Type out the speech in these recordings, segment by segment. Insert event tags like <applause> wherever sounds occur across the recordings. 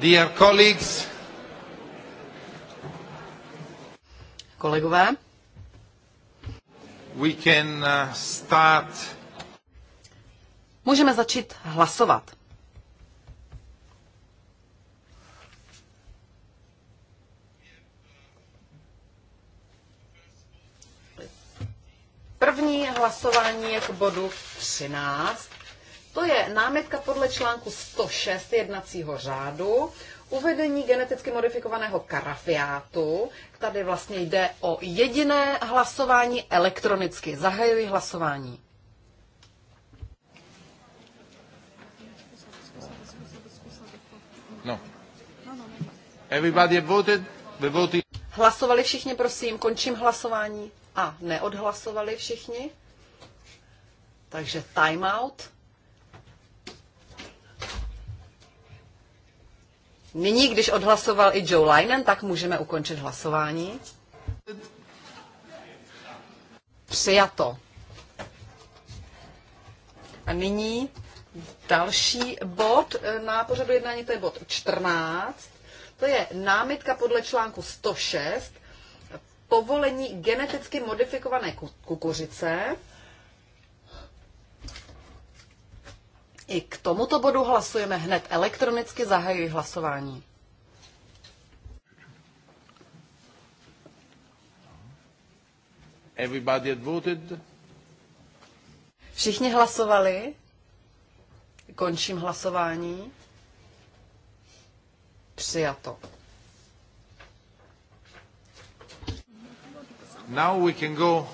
Dear colleagues. Kolegové. We can uh, start. Můžeme začít hlasovat. První hlasování je k bodu 13 to je námitka podle článku 106 jednacího řádu, uvedení geneticky modifikovaného karafiátu. Tady vlastně jde o jediné hlasování elektronicky. Zahajuji hlasování. No. Everybody voted. We voted. Hlasovali všichni, prosím. Končím hlasování. A neodhlasovali všichni. Takže timeout. Nyní, když odhlasoval i Joe Linen, tak můžeme ukončit hlasování. Přijato. A nyní další bod eh, na pořadu jednání, to je bod 14. To je námitka podle článku 106, povolení geneticky modifikované kukuřice. I k tomuto bodu hlasujeme hned elektronicky, zahajuji hlasování. Everybody had voted. Všichni hlasovali. Končím hlasování. Přijato. Now we can go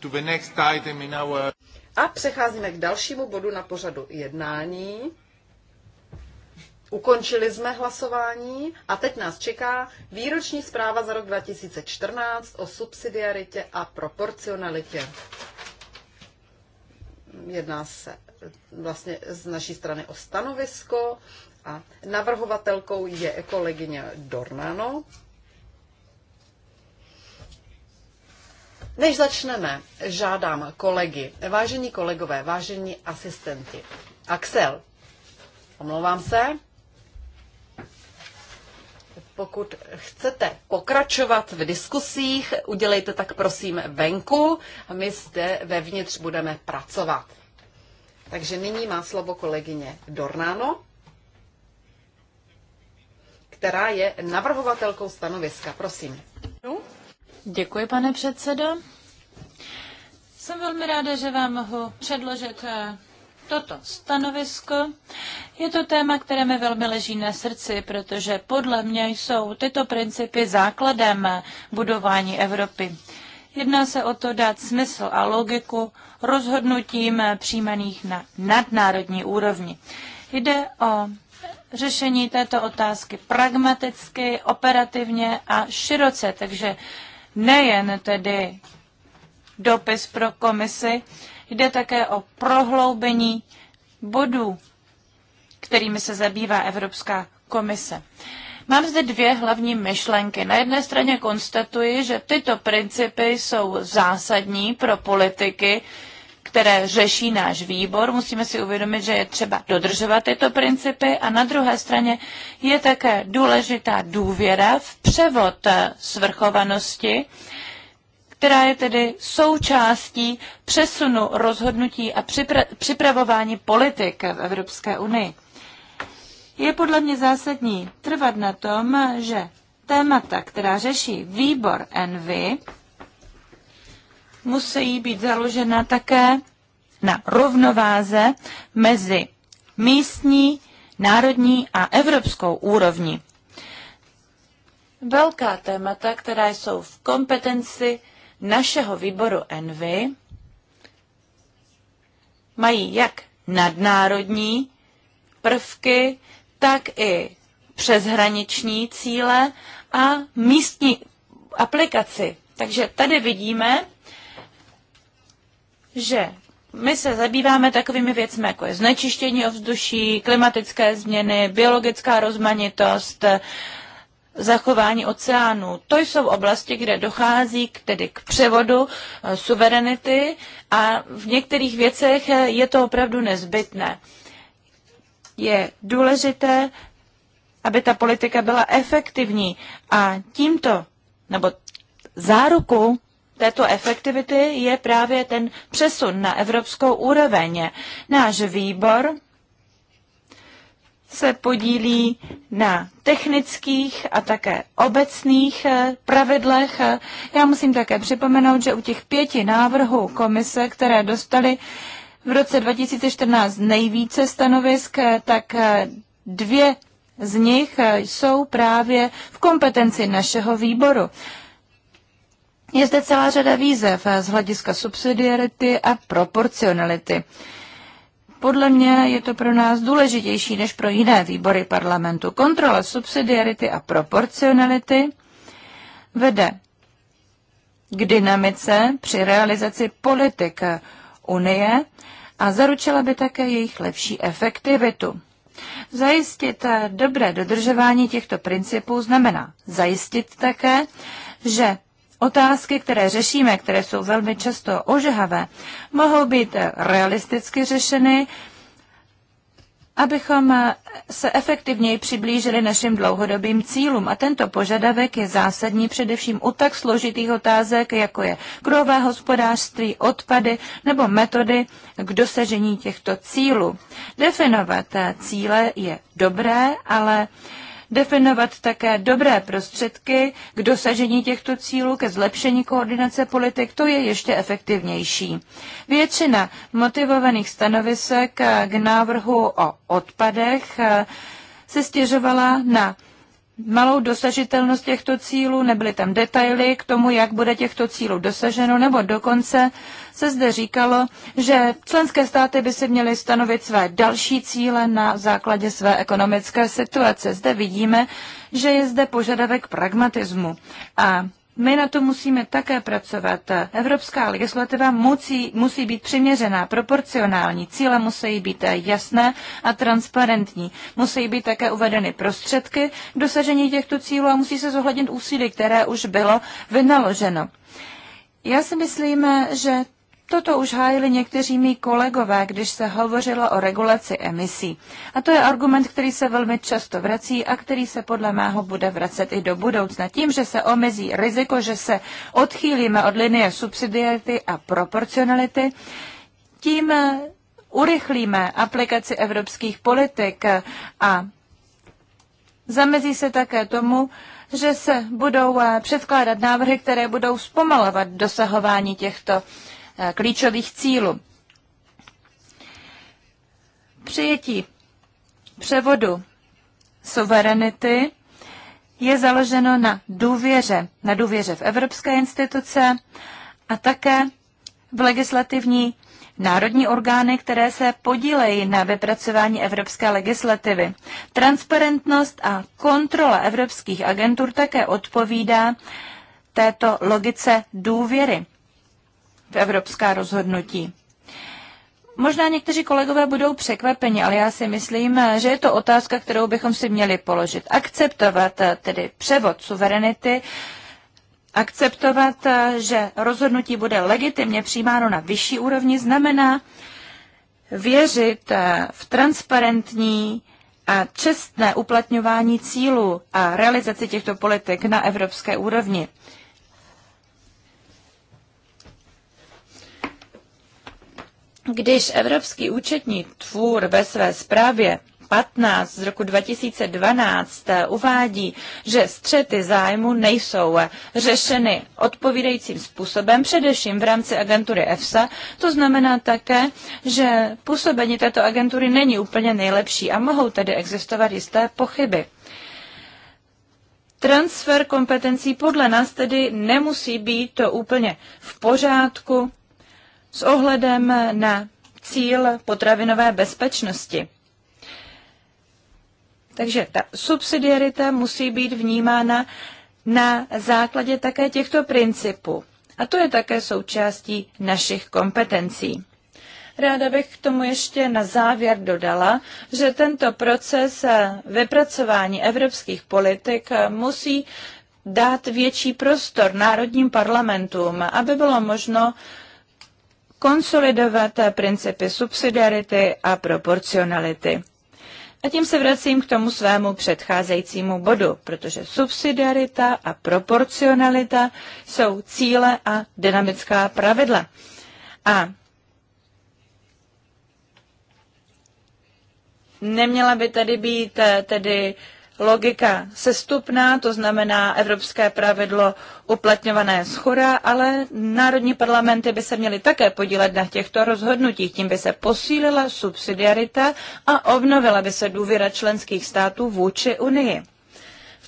to the next item in our a přecházíme k dalšímu bodu na pořadu jednání. Ukončili jsme hlasování a teď nás čeká výroční zpráva za rok 2014 o subsidiaritě a proporcionalitě. Jedná se eh, vlastně z naší strany o stanovisko a navrhovatelkou je kolegyně Dornano. Než začneme, žádám kolegy, vážení kolegové, vážení asistenti. Axel, omlouvám se. Pokud chcete pokračovat v diskusích, udělejte tak prosím venku a my zde vevnitř budeme pracovat. Takže nyní má slovo kolegyně Dornáno, která je navrhovatelkou stanoviska. Prosím. No. Děkuji, pane předsedo. Jsem velmi ráda, že vám mohu předložit eh, toto stanovisko. Je to téma, které mi velmi leží na srdci, protože podle mě jsou tyto principy základem budování Evropy. Jedná se o to dát smysl a logiku rozhodnutím přijímaných na nadnárodní úrovni. Jde o řešení této otázky pragmaticky, operativně a široce, takže nejen tedy dopis pro komisi, jde také o prohloubení bodů, kterými se zabývá Evropská komise. Mám zde dvě hlavní myšlenky. Na jedné straně konstatuji, že tyto principy jsou zásadní pro politiky, které řeší náš výbor. Musíme si uvědomit, že je třeba dodržovat tyto principy a na druhé straně je také důležitá důvěra v převod eh, svrchovanosti, která je tedy součástí přesunu rozhodnutí a připra- připravování politik v Evropské unii. Je podle mě zásadní trvat na tom, že témata, která řeší výbor Envy, musí být založena také na rovnováze mezi místní, národní a evropskou úrovní. Velká témata, která jsou v kompetenci našeho výboru Envy, mají jak nadnárodní prvky, tak i přeshraniční cíle a místní aplikaci. Takže tady vidíme, že my se zabýváme takovými věcmi, jako je znečištění ovzduší, klimatické změny, biologická rozmanitost, zachování oceánů. To jsou oblasti, kde dochází k, tedy k převodu eh, suverenity a v některých věcech eh, je to opravdu nezbytné. Je důležité, aby ta politika byla efektivní a tímto, nebo záruku této efektivity je právě ten přesun na evropskou úroveň. Náš výbor se podílí na technických a také obecných eh, pravidlech. Já musím také připomenout, že u těch pěti návrhů komise, které dostali v roce 2014 nejvíce stanovisk, eh, tak eh, dvě z nich jsou právě v kompetenci našeho výboru. Je zde celá řada výzev eh, z hlediska subsidiarity a proporcionality. Podle mě je to pro nás důležitější než pro jiné výbory parlamentu. Kontrola subsidiarity a proporcionality vede k dynamice při realizaci politik Unie a zaručila by také jejich lepší efektivitu. Zajistit eh, dobré dodržování těchto principů znamená zajistit také, že otázky, které řešíme, které jsou velmi často ožehavé, mohou být realisticky řešeny, abychom se efektivněji přiblížili našim dlouhodobým cílům. A tento požadavek je zásadní především u tak složitých otázek, jako je krové hospodářství, odpady nebo metody k dosažení těchto cílů. Definovat cíle je dobré, ale uh, definovat také dobré prostředky k dosažení těchto cílů, ke zlepšení koordinace politik, to je ještě efektivnější. Většina motivovaných stanovisek eh, k návrhu o odpadech eh, se stěžovala na malou dosažitelnost těchto cílů, nebyly tam detaily k tomu, jak bude těchto cílů dosaženo, nebo dokonce se zde říkalo, že členské státy by si měly stanovit své další cíle na základě své ekonomické situace. Zde vidíme, že je zde požadavek pragmatismu. A my na to musíme také pracovat. Evropská legislativa musí, musí být přiměřená, proporcionální. Cíle musí být jasné a transparentní. Musí být také uvedeny prostředky k dosažení těchto cílů a musí se zohlednit úsilí, které už bylo vynaloženo. Já si myslím, že Toto už hájili někteří mý kolegové, když se hovořilo o regulaci emisí. A to je argument, který se velmi často vrací a který se podle mého bude vracet i do budoucna. Tím, že se omezí riziko, že se odchýlíme od linie subsidiarity a proporcionality, tím eh, urychlíme aplikaci evropských politik a zamezí se také tomu, že se budou eh, předkládat návrhy, které budou zpomalovat dosahování těchto uh, Eh, klíčových cílů. Přijetí převodu suverenity je založeno na důvěře, na důvěře v evropské instituce a také v legislativní národní orgány, které se podílejí na vypracování evropské legislativy. Transparentnost a kontrola evropských agentur také odpovídá této logice důvěry v evropská rozhodnutí. Možná někteří kolegové budou překvapeni, ale já si myslím, že je to otázka, kterou bychom si měli položit. Akceptovat eh, tedy převod suverenity, akceptovat, eh, že rozhodnutí bude legitimně přijímáno na vyšší úrovni, znamená věřit eh, v transparentní a čestné uplatňování cílů a realizaci těchto politik na evropské úrovni. Když Evropský účetní tvůr ve své zprávě 15 z roku 2012 uvádí, že střety zájmu nejsou řešeny odpovídajícím způsobem, především v rámci agentury EFSA. To znamená také, že působení této agentury není úplně nejlepší a mohou tedy existovat jisté pochyby. Transfer kompetencí podle nás tedy nemusí být to úplně v pořádku s ohledem na cíl potravinové bezpečnosti. Takže ta subsidiarita musí být vnímána na základě také těchto principů. A to je také součástí našich kompetencí. Ráda bych k tomu ještě na závěr dodala, že tento proces vypracování evropských politik musí dát větší prostor národním parlamentům, aby bylo možno uh, konsolidovat principy subsidiarity a proporcionality. A tím se vracím k tomu svému předcházejícímu bodu, protože subsidiarita a proporcionalita jsou cíle a dynamická pravidla. A neměla by tady být eh, tedy uh, logika sestupná, to znamená evropské pravidlo uplatňované z chora, ale národní parlamenty by se měly také podílet na těchto rozhodnutích. Tím by se posílila subsidiarita a obnovila by se důvěra členských států vůči Unii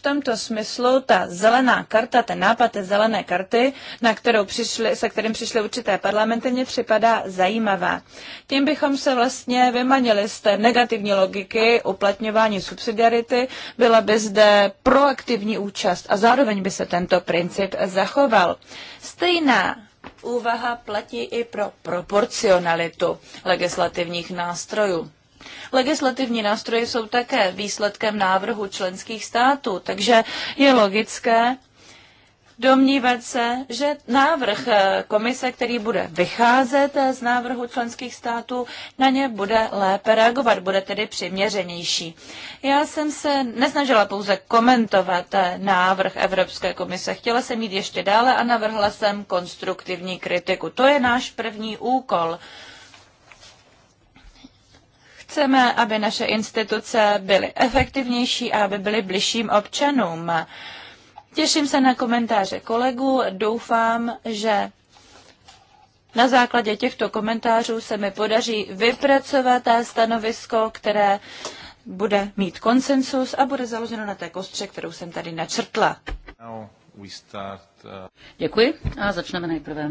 tomto smyslu ta zelená karta, ten nápad té zelené karty, na kterou přišli, se kterým přišly určité parlamenty, mě připadá zajímavá. Tím bychom se vlastně vymanili z té negativní logiky uplatňování subsidiarity, byla by zde proaktivní účast a zároveň by se tento princip zachoval. Stejná úvaha platí i pro proporcionalitu legislativních nástrojů. Legislativní nástroje jsou také výsledkem návrhu členských států, takže je logické, domnívat se, že návrh eh, komise, který bude vycházet eh, z návrhu členských států, na ně bude lépe reagovat, bude tedy přiměřenější. Já jsem se nesnažila pouze komentovat eh, návrh Evropské komise, chtěla jsem jít ještě dále a navrhla jsem konstruktivní kritiku. To je náš první úkol. Chceme, aby naše instituce byly efektivnější a aby byly bližším občanům. Těším se na komentáře kolegů. Doufám, že na základě těchto komentářů se mi podaří vypracovat stanovisko, které bude mít konsensus a bude založeno na té kostře, kterou jsem tady načrtla. Uh, Děkuji a začneme nejprve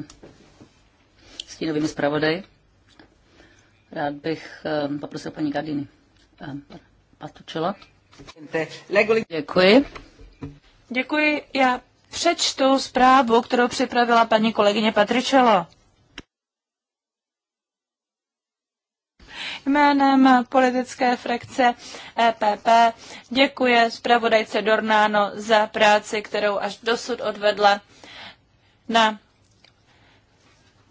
s tím novými zpravodajem. Rád bych eh, poprosil paní Gardiny eh, Patučela. Děkuji. Děkuji. Já přečtu zprávu, kterou připravila paní kolegyně Patričelo. Jménem politické frakce EPP děkuje zpravodajce Dornáno za práci, kterou až dosud odvedla na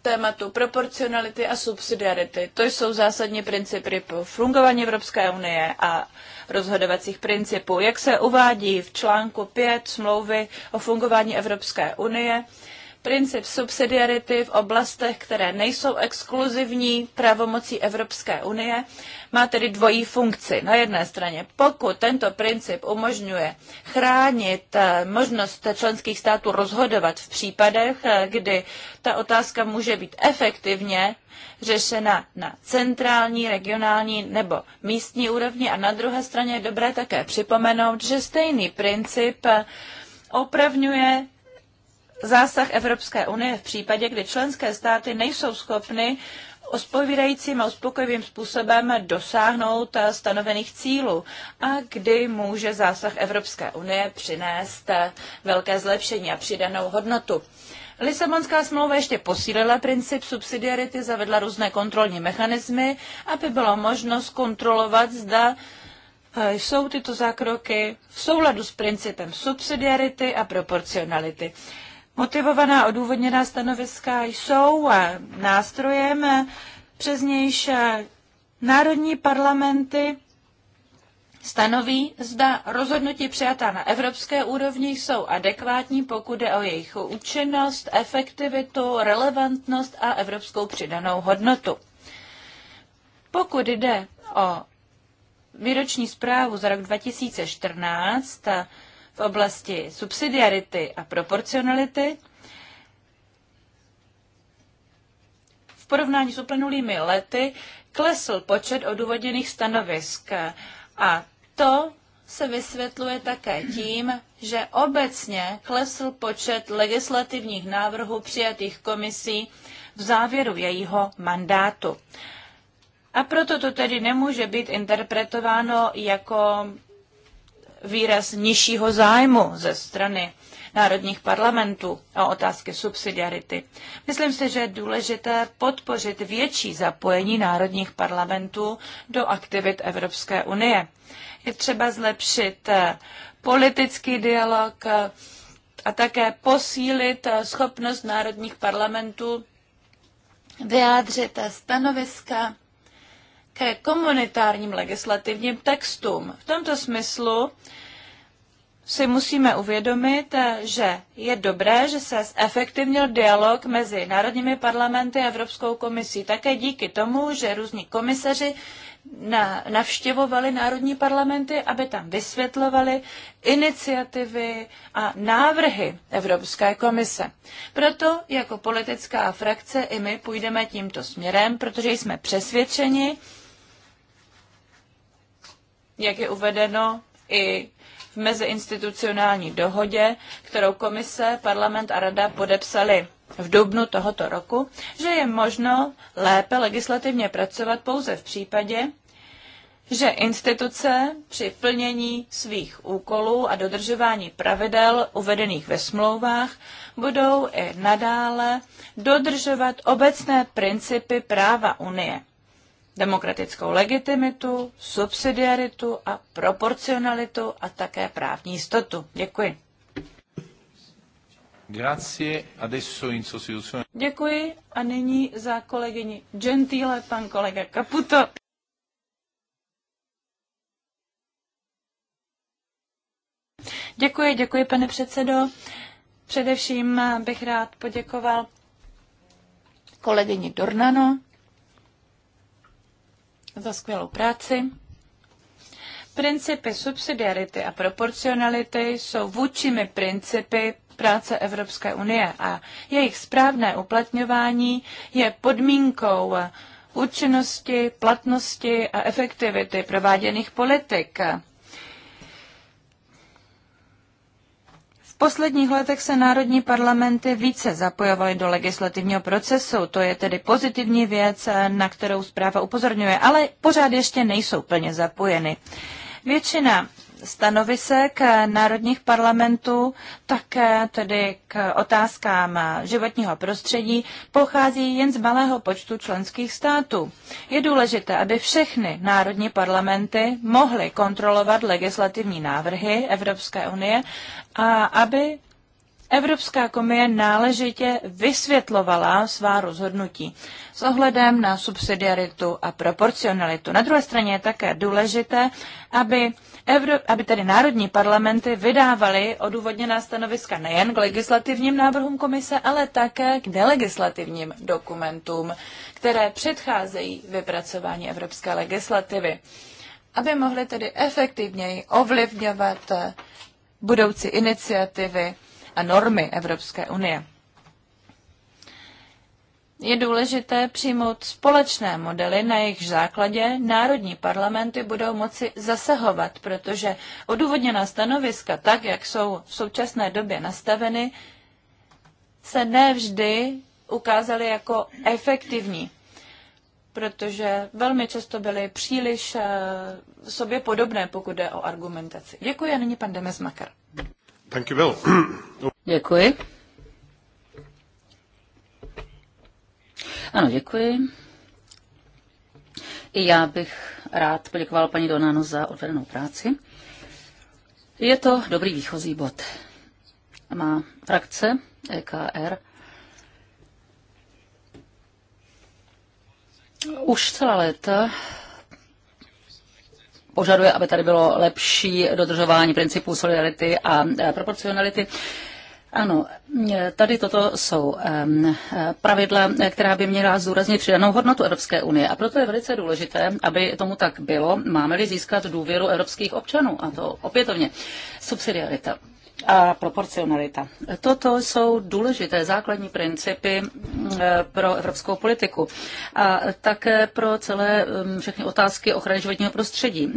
tématu proporcionality a subsidiarity. To jsou zásadní principy pro fungování Evropské unie a rozhodovacích principů. Jak se uvádí v článku 5 smlouvy o fungování Evropské unie, princip subsidiarity v oblastech, které nejsou exkluzivní pravomocí Evropské unie, má tedy dvojí funkci. Na jedné straně, pokud tento princip umožňuje chránit eh, možnost členských států rozhodovat v případech, eh, kdy ta otázka může být efektivně řešena na centrální, regionální nebo místní úrovni a na druhé straně je dobré také připomenout, že stejný princip eh, opravňuje zásah Evropské unie v případě, kdy členské státy nejsou schopny ospovídajícím a uspokojivým způsobem dosáhnout eh, stanovených cílů a kdy může zásah Evropské unie přinést eh, velké zlepšení a přidanou hodnotu. Lisabonská smlouva ještě posílila princip subsidiarity, zavedla různé kontrolní mechanismy, aby bylo možnost kontrolovat, zda eh, jsou tyto zákroky v souladu s principem subsidiarity a proporcionality. Motivovaná odůvodněná stanoviska jsou eh, nástrojem, eh, přes nějž eh, národní parlamenty stanoví, zda rozhodnutí přijatá na evropské úrovni jsou adekvátní, pokud jde o jejich účinnost, efektivitu, relevantnost a evropskou přidanou hodnotu. Pokud jde o výroční zprávu za rok 2014, oblasti subsidiarity a proporcionality v porovnání s uplynulými lety klesl počet odůvodněných stanovisk a to se vysvětluje také tím, že obecně klesl počet legislativních návrhů přijatých komisí v závěru jejího mandátu. A proto to tedy nemůže být interpretováno jako výraz nižšího zájmu ze strany národních parlamentů o otázky subsidiarity. Myslím si, že je důležité podpořit větší zapojení národních parlamentů do aktivit Evropské unie. Je třeba zlepšit eh, politický dialog eh, a také posílit eh, schopnost národních parlamentů vyjádřit stanoviska ke komunitárním legislativním textům. V tomto smyslu si musíme uvědomit, že je dobré, že se zefektivnil dialog mezi národními parlamenty a Evropskou komisí. Také díky tomu, že různí komisaři navštěvovali národní parlamenty, aby tam vysvětlovali iniciativy a návrhy Evropské komise. Proto jako politická frakce i my půjdeme tímto směrem, protože jsme přesvědčeni, jak je uvedeno i v meziinstitucionální dohodě, kterou komise, parlament a rada podepsali v dubnu tohoto roku, že je možno lépe legislativně pracovat pouze v případě, že instituce při plnění svých úkolů a dodržování pravidel uvedených ve smlouvách budou i nadále dodržovat obecné principy práva Unie demokratickou legitimitu, subsidiaritu a proporcionalitu a také právní jistotu. Děkuji. Grazie. Adesso in sostituzione. Děkuji a nyní za kolegyni Gentile pan kolega Caputo. Děkuji, děkuji, pane předsedo. Především bych rád poděkoval kolegyni Dornano za skvělou práci. Principy subsidiarity a proporcionality jsou vůdčími principy práce Evropské unie a jejich správné uplatňování je podmínkou účinnosti, platnosti a efektivity prováděných politik. posledních letech se národní parlamenty více zapojovaly do legislativního procesu. To je tedy pozitivní věc, na kterou zpráva upozorňuje, ale pořád ještě nejsou plně zapojeny. Většina stanovisek národních parlamentů také tedy k otázkám životního prostředí pochází jen z malého počtu členských států. Je důležité, aby všechny národní parlamenty mohly kontrolovat legislativní návrhy Evropské unie a aby Evropská komise náležitě vysvětlovala svá rozhodnutí s ohledem na subsidiaritu a proporcionalitu. Na druhé straně je také důležité, aby, Evro- aby tedy národní parlamenty vydávaly odůvodněná stanoviska nejen k legislativním návrhům komise, ale také k nelegislativním dokumentům, které předcházejí vypracování evropské legislativy aby mohly tedy efektivněji ovlivňovat budoucí iniciativy a normy Evropské unie. Je důležité přijmout společné modely, na jejich základě národní parlamenty budou moci zasahovat, protože odůvodněná stanoviska, tak jak jsou v současné době nastaveny, se nevždy ukázaly jako efektivní, protože velmi často byly příliš eh, sobě podobné, pokud jde o argumentaci. Děkuji a nyní pan Demes Makar. <clears throat> Děkuji. Ano, děkuji. I já bych rád poděkoval paní Donano za odvedenou práci. Je to dobrý výchozí bod. Má frakce EKR už celá léta požaduje, aby tady bylo lepší dodržování principů solidarity a e, proporcionality. Ano, e, tady toto jsou e, pravidla, která by měla zdůraznit přidanou hodnotu Evropské unie. A proto je velice důležité, aby tomu tak bylo, máme-li získat důvěru evropských občanů. A to opětovně. Subsidiarita a proporcionalita. Toto jsou důležité základní principy mm, pro evropskou politiku a také pro celé mm, všechny otázky ochrany životního prostředí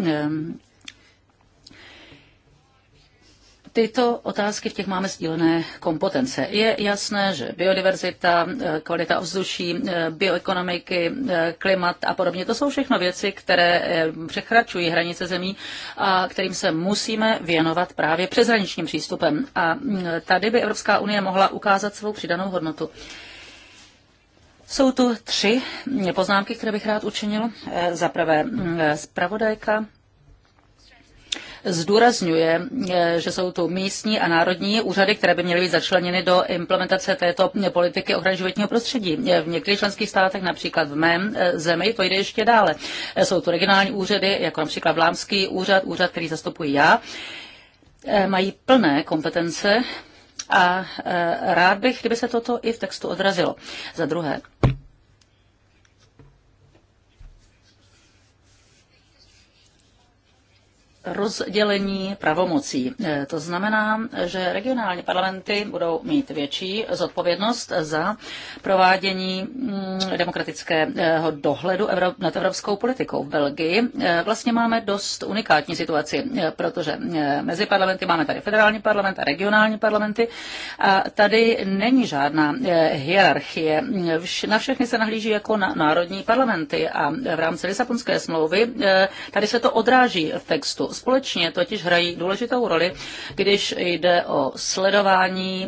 tyto otázky, v těch máme sdílené kompetence. Je jasné, že biodiverzita, eh, kvalita ovzduší, eh, bioekonomiky, eh, klimat a podobně, to jsou všechno věci, které překračují hranice zemí a kterým se musíme věnovat právě přeshraničním přístupem. A mm, tady by Evropská unie mohla ukázat svou přidanou hodnotu. Jsou tu tři mm, poznámky, které bych rád učinil. Za prvé, mm, zpravodajka zdůrazňuje, eh, že jsou tu místní a národní úřady, které by měly být začleněny do implementace této politiky ochrany životního prostředí. Eh, v některých členských státech, například v mém eh, zemi, to jde ještě dále. Jsou tu regionální úřady, jako například Vlámský úřad, úřad, který zastupuji já, mají plné kompetence a rád bych, kdyby se toto i v textu odrazilo. Za druhé, rozdělení pravomocí. E, to znamená, že regionální parlamenty budou mít větší zodpovědnost za provádění mm, demokratického dohledu nad evropskou politikou v Belgii. E, vlastně máme dost unikátní situaci, e, protože mezi parlamenty máme tady federální parlament a regionální parlamenty a tady není žádná hierarchie. Na všechny se nahlíží jako na národní parlamenty a v rámci Lisabonské smlouvy tady se to odráží v textu společně totiž hrají důležitou roli, když jde o sledování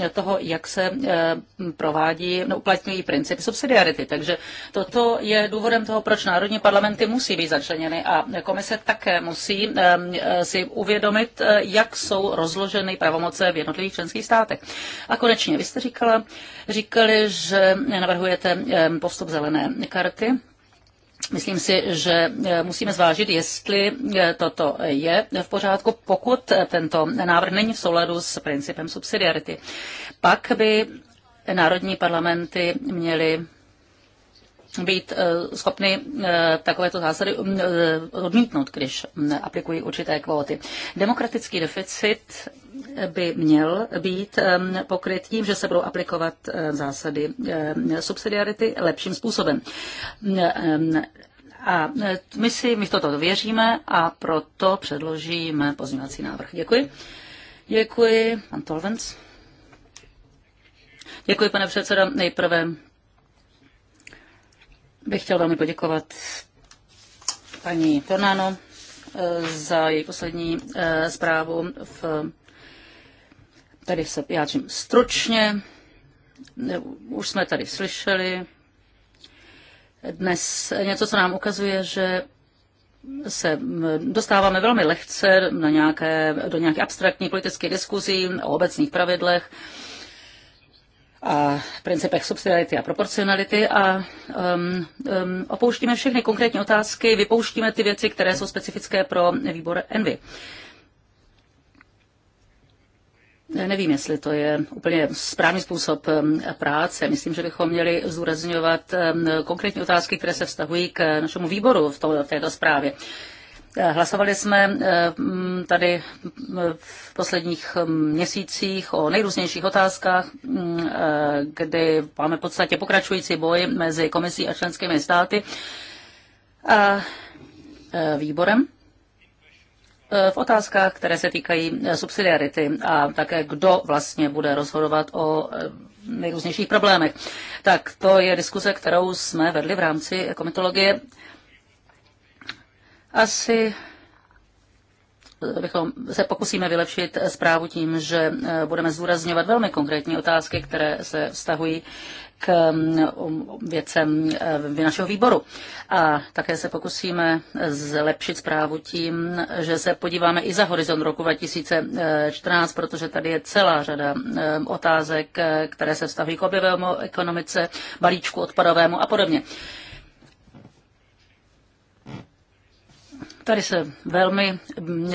eh, toho, jak se eh, provádí, no, uplatňují principy subsidiarity. Takže toto je důvodem toho, proč národní parlamenty musí být začleněny a komise také musí eh, si uvědomit, jak jsou rozloženy pravomoce v jednotlivých členských státech. A konečně, vy jste říkala, říkali, že navrhujete postup zelené karty. Myslím si, že e, musíme zvážit, jestli e, toto je v pořádku, pokud e, tento návrh není v souladu s principem subsidiarity. Pak by národní parlamenty měly být eh, schopny eh, takovéto zásady mm, eh, odmítnout, když mm, aplikují určité kvóty. Demokratický deficit by měl být ehm, pokryt tím, že se budou aplikovat zásady ehm, subsidiarity lepším způsobem. Mm, ehm, a my si my toto věříme a proto předložíme pozměňovací návrh. Děkuji. Děkuji. Pan Tolvenc. Děkuji, pane předsedo. Nejprve bych chtěl velmi poděkovat paní Tornáno eh, za její poslední eh, zprávu. V, tady se vyjádřím stručně. Eh, už jsme tady slyšeli dnes něco, co nám ukazuje, že se dostáváme velmi lehce na nějaké, do nějaké abstraktní politické diskuzí o obecných pravidlech a principech subsidiarity a proporcionality a um, um, opouštíme všechny konkrétní otázky, vypouštíme ty věci, které jsou specifické pro výbor Envy. Nevím, jestli to je úplně správný způsob um, práce. Myslím, že bychom měli zdůrazňovat um, konkrétní otázky, které se vztahují k našemu výboru v, v této zprávě. Eh, hlasovali jsme eh, mm, tady mm, v posledních mm, měsících o nejrůznějších otázkách, eh, kdy máme v podstatě pokračující boj mezi komisí a členskými státy a výborem v otázkách, které se týkají subsidiarity a také kdo vlastně bude rozhodovat o nejrůznějších problémech. Tak to je diskuze, kterou jsme vedli v rámci komitologie asi bychom se pokusíme vylepšit zprávu tím, že eh, budeme zdůrazňovat velmi konkrétní otázky, které se vztahují k mm, um, věcem eh, našeho výboru. A také se pokusíme zlepšit zprávu tím, že se podíváme i za horizont roku 2014, protože tady je celá řada eh, otázek, které se vztahují k objevému ekonomice, balíčku odpadovému a podobně. Tady se velmi,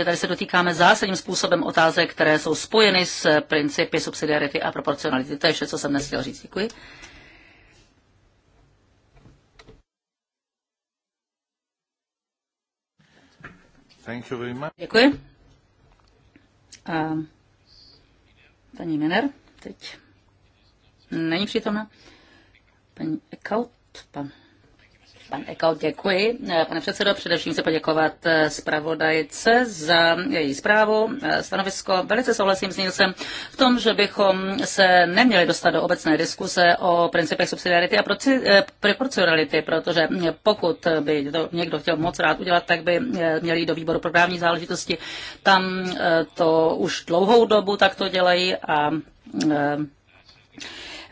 tady se dotýkáme zásadním způsobem otázek, které jsou spojeny s principy subsidiarity a proporcionality. To je vše, co jsem dnes chtěl říct. Děkuji. Thank you very much. Děkuji. A paní Miner, teď není přítomna. Paní Ekaut, pan Pan Ekal, děkuji. Pane předsedo, především se poděkovat eh, zpravodajce za její zprávu, eh, stanovisko. Velice souhlasím s Nilsem v tom, že bychom se neměli dostat do obecné diskuse o principech subsidiarity a eh, proporcionality, protože pokud by to někdo chtěl moc rád udělat, tak by měli do výboru pro právní záležitosti. Tam to už dlouhou dobu takto dělají a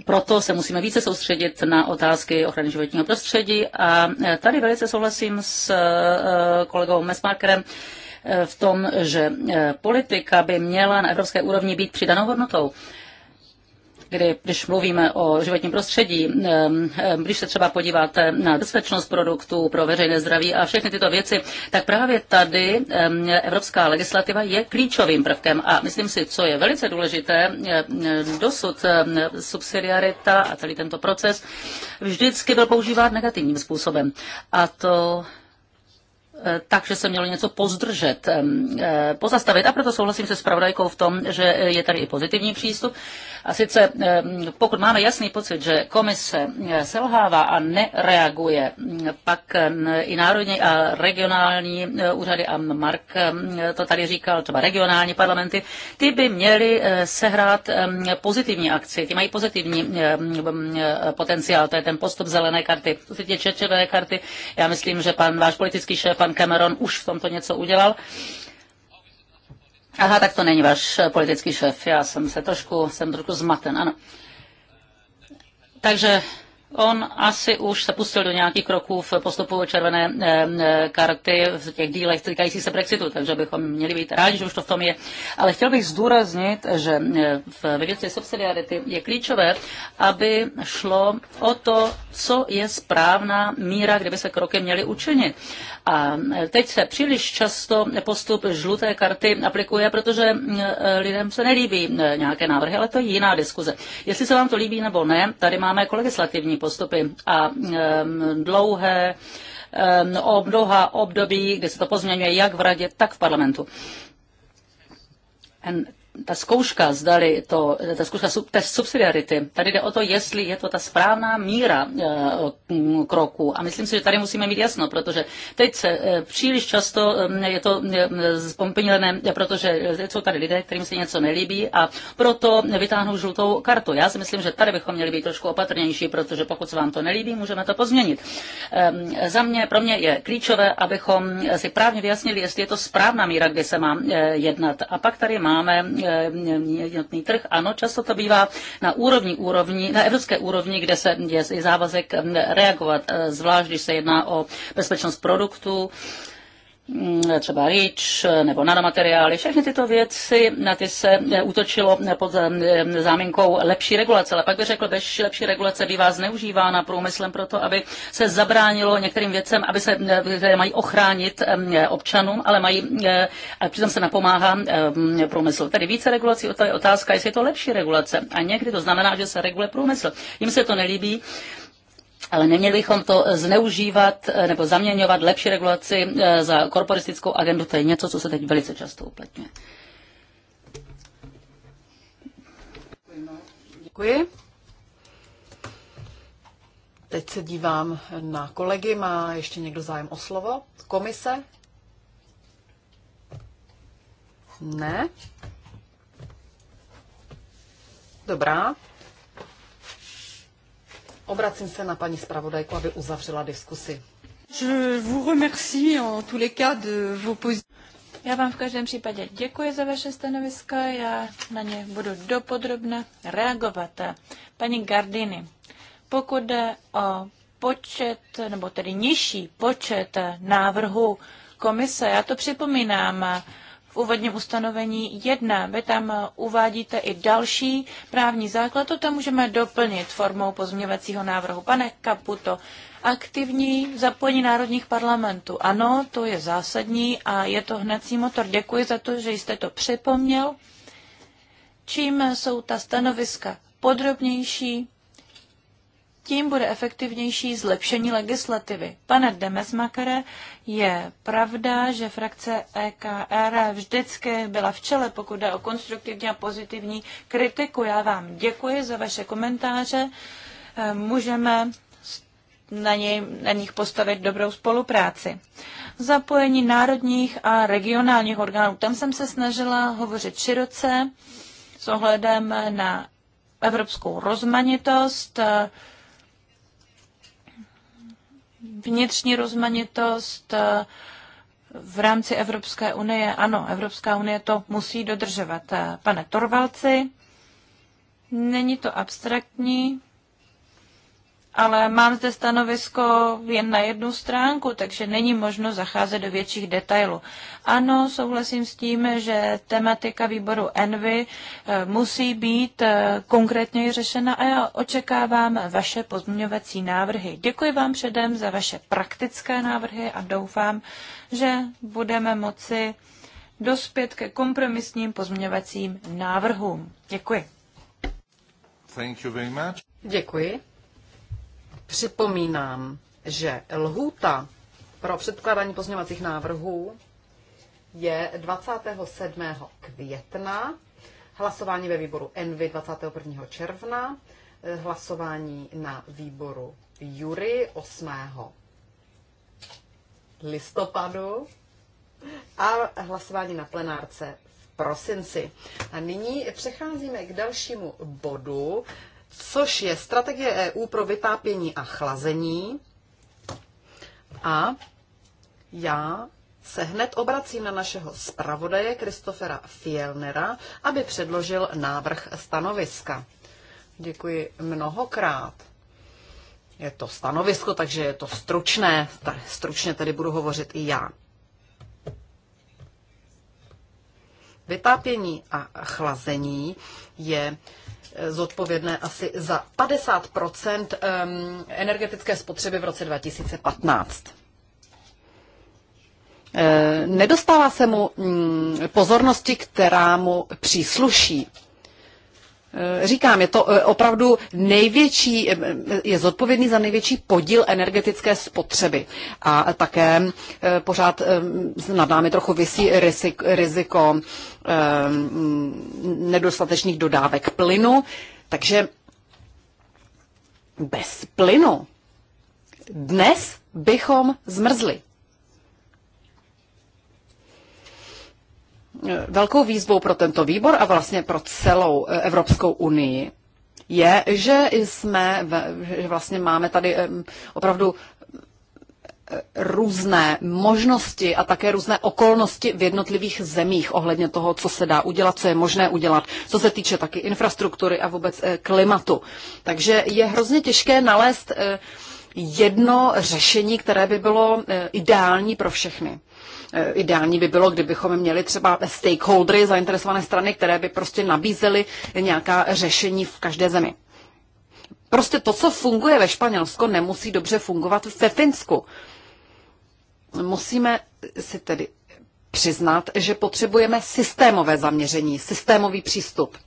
proto se musíme více soustředit na otázky ochrany životního prostředí a e, tady velice souhlasím s e, kolegou Mesmarkerem, e, v tom, že politika by měla na evropské úrovni být přidanou hodnotou kdy, když mluvíme o životním prostředí, když se třeba podíváte na bezpečnost produktů pro veřejné zdraví a všechny tyto věci, tak právě tady evropská legislativa je klíčovým prvkem. A myslím si, co je velice důležité, dosud subsidiarita a celý tento proces vždycky byl používán negativním způsobem. A to Eh, takže se mělo něco pozdržet, eh, pozastavit. A proto souhlasím se spravodajkou v tom, že je tady i pozitivní přístup. A sice pokud máme jasný pocit, že komise eh, selhává a nereaguje, mm, pak i národní a regionální úřady, a Mark to tady říkal, třeba regionální parlamenty, ty by měly sehrát pozitivní akci, ty mají pozitivní potenciál, to je ten postup zelené karty. Co se týče červené karty, já myslím, že pan váš politický šéf, pan Cameron už v tomto něco udělal. Aha, tak to není váš politický šéf, já jsem se trošku, jsem trošku zmaten, ano. Takže On asi už se pustil do nějakých kroků v postupu červené eh, eh, karty v těch dílech týkajících se Brexitu, takže bychom měli být rádi, že už to v tom je. Ale chtěl bych zdůraznit, že eh, v věci subsidiarity je klíčové, aby šlo o to, co je správná míra, kde by se kroky měly učinit. A teď se příliš často postup žluté karty aplikuje, protože lidem se nelíbí nějaké návrhy, ale to je jiná diskuze. Jestli se vám to líbí nebo ne, tady máme jako legislativní postupy a dlouhé obdoha období, kdy se to pozměňuje jak v radě, tak v parlamentu ta zkouška, zdali to, ta zkouška sub, test subsidiarity, tady jde o to, jestli je to ta správná míra eh, kroku. A myslím si, že tady musíme mít jasno, protože teď se eh, příliš často eh, je to e, zpompinilené, protože jsou tady lidé, kterým se něco nelíbí a proto vytáhnou žlutou kartu. Já si myslím, že tady bychom měli být trošku opatrnější, protože pokud se vám to nelíbí, můžeme to pozměnit. za mě, pro mě je klíčové, abychom si právně vyjasnili, jestli je to správná míra, kdy se má jednat. A pak tady máme E, jednotný trh. Ano, často to bývá na úrovni, úrovni na evropské úrovni, kde se je závazek reagovat, e, zvlášť když se jedná o bezpečnost produktů Mm, třeba REACH eh, nebo nanomateriály, všechny tyto věci, na ty se eh, útočilo eh, pod záminkou lepší regulace. Ale pak by řekl, že lepší regulace bývá zneužívána průmyslem proto, aby se zabránilo některým věcem, aby se, mají ochránit občanům, ale mají, a přitom se napomáhá průmysl. Tedy více regulací, to je otázka, jestli je to lepší regulace. A někdy to znamená, že se reguluje průmysl. Jim se to nelíbí, ale neměli bychom to zneužívat eh, nebo zaměňovat lepší regulaci eh, za korporistickou agendu. To je něco, co se teď velice často uplatňuje. Děkuji. Teď se dívám na kolegy. Má ještě někdo zájem o slovo? Komise? Ne? Dobrá, Obracím se na paní zpravodajku, aby uzavřela diskusi. Je vous remercie en tous les cas de vos já vám v každém případě děkuji za vaše stanoviska, já na ně budu dopodrobna reagovat. Paní Gardini, pokud jde o počet, nebo tedy nižší počet návrhu komise, já to připomínám, v úvodním ustanovení 1. Vy tam uvádíte i další právní základ, to tam můžeme doplnit formou pozměvacího návrhu. Pane Kaputo, aktivní zapojení národních parlamentů. Ano, to je zásadní a je to hnací motor. Děkuji za to, že jste to připomněl. Čím jsou ta stanoviska podrobnější, tím bude efektivnější zlepšení legislativy. Pane Demesmakere, je pravda, že frakce EKR vždycky byla v čele, pokud jde o konstruktivní a pozitivní kritiku. Já vám děkuji za vaše komentáře. Eh, můžeme na, něj, na nich postavit dobrou spolupráci. Zapojení národních a regionálních orgánů. Tam jsem se snažila hovořit široce s ohledem na evropskou rozmanitost, vnitřní rozmanitost eh, v rámci Evropské unie. Ano, Evropská unie to musí dodržovat. Eh, pane Torvalci, není to abstraktní, ale mám zde stanovisko jen na jednu stránku, takže není možno zacházet do větších detailů. Ano, souhlasím s tím, že tematika výboru Envy eh, musí být eh, konkrétně řešena a já očekávám vaše pozměňovací návrhy. Děkuji vám předem za vaše praktické návrhy a doufám, že budeme moci dospět ke kompromisním pozměňovacím návrhům. Děkuji. Thank you very much. Děkuji. Připomínám, že lhůta pro předkládání pozměňovacích návrhů je 27. května, hlasování ve výboru Envy 21. června, eh, hlasování na výboru Jury 8. listopadu a hlasování na plenárce v prosinci. A nyní přecházíme k dalšímu bodu, což je strategie EU pro vytápění a chlazení. A já se hned obracím na našeho zpravodaje Kristofera Fielnera, aby předložil návrh stanoviska. Děkuji mnohokrát. Je to stanovisko, takže je to stručné. Stručně tedy budu hovořit i já. Vytápění a chlazení je zodpovědné asi za 50 ehm, energetické spotřeby v roce 2015. Eh, nedostává se mu mm, pozornosti, která mu přísluší. Eh, říkám, je to eh, opravdu největší, eh, je zodpovědný za největší podíl energetické spotřeby. A také pořád nad námi trochu vysí riziko nedostatečných dodávek plynu. Takže bez plynu dnes bychom zmrzli. velkou výzvou pro tento výbor a vlastně pro celou eh, Evropskou unii je, že jsme, že vlastně máme tady eh, opravdu eh, různé možnosti a také různé okolnosti v jednotlivých zemích ohledně toho, co se dá udělat, co je možné udělat, co se týče taky infrastruktury a vůbec klimatu. Takže je hrozně těžké nalézt jedno řešení, které by bylo ideální pro všechny. Eh, ideální by bylo, kdybychom měli třeba stakeholdery, zainteresované strany, které by prostě nabízely nějaká řešení v každé zemi. Prostě to, co funguje ve Španělsku, nemusí dobře fungovat ve Finsku. Musíme si tedy přiznat, že potřebujeme systémové zaměření, systémový přístup.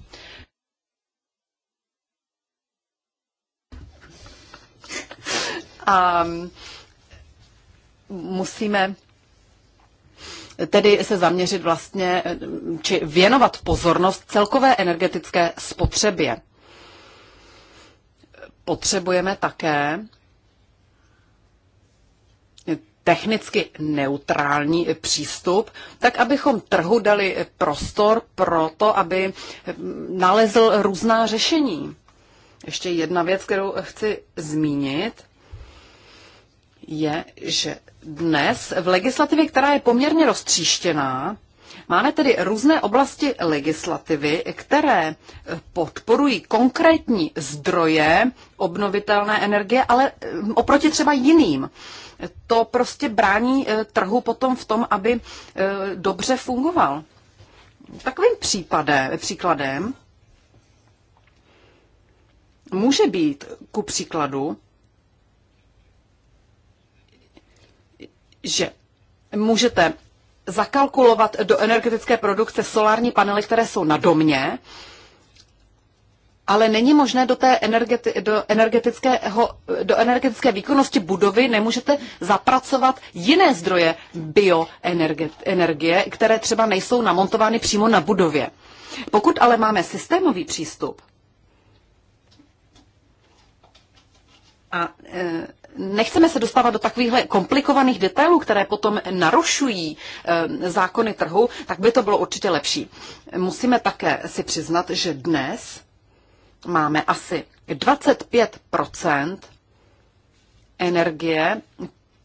A musíme tedy se zaměřit vlastně, či věnovat pozornost celkové energetické spotřebě. Potřebujeme také technicky neutrální přístup, tak abychom trhu dali prostor pro to, aby nalezl různá řešení. Ještě jedna věc, kterou chci zmínit, je, že dnes v legislativě, která je poměrně roztříštěná, Máme tedy různé oblasti legislativy, které podporují konkrétní zdroje obnovitelné energie, ale hm, oproti třeba jiným. To prostě brání eh, trhu potom v tom, aby eh, dobře fungoval. Takovým případem, příkladem může být ku příkladu že můžete zakalkulovat do energetické produkce solární panely, které jsou na domě, ale není možné do té energeti- do energetického, do energetické výkonnosti budovy nemůžete zapracovat jiné zdroje bioenergie, které třeba nejsou namontovány přímo na budově. Pokud ale máme systémový přístup a e, nechceme se dostávat do takových komplikovaných detailů, které potom narušují eh, zákony trhu, tak by to bylo určitě lepší. Musíme také si přiznat, že dnes máme asi 25 energie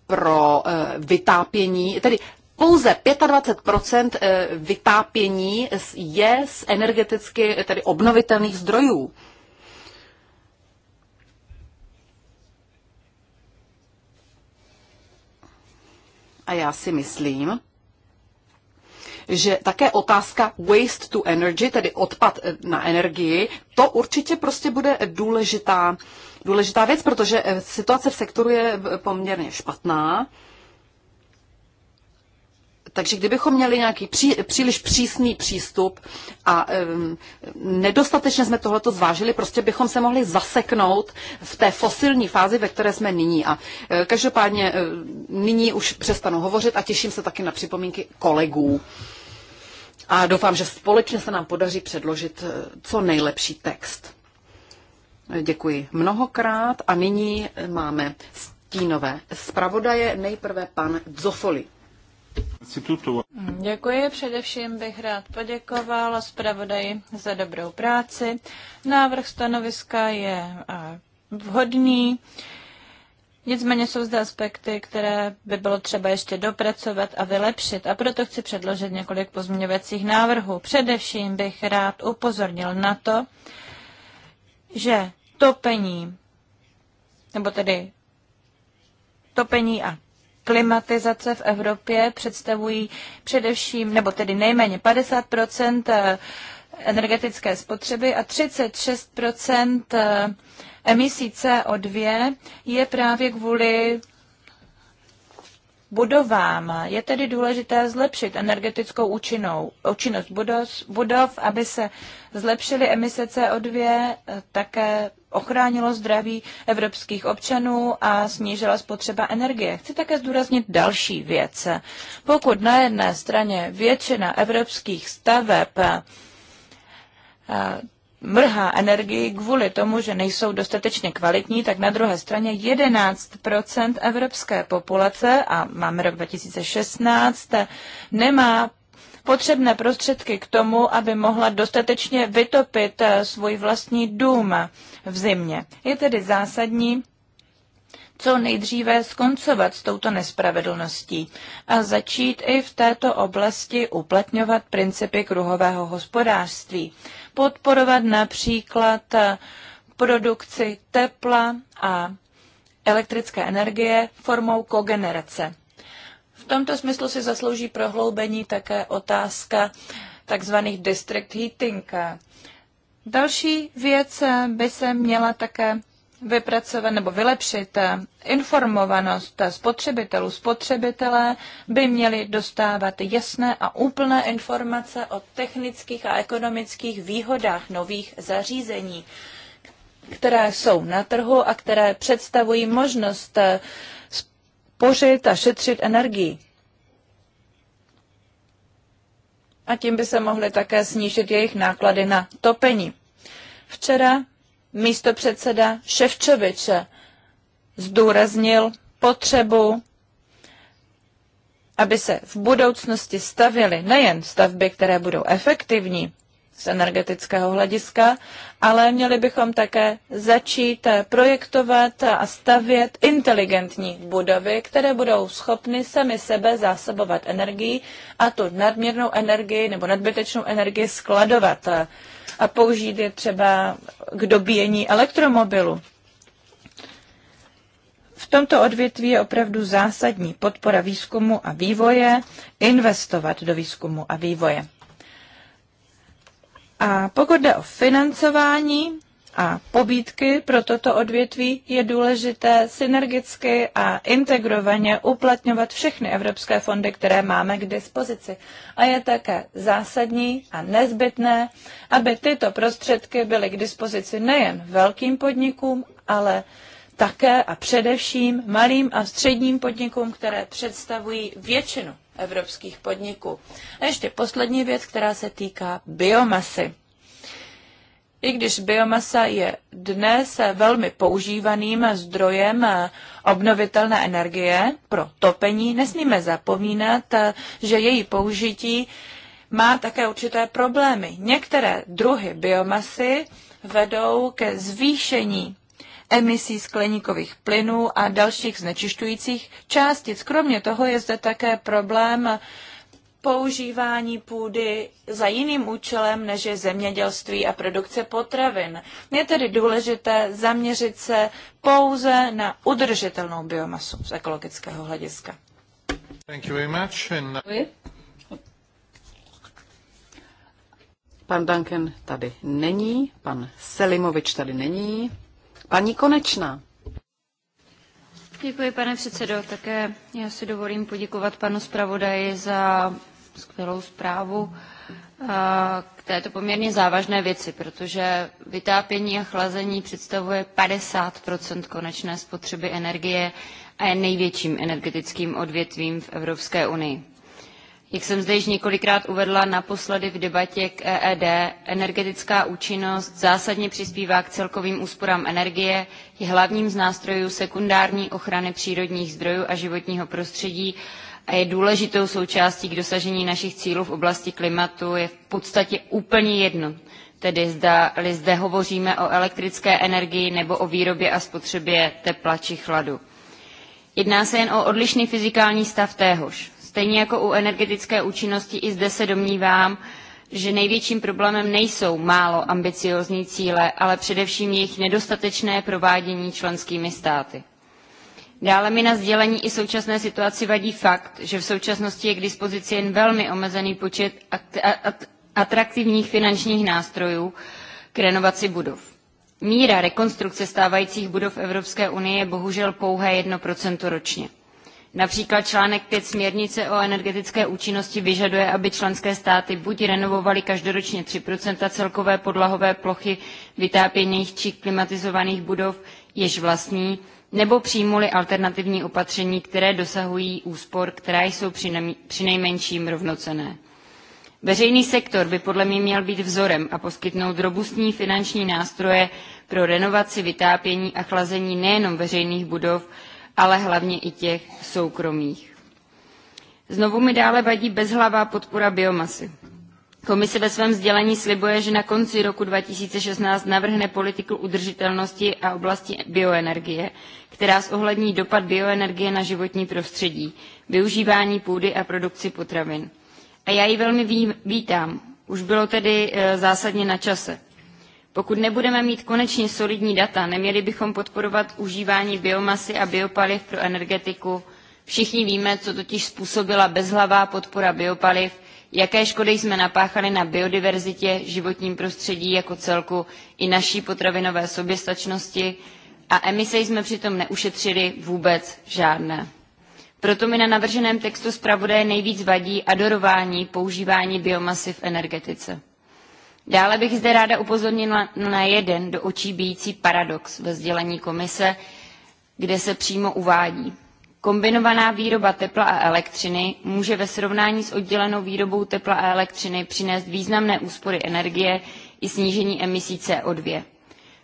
pro eh, vytápění, tedy pouze 25 eh, vytápění je z energeticky tedy obnovitelných zdrojů. A já si myslím, že také otázka waste to energy, tedy odpad eh, na energii, to určitě prostě bude důležitá, důležitá věc, protože eh, situace v sektoru je eh, poměrně špatná. Takže kdybychom měli nějaký pří, příliš přísný přístup a um, nedostatečně jsme tohleto zvážili, prostě bychom se mohli zaseknout v té fosilní fázi, ve které jsme nyní. A uh, každopádně uh, nyní už přestanu hovořit a těším se taky na připomínky kolegů. A doufám, že společně se nám podaří předložit e, co nejlepší text. Děkuji mnohokrát a nyní máme stínové zpravodaje. Nejprve pan Zofoli. Děkuji. Především bych rád poděkovala zpravodaji za dobrou práci. Návrh stanoviska je eh, vhodný. Nicméně jsou zde aspekty, které by bylo třeba ještě dopracovat a vylepšit a proto chci předložit několik pozměňovacích návrhů. Především bych rád upozornil na to, že topení, nebo tedy topení a klimatizace v Evropě představují především, nebo tedy nejméně 50 eh, energetické spotřeby a 36 eh, emisí CO2 je právě kvůli budovám. Je tedy důležité zlepšit energetickou účinnou, účinnost budov, budov, aby se zlepšily emise CO2, také ochránilo zdraví evropských občanů a snížila spotřeba energie. Chci také zdůraznit další věc. Pokud na jedné straně většina evropských staveb mrhá energii kvůli tomu, že nejsou dostatečně kvalitní, tak na druhé straně 11 evropské populace, a máme rok 2016, nemá potřebné prostředky k tomu, aby mohla dostatečně vytopit eh, svůj vlastní dům v zimě. Je tedy zásadní, co nejdříve skoncovat s touto nespravedlností a začít i v této oblasti uplatňovat principy kruhového hospodářství podporovat například eh, produkci tepla a elektrické energie formou kogenerace. V tomto smyslu si zaslouží prohloubení také otázka tzv. district heating. Další věc by se měla také vypracovat nebo vylepšit eh, informovanost eh, spotřebitelů. Spotřebitelé by měli dostávat jasné a úplné informace o technických a ekonomických výhodách nových zařízení, které jsou na trhu a které představují možnost eh, spořit a šetřit energii. A tím by se mohly také snížit jejich náklady na topení. Včera místopředseda Ševčovič zdůraznil potřebu, aby se v budoucnosti stavěly nejen stavby, které budou efektivní z energetického hlediska, ale měli bychom také začít projektovat a stavět inteligentní budovy, které budou schopny sami sebe zásobovat energií a tu nadměrnou energii nebo nadbytečnou energii skladovat a použít je třeba k dobíjení elektromobilu. V tomto odvětví je opravdu zásadní podpora výzkumu a vývoje, investovat do výzkumu a vývoje. A pokud jde o financování, a pobídky pro toto odvětví je důležité synergicky a integrovaně uplatňovat všechny evropské fondy, které máme k dispozici. A je také zásadní a nezbytné, aby tyto prostředky byly k dispozici nejen velkým podnikům, ale také a především malým a středním podnikům, které představují většinu evropských podniků. A ještě poslední věc, která se týká biomasy. I když biomasa je dnes velmi používaným zdrojem obnovitelné energie pro topení, nesmíme zapomínat, že její použití má také určité problémy. Některé druhy biomasy vedou ke zvýšení emisí skleníkových plynů a dalších znečišťujících částic. Kromě toho je zde také problém používání půdy za jiným účelem, než je zemědělství a produkce potravin. Je tedy důležité zaměřit se pouze na udržitelnou biomasu z ekologického hlediska. Thank you very much. And... Pan Duncan tady není, pan Selimovič tady není, paní Konečná. Děkuji, pane předsedo. Také já si dovolím poděkovat panu zpravodaji za skvělou zprávu eh, k této poměrně závažné věci, protože vytápění a chlazení představuje 50 konečné spotřeby energie a je největším energetickým odvětvím v Evropské unii. Jak jsem zde již několikrát uvedla naposledy v debatě k EED, energetická účinnost zásadně přispívá k celkovým úsporám energie, je hlavním z nástrojů sekundární ochrany přírodních zdrojů a životního prostředí a je důležitou součástí k dosažení našich cílů v oblasti klimatu, je v podstatě úplně jedno, tedy zda zde hovoříme o elektrické energii nebo o výrobě a spotřebě tepla či chladu. Jedná se jen o odlišný fyzikální stav téhož. Stejně jako u energetické účinnosti i zde se domnívám, že největším problémem nejsou málo ambiciózní cíle, ale především jejich nedostatečné provádění členskými státy. Dále mi na sdělení i současné situaci vadí fakt, že v současnosti je k dispozici jen velmi omezený počet atraktivních finančních nástrojů k renovaci budov. Míra rekonstrukce stávajících budov Evropské unie je bohužel pouhé 1% ročně. Například článek 5 směrnice o energetické účinnosti vyžaduje, aby členské státy buď renovovaly každoročně 3 celkové podlahové plochy vytápěných či klimatizovaných budov, jež vlastní, nebo přijmuli alternativní opatření, které dosahují úspor, které jsou přinejmenším rovnocenné. Veřejný sektor by podle mě měl být vzorem a poskytnout robustní finanční nástroje pro renovaci, vytápění a chlazení nejenom veřejných budov, ale hlavně i těch soukromých. Znovu mi dále vadí bezhlavá podpora biomasy. Komise ve svém sdělení slibuje, že na konci roku 2016 navrhne politiku udržitelnosti a oblasti bioenergie, která zohlední dopad bioenergie na životní prostředí, využívání půdy a produkci potravin. A já ji velmi vítám. Už bylo tedy e, zásadně na čase. Pokud nebudeme mít konečně solidní data, neměli bychom podporovat užívání biomasy a biopaliv pro energetiku. Všichni víme, co totiž způsobila bezhlavá podpora biopaliv jaké škody jsme napáchali na biodiverzitě, životním prostředí jako celku i naší potravinové soběstačnosti a emise jsme přitom neušetřili vůbec žádné. Proto mi na navrženém textu zpravodaje nejvíc vadí adorování používání biomasy v energetice. Dále bych zde ráda upozornila na jeden do očí bijící paradox ve sdělení komise, kde se přímo uvádí. Kombinovaná výroba tepla a elektřiny může ve srovnání s oddělenou výrobou tepla a elektřiny přinést významné úspory energie i snížení emisí CO2.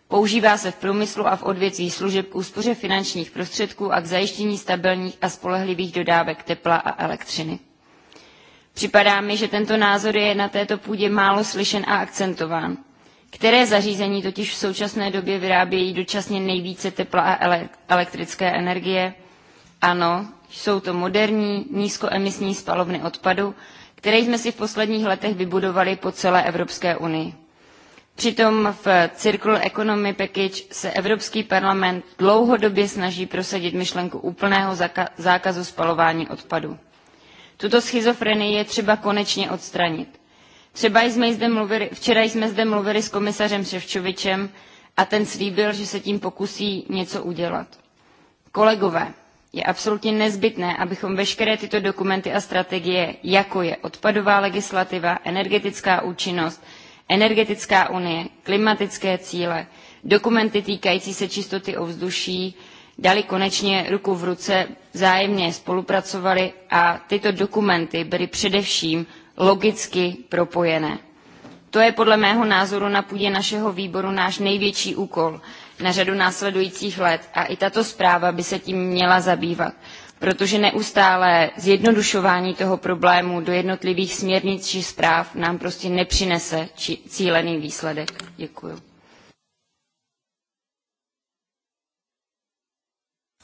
Používá se v průmyslu a v odvětví služeb k úspoře finančních prostředků a k zajištění stabilních a spolehlivých dodávek tepla a elektřiny. Připadá mi, že tento názor je na této půdě málo slyšen a akcentován. Které zařízení totiž v současné době vyrábějí dočasně nejvíce tepla a elektrické energie – ano, jsou to moderní, nízkoemisní spalovny odpadu, které jsme si v posledních letech vybudovali po celé Evropské unii. Přitom v Circular Economy Package se Evropský parlament dlouhodobě snaží prosadit myšlenku úplného zákazu spalování odpadu. Tuto schizofrenii je třeba konečně odstranit. Třeba jsme zde mluvili, včera jsme zde mluvili s komisařem Ševčovičem a ten slíbil, že se tím pokusí něco udělat. Kolegové, je absolutně nezbytné, abychom veškeré tyto dokumenty a strategie, jako je odpadová legislativa, energetická účinnost, energetická unie, klimatické cíle, dokumenty týkající se čistoty ovzduší, dali konečně ruku v ruce, vzájemně spolupracovali a tyto dokumenty byly především logicky propojené. To je podle mého názoru na půdě našeho výboru náš největší úkol – na řadu následujících let a i tato zpráva by se tím měla zabývat, protože neustále zjednodušování toho problému do jednotlivých směrnic či zpráv nám prostě nepřinese či cílený výsledek. Děkuji.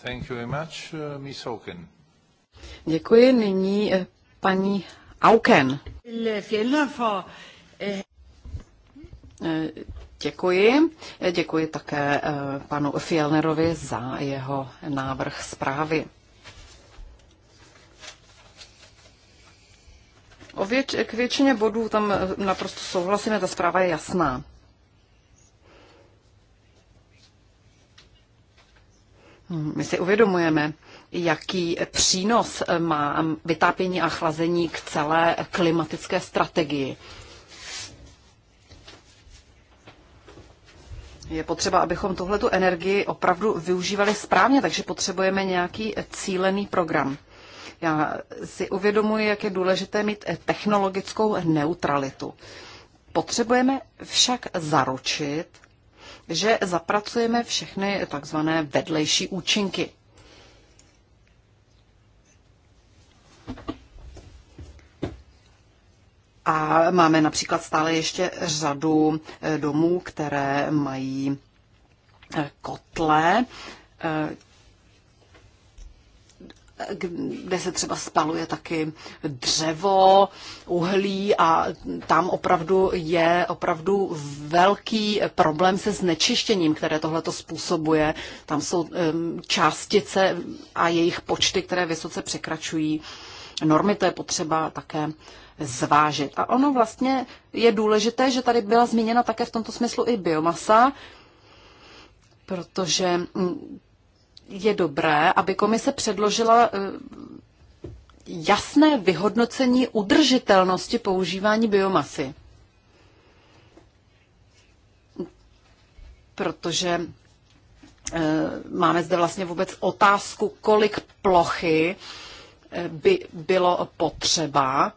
Thank you very much, uh, Děkuji. Nyní eh, paní Auken. Děkuji. Děkuji také eh, panu Fielnerovi za jeho návrh zprávy. O věč, k většině bodů tam eh, naprosto souhlasíme, ta zpráva je jasná. Hmm, my si uvědomujeme, jaký přínos eh, má vytápění a chlazení k celé klimatické strategii. je potřeba, abychom tohle tu energii opravdu využívali správně, takže potřebujeme nějaký cílený program. Já si uvědomuji, jak je důležité mít technologickou neutralitu. Potřebujeme však zaručit, že zapracujeme všechny takzvané vedlejší účinky. A máme například stále ještě řadu eh, domů, které mají eh, kotle, eh, kde se třeba spaluje taky dřevo, uhlí a tam opravdu je opravdu velký problém se znečištěním, které tohle to způsobuje. Tam jsou ehm, částice a jejich počty, které vysoce překračují normy, to je potřeba také zvážit. A ono vlastně je důležité, že tady byla zmíněna také v tomto smyslu i biomasa, protože mm, je dobré, aby komise předložila e, jasné vyhodnocení udržitelnosti používání biomasy. Protože e, máme zde vlastně vůbec otázku, kolik plochy e, by bylo potřeba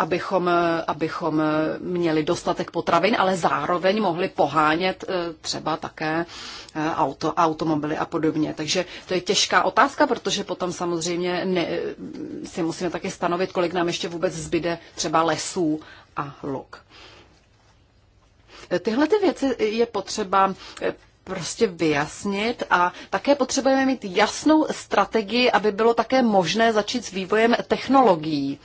abychom, abychom měli dostatek potravin, ale zároveň mohli pohánět e, třeba také e, auto, automobily a podobně. Takže to je těžká otázka, protože potom samozřejmě ne, e, si musíme také stanovit, kolik nám ještě vůbec zbyde třeba lesů a luk. Tyhle ty věci je potřeba prostě vyjasnit a také potřebujeme mít jasnou strategii, aby bylo také možné začít s vývojem technologií.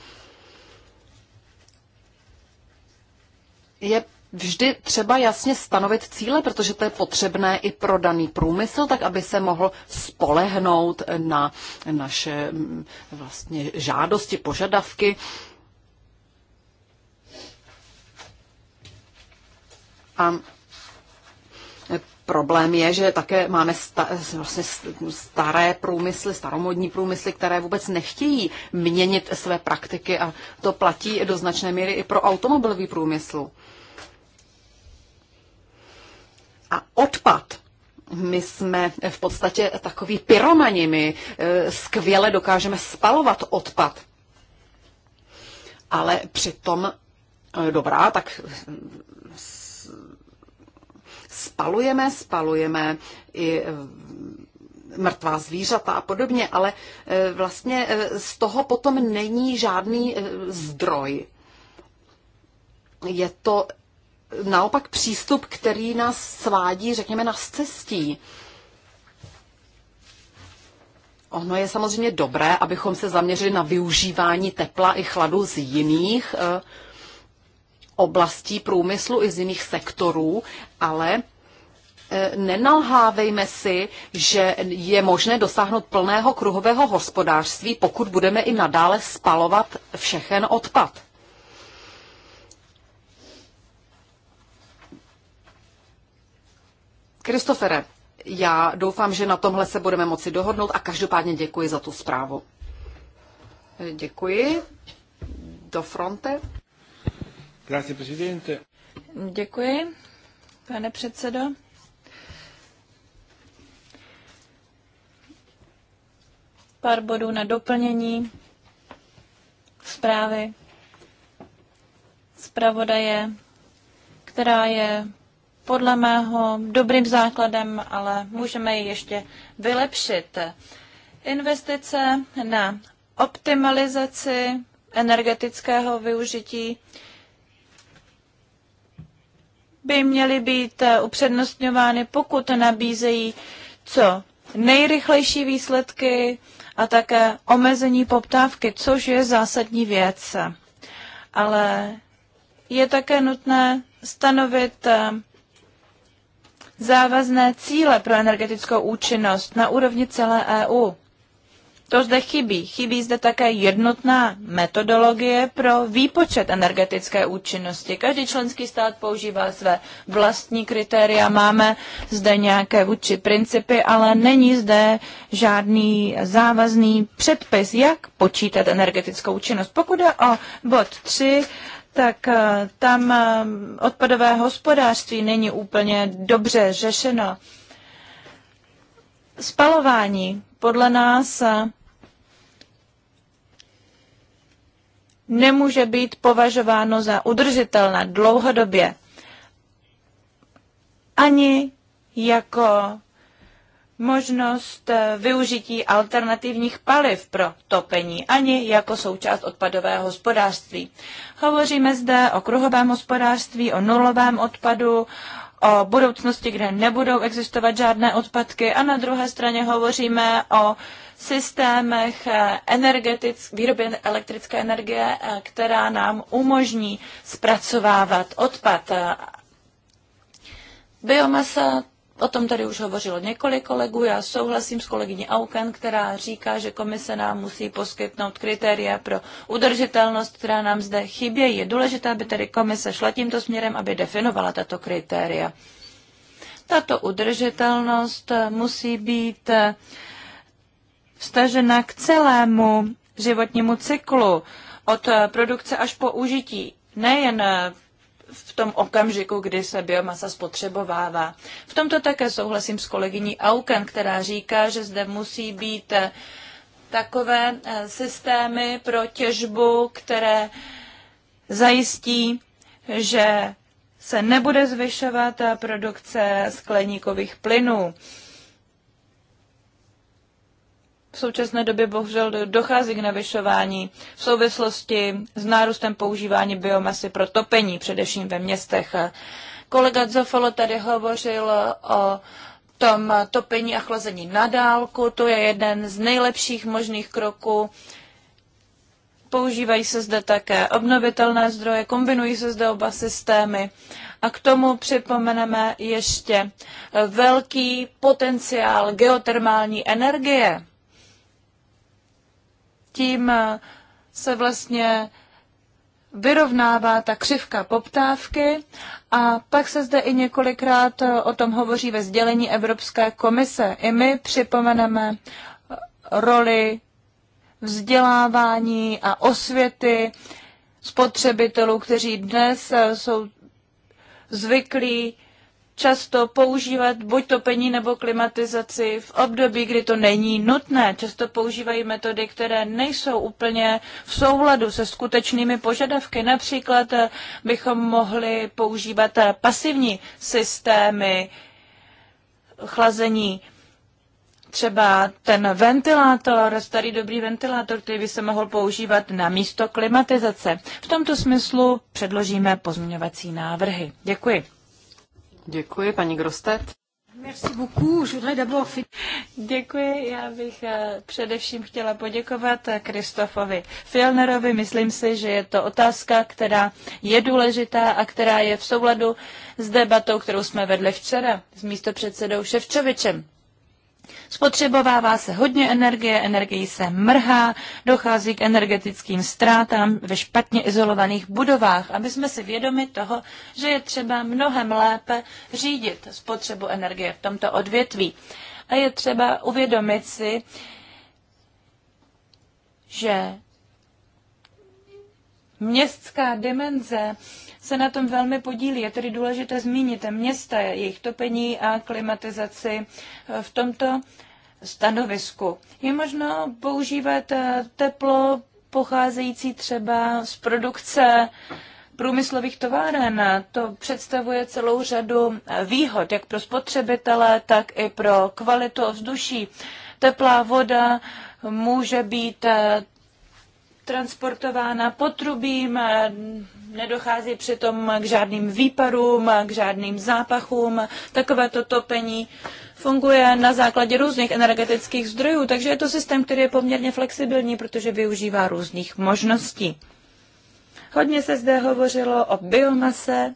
je vždy třeba jasně stanovit cíle, protože to je potřebné i pro daný průmysl, tak aby se mohl spolehnout na naše mm, vlastně žádosti, požadavky. A problém je, že také máme sta, vlastně staré průmysly, staromodní průmysly, které vůbec nechtějí měnit své praktiky a to platí do značné míry i pro automobilový průmysl. A odpad my jsme v podstatě takový pyromani, my e, skvěle dokážeme spalovat odpad. Ale přitom, e, dobrá, tak spalujeme, spalujeme i eh, mrtvá zvířata a podobně, ale eh, vlastně eh, z toho potom není žádný zdroj. Je to naopak přístup, který nás svádí, řekněme, na cestí. Ono je samozřejmě dobré, abychom se zaměřili na využívání tepla i chladu z jiných uh, oblastí průmyslu i z jiných sektorů, ale e, nenalhávejme si, že je možné dosáhnout plného kruhového hospodářství, pokud budeme i nadále spalovat všechen odpad. Kristofere, já doufám, že na tomhle se budeme moci dohodnout a každopádně děkuji za tu zprávu. Děkuji. Do fronte. Děkuji, pane předsedo. Pár bodů na doplnění zprávy zpravodaje, která je podle mého dobrým základem, ale můžeme ji ještě vylepšit. Investice na optimalizaci energetického využití by měly být eh, upřednostňovány, pokud nabízejí co nejrychlejší výsledky a také omezení poptávky, což je zásadní věc. Ale je také nutné stanovit eh, závazné cíle pro energetickou účinnost na úrovni celé EU. To zde chybí. Chybí zde také jednotná metodologie pro výpočet energetické účinnosti. Každý členský stát používá své vlastní kritéria, máme zde nějaké vůči principy, ale není zde žádný závazný předpis, jak počítat energetickou účinnost. Pokud je o bod 3, tak eh, tam eh, odpadové hospodářství není úplně dobře řešeno. Spalování podle nás nemůže být považováno za udržitelné dlouhodobě ani jako možnost eh, využití alternativních paliv pro topení, ani jako součást odpadového hospodářství. Hovoříme zde o kruhovém hospodářství, o nulovém odpadu, o budoucnosti, kde nebudou existovat žádné odpadky a na druhé straně hovoříme o systémech eh, energetic, výroby elektrické energie, eh, která nám umožní zpracovávat odpad. Eh, Biomasa O tom tady už hovořilo několik kolegů. Já souhlasím s kolegyní Auken, která říká, že komise nám musí poskytnout kritéria pro udržitelnost, která nám zde chybějí. Je důležité, aby tedy komise šla tímto směrem, aby definovala tato kritéria. Tato udržitelnost eh, musí být eh, vztažena k celému životnímu cyklu, od eh, produkce až po užití. Nejen v tom okamžiku, kdy se biomasa spotřebovává. V tomto také souhlasím s kolegyní Auken, která říká, že zde musí být eh, takové eh, systémy pro těžbu, které zajistí, že se nebude zvyšovat eh, produkce skleníkových plynů. V současné době bohužel dochází k navyšování v souvislosti s nárůstem používání biomasy pro topení, především ve městech. Kolega Zofolo tady hovořil o tom topení a chlazení na dálku. To je jeden z nejlepších možných kroků. Používají se zde také obnovitelné zdroje, kombinují se zde oba systémy. A k tomu připomeneme ještě velký potenciál geotermální energie tím eh, se vlastně vyrovnává ta křivka poptávky a pak se zde i několikrát eh, o tom hovoří ve sdělení Evropské komise. I my připomeneme eh, roli vzdělávání a osvěty spotřebitelů, kteří dnes jsou zvyklí často používat buď topení nebo klimatizaci v období, kdy to není nutné. Často používají metody, které nejsou úplně v souladu se skutečnými požadavky. Například eh, bychom mohli používat eh, pasivní systémy chlazení třeba ten ventilátor, starý dobrý ventilátor, který by se mohl používat na místo klimatizace. V tomto smyslu předložíme pozměňovací návrhy. Děkuji. Děkuji, paní Grostet. Merci beaucoup. Děkuji, já bych eh, především chtěla poděkovat eh, Kristofovi Filnerovi. Myslím si, že je to otázka, která je důležitá a která je v souladu s debatou, kterou jsme vedli včera s místopředsedou Ševčovičem. Spotřebovává se hodně energie, energie se mrhá, dochází k energetickým ztrátám ve špatně izolovaných budovách, aby jsme si vědomi toho, že je třeba mnohem lépe řídit spotřebu energie v tomto odvětví. A je třeba uvědomit si, že městská dimenze se na tom velmi podílí. Je tedy důležité zmínit města, jejich topení a klimatizaci eh, v tomto stanovisku. Je možno používat eh, teplo pocházející třeba z produkce průmyslových továren. To představuje celou řadu výhod, jak pro spotřebitele, tak i pro kvalitu ovzduší. Teplá voda může být eh, transportována potrubím, eh, nedochází přitom k žádným výparům, k žádným zápachům. Takovéto topení funguje na základě různých energetických zdrojů, takže je to systém, který je poměrně flexibilní, protože využívá různých možností. Hodně se zde hovořilo o biomase,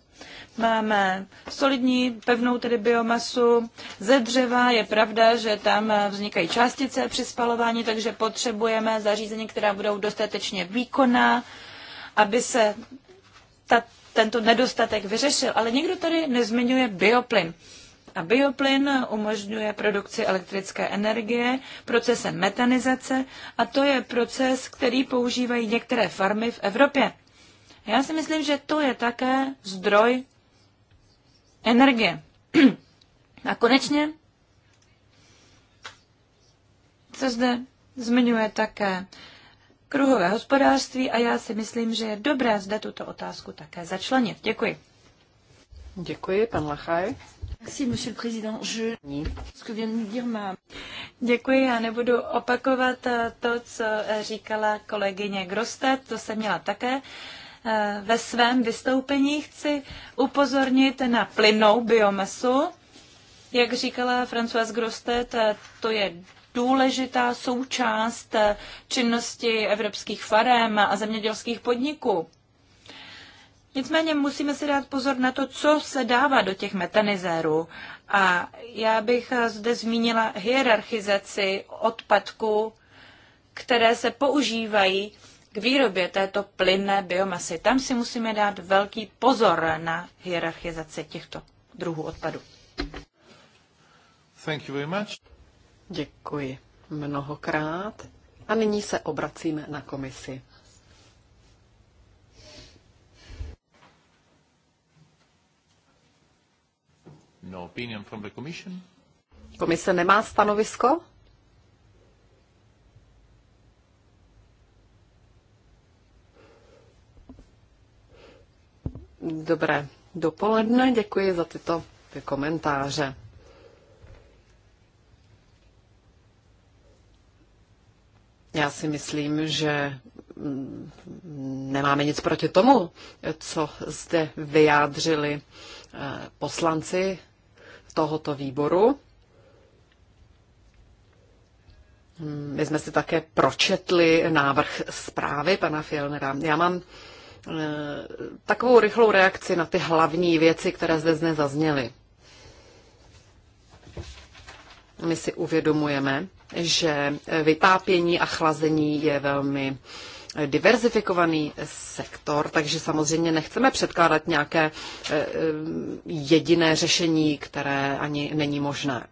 Máme solidní, pevnou tedy biomasu ze dřeva. Je pravda, že tam vznikají částice při spalování, takže potřebujeme zařízení, která budou dostatečně výkonná, aby se ta, tento nedostatek vyřešil. Ale někdo tady nezmiňuje bioplyn. A bioplyn umožňuje produkci elektrické energie procesem metanizace a to je proces, který používají některé farmy v Evropě. Já si myslím, že to je také zdroj energie. <clears throat> A konečně se zde zmiňuje také kruhové hospodářství a já si myslím, že je dobré zde tuto otázku také začlenit. Děkuji. Děkuji, pan Lachaj. Děkuji, já nebudu opakovat eh, to, co eh, říkala kolegyně Grostet, to jsem měla také Eh, ve svém vystoupení chci upozornit na plynou biomasu. Jak říkala Françoise Grostet, eh, to je důležitá součást eh, činnosti evropských farem a zemědělských podniků. Nicméně musíme si dát pozor na to, co se dává do těch metanizérů. A já bych zde zmínila hierarchizaci odpadků, které se používají k výrobě této plynné biomasy. Tam si musíme dát velký pozor na hierarchizaci těchto druhů odpadu. Thank you very much. Děkuji mnohokrát. A nyní se obracíme na komisi. No opinion from the commission? Komise nemá stanovisko? Dobré dopoledne, děkuji za tyto komentáře. Já si myslím, že mm, nemáme nic proti tomu, co zde vyjádřili eh, poslanci tohoto výboru. Hmm, my jsme si také pročetli návrh zprávy pana Fielnera. Já mám Eh, takovou rychlou reakci na ty hlavní věci, které zde dnes zazněly. My si uvědomujeme, že vytápění a chlazení je velmi diverzifikovaný sektor, takže samozřejmě nechceme předkládat nějaké eh, eh, jediné řešení, které ani není možné.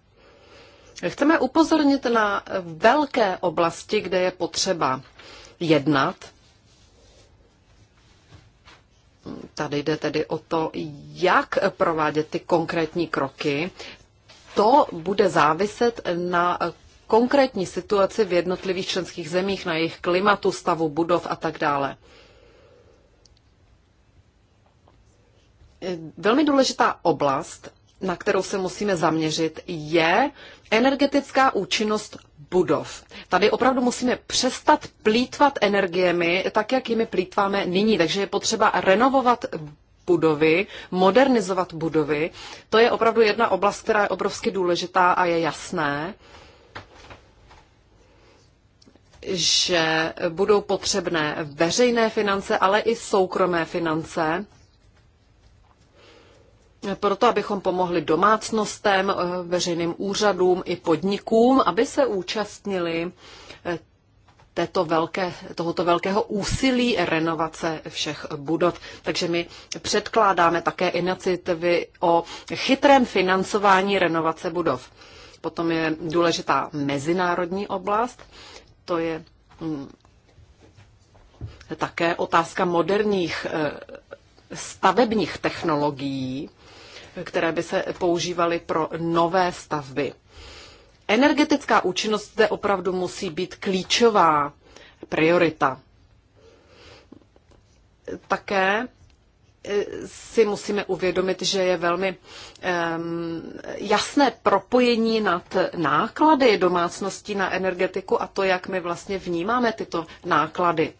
Chceme upozornit na velké oblasti, kde je potřeba jednat Tady jde tedy o to, jak provádět ty konkrétní kroky. To bude záviset na konkrétní situaci v jednotlivých členských zemích, na jejich klimatu, stavu budov a tak dále. Velmi důležitá oblast, na kterou se musíme zaměřit, je Energetická účinnost budov. Tady opravdu musíme přestat plítvat energiemi, tak jak jimi plítváme nyní. Takže je potřeba renovovat budovy, modernizovat budovy. To je opravdu jedna oblast, která je obrovsky důležitá a je jasné, že budou potřebné veřejné finance, ale i soukromé finance proto, abychom pomohli domácnostem, eh, veřejným úřadům i podnikům, aby se účastnili eh, této velké, tohoto velkého úsilí renovace všech budov. Takže my předkládáme také iniciativy o chytrém financování renovace budov. Potom je důležitá mezinárodní oblast, to je mm, také otázka moderních eh, stavebních technologií které by se používaly pro nové stavby. Energetická účinnost zde opravdu musí být klíčová priorita. Také eh, si musíme uvědomit, že je velmi um, jasné propojení nad náklady domácností na energetiku a to, jak my vlastně vnímáme tyto náklady.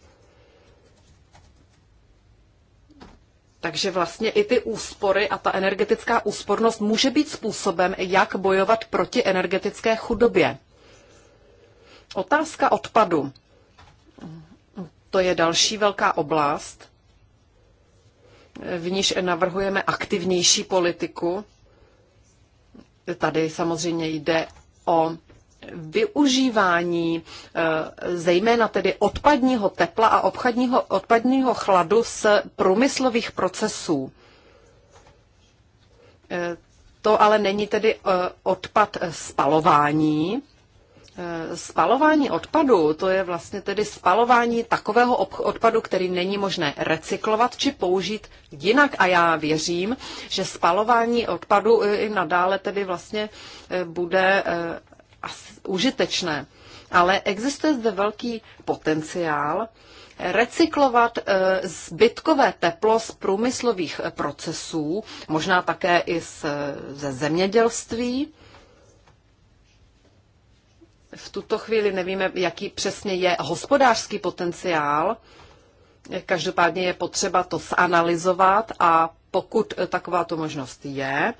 Takže vlastně i ty úspory a ta energetická úspornost může být způsobem, jak bojovat proti energetické chudobě. Otázka odpadu. To je další velká oblast, v níž navrhujeme aktivnější politiku. Tady samozřejmě jde o využívání eh, zejména tedy odpadního tepla a obchodního, odpadního chladu z průmyslových procesů. Eh, to ale není tedy eh, odpad spalování. Spalování odpadu, to je vlastně tedy spalování takového odpadu, který není možné recyklovat či použít jinak. A já věřím, že spalování odpadu i nadále tedy vlastně bude užitečné, ale existuje zde velký potenciál recyklovat e, zbytkové teplo z průmyslových e, procesů, možná také i z, e, ze zemědělství. V tuto chvíli nevíme, jaký přesně je hospodářský potenciál. Každopádně je potřeba to zanalizovat a pokud takováto možnost je,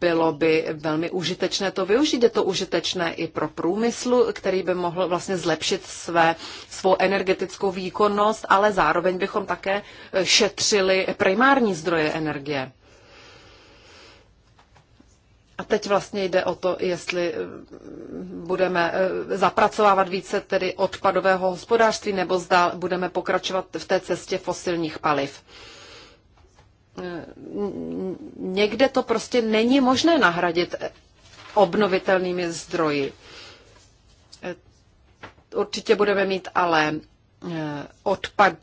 bylo by velmi užitečné to využít. Je to užitečné i pro průmysl, který by mohl vlastně zlepšit své, svou energetickou výkonnost, ale zároveň bychom také eh, šetřili primární zdroje energie. A teď vlastně jde o to, jestli eh, budeme eh, zapracovávat více tedy odpadového hospodářství, nebo zda budeme pokračovat v té cestě fosilních paliv někde to prostě není možné nahradit obnovitelnými zdroji. Určitě budeme mít ale odpad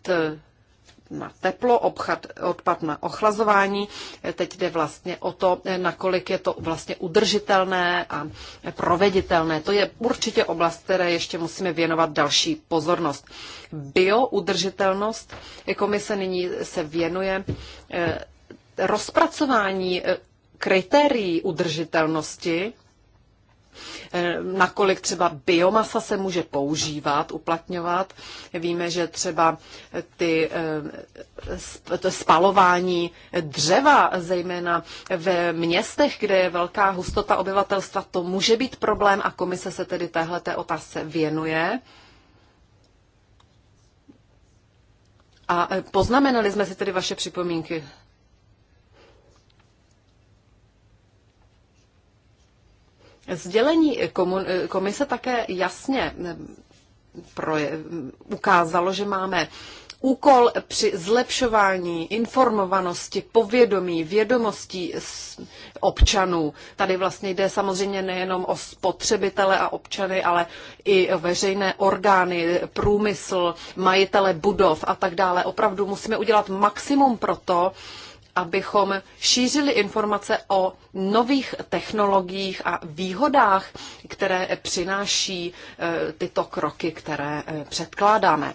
na teplo, obchad, odpad na ochlazování. Teď jde vlastně o to, nakolik je to vlastně udržitelné a proveditelné. To je určitě oblast, které ještě musíme věnovat další pozornost. Bioudržitelnost, komise nyní se věnuje eh, rozpracování eh, kritérií udržitelnosti Eh, nakolik třeba biomasa se může používat, uplatňovat. Víme, že třeba ty, eh, to spalování dřeva, zejména ve městech, kde je velká hustota obyvatelstva, to může být problém a komise se tedy té otázce věnuje. A eh, poznamenali jsme si tedy vaše připomínky. Sdělení komise také jasně ukázalo, že máme úkol při zlepšování informovanosti, povědomí, vědomostí občanů. Tady vlastně jde samozřejmě nejenom o spotřebitele a občany, ale i o veřejné orgány, průmysl, majitele budov a tak dále. Opravdu musíme udělat maximum pro to, abychom šířili informace o nových technologiích a výhodách, které přináší e, tyto kroky, které e, předkládáme.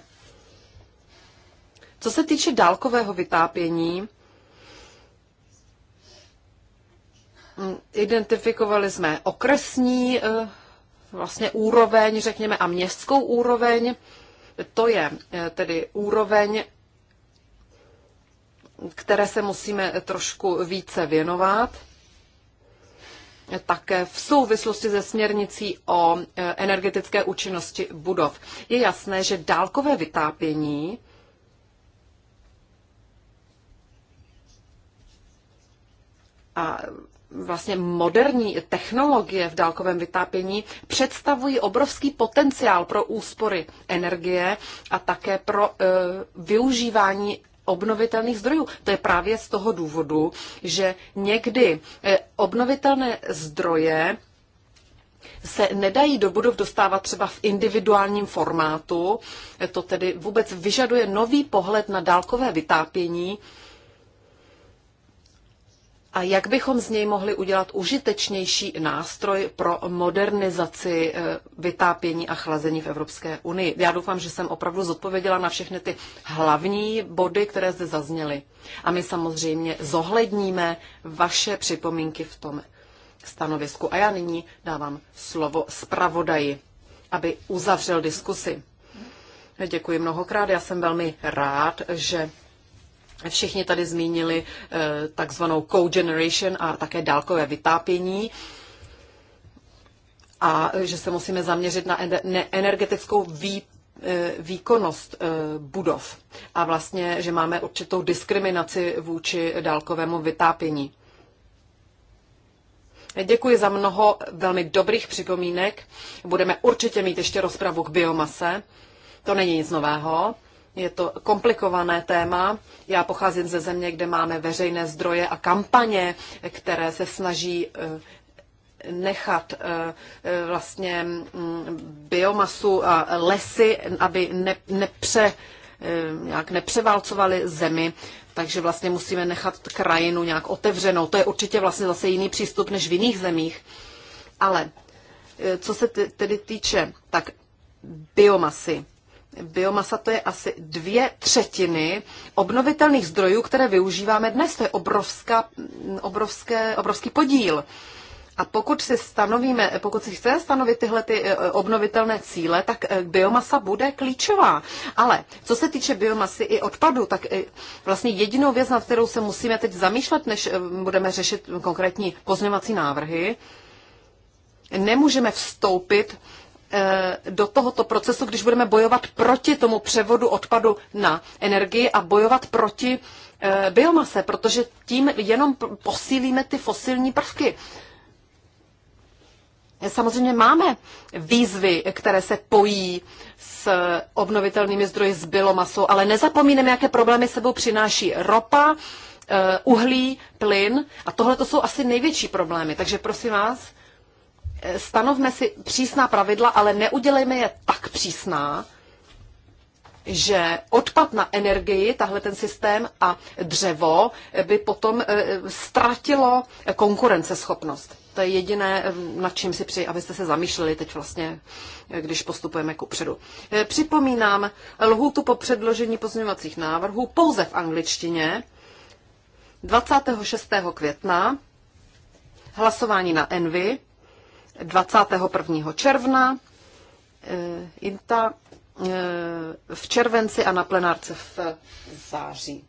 Co se týče dálkového vytápění, mm, identifikovali jsme okresní e, vlastně úroveň, řekněme, a městskou úroveň. To je tedy úroveň které se musíme trošku více věnovat. Také v souvislosti se směrnicí o e, energetické účinnosti budov. Je jasné, že dálkové vytápění a vlastně moderní technologie v dálkovém vytápění představují obrovský potenciál pro úspory energie a také pro e, využívání obnovitelných zdrojů. To je právě z toho důvodu, že někdy eh, obnovitelné zdroje se nedají do budov dostávat třeba v individuálním formátu. To tedy vůbec vyžaduje nový pohled na dálkové vytápění, a jak bychom z něj mohli udělat užitečnější nástroj pro modernizaci eh, vytápění a chlazení v Evropské unii. Já doufám, že jsem opravdu zodpověděla na všechny ty hlavní body, které zde zazněly. A my samozřejmě zohledníme vaše připomínky v tom stanovisku. A já nyní dávám slovo zpravodaji, aby uzavřel diskusi. Děkuji mnohokrát. Já jsem velmi rád, že Všichni tady zmínili eh, takzvanou co-generation a také dálkové vytápění a eh, že se musíme zaměřit na energetickou výpověď eh, výkonnost budov a vlastně, že máme určitou diskriminaci vůči dálkovému vytápění. Děkuji za mnoho velmi dobrých připomínek. Budeme určitě mít ještě rozpravu k biomase. To není nic nového. Je to komplikované téma. Já pocházím ze země, kde máme veřejné zdroje a kampaně, které se snaží eh, nechat eh, eh, vlastně mm, biomasu a lesy, aby nepře, nějak nepřeválcovali zemi, takže vlastně musíme nechat krajinu nějak otevřenou. To je určitě vlastně zase jiný přístup než v jiných zemích. Ale co se tedy týče, tak biomasy biomasa to je asi dvě třetiny obnovitelných zdrojů, které využíváme dnes. To je obrovská, obrovské, obrovský podíl. A pokud si stanovíme, pokud si chceme stanovit tyhle ty eh, obnovitelné cíle, tak eh, biomasa bude klíčová. Ale co se týče biomasy i odpadu, tak eh, vlastně jedinou věc, nad kterou se musíme teď zamýšlet, než budeme řešit konkrétní pozměvací návrhy, nemůžeme vstoupit Eh, do tohoto procesu, když budeme bojovat proti tomu převodu odpadu na energii a bojovat proti eh, biomase, protože tím jenom posílíme ty fosilní prvky. Samozřejmě máme výzvy, které se pojí s obnovitelnými zdroji s biomasou, ale nezapomínáme, jaké problémy sebou přináší ropa, eh, uhlí, plyn a tohle to jsou asi největší problémy. Takže prosím vás, stanovme si přísná pravidla, ale neudělejme je tak přísná, že odpad na energii, tahle ten systém a dřevo by potom eh, ztratilo konkurenceschopnost. To je jediné, eh, nad čím si přeji, abyste se zamýšleli teď vlastně, eh, když postupujeme ku předu. Připomínám lhůtu po předložení pozměňovacích návrhů pouze v angličtině 26. května, hlasování na Envy 21. června, eh, INTA eh, v červenci a na plenárce v září.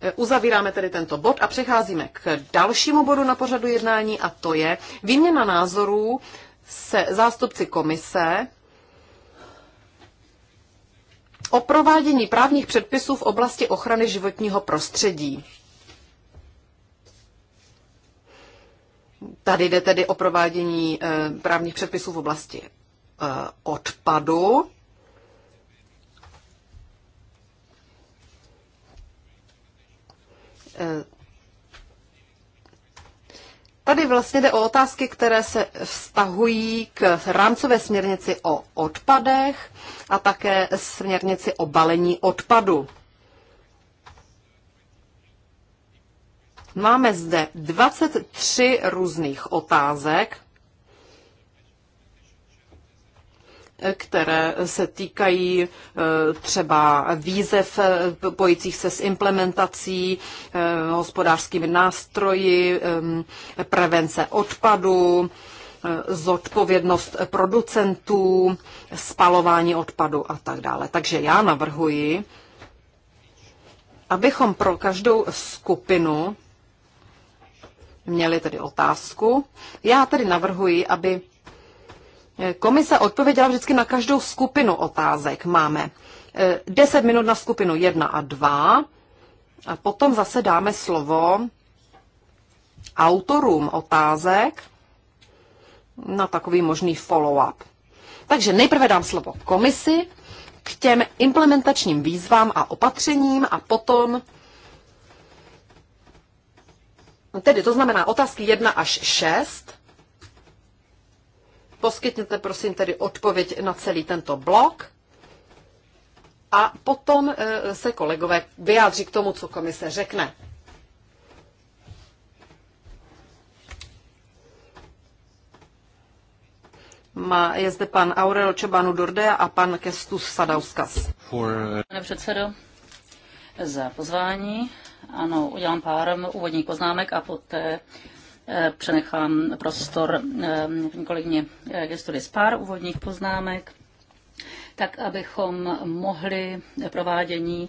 Eh, uzavíráme tedy tento bod a přecházíme k dalšímu bodu na pořadu jednání a to je výměna názorů se zástupci komise o provádění právních předpisů v oblasti ochrany životního prostředí. Tady jde tedy o provádění eh, právních předpisů v oblasti eh, odpadu. Eh, tady vlastně jde o otázky, které se vztahují k rámcové směrnici o odpadech a také směrnici o balení odpadu. Máme zde 23 různých otázek, které se týkají e, třeba výzev e, pojících se s implementací, e, hospodářskými nástroji, prevence odpadu, zodpovědnost producentů, spalování odpadu a tak dále. Takže já navrhuji, abychom pro každou skupinu měli tedy otázku. Já tedy navrhuji, aby komise odpověděla vždycky na každou skupinu otázek. Máme 10 eh, minut na skupinu 1 a 2 a potom zase dáme slovo autorům otázek na takový možný follow-up. Takže nejprve dám slovo komisi k těm implementačním výzvám a opatřením a potom No tedy to znamená otázky 1 až 6. Poskytněte prosím tedy odpověď na celý tento blok. A potom eh, se kolegové vyjádří k tomu, co komise řekne. Má, je zde pan Aurel Čobanu Dordea a pan Kestus Sadauskas. Pane předsedo, za pozvání ano, udělám pár úvodních poznámek a poté eh, přenechám prostor eh, kolegyně Gestury eh, z pár úvodních poznámek tak abychom mohli provádění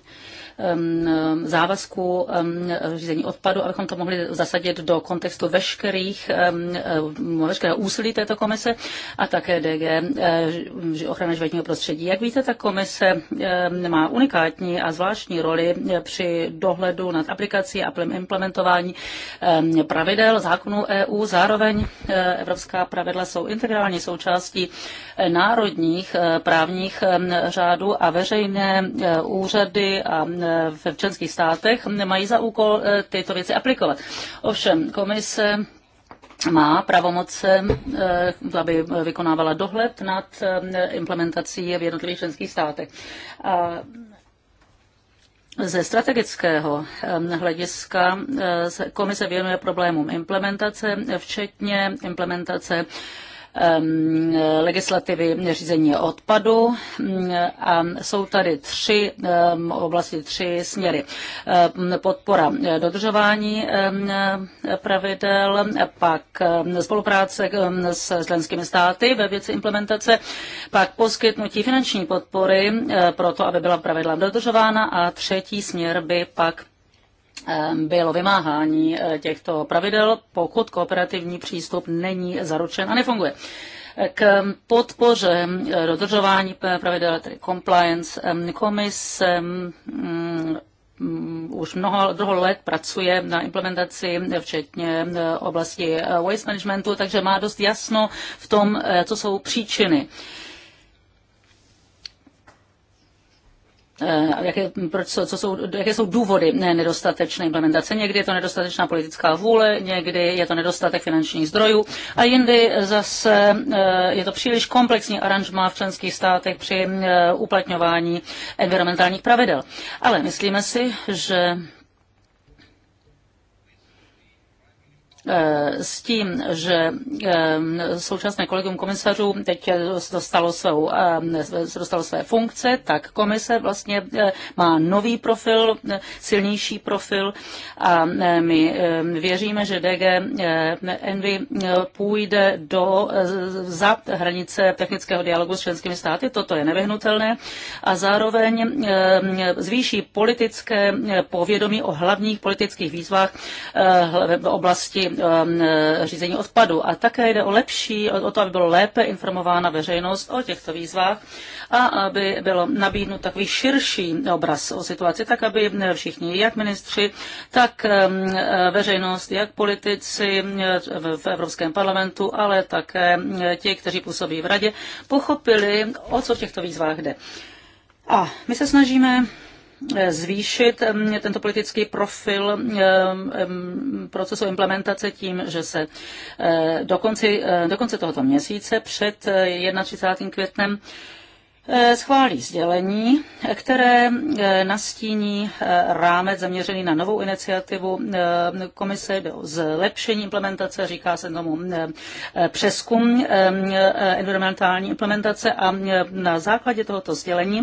závazku řízení odpadu, abychom to mohli zasadit do kontextu veškerých, veškerého úsilí této komise a také DG eh, ochrany životního prostředí. Jak víte, ta komise má unikátní a zvláštní roli při dohledu nad aplikací a implementování pravidel zákonů EU. Zároveň eh, evropská pravidla jsou integrální součástí národních eh, právních právních řádů a veřejné úřady a v členských státech mají za úkol e, tyto věci aplikovat. Ovšem, komise má pravomoce, aby vykonávala dohled nad implementací v jednotlivých členských státech. A ze strategického hlediska e, komise věnuje problémům implementace, včetně implementace legislativy řízení odpadu a jsou tady tři oblasti, tři směry. Podpora dodržování pravidel, pak spolupráce s členskými státy ve věci implementace, pak poskytnutí finanční podpory eh, pro to, aby byla pravidla dodržována a třetí směr by pak Ehm, bylo vymáhání eh, těchto pravidel, pokud kooperativní přístup není zaručen a nefunguje k podpoře eh, dodržování pravidel, tedy compliance, ehm, komise mm, mm, už mnoho, mnoho let pracuje na implementaci, včetně eh, oblasti waste managementu, takže má dost jasno v tom, co jsou příčiny Eh, jaké, proč, co, co jsou, jaké jsou důvody nedostatečné implementace. Někdy je to nedostatečná politická vůle, někdy je to nedostatek finančních zdrojů a jindy zase eh, je to příliš komplexní aranžma v členských státech při eh, uplatňování environmentálních pravidel. Ale myslíme si, že Eh, s tím, že eh, současné kolegium komisařů teď dostalo, svou, eh, dostalo své funkce, tak komise vlastně má nový profil, silnější profil a my věříme, že DG Envy půjde do, za hranice technického dialogu s členskými státy, toto je nevyhnutelné, a zároveň zvýší politické povědomí o hlavních politických výzvách v oblasti Um, řízení odpadu. A také jde o lepší, o to, aby bylo lépe informována veřejnost o těchto výzvách a aby bylo nabídnut takový širší obraz o situaci, tak aby všichni, jak ministři, tak um, veřejnost, jak politici um, v Evropském parlamentu, ale také ti, kteří působí v radě, pochopili, o co v těchto výzvách jde. A my se snažíme Eh, zvýšit mm, tento politický profil eh, mm, procesu implementace tím, že se eh, do konce, do konce tohoto měsíce před 31. květnem schválí sdělení, které nastíní rámec zaměřený na novou iniciativu komise do zlepšení implementace, říká se tomu přeskum environmentální implementace a na základě tohoto sdělení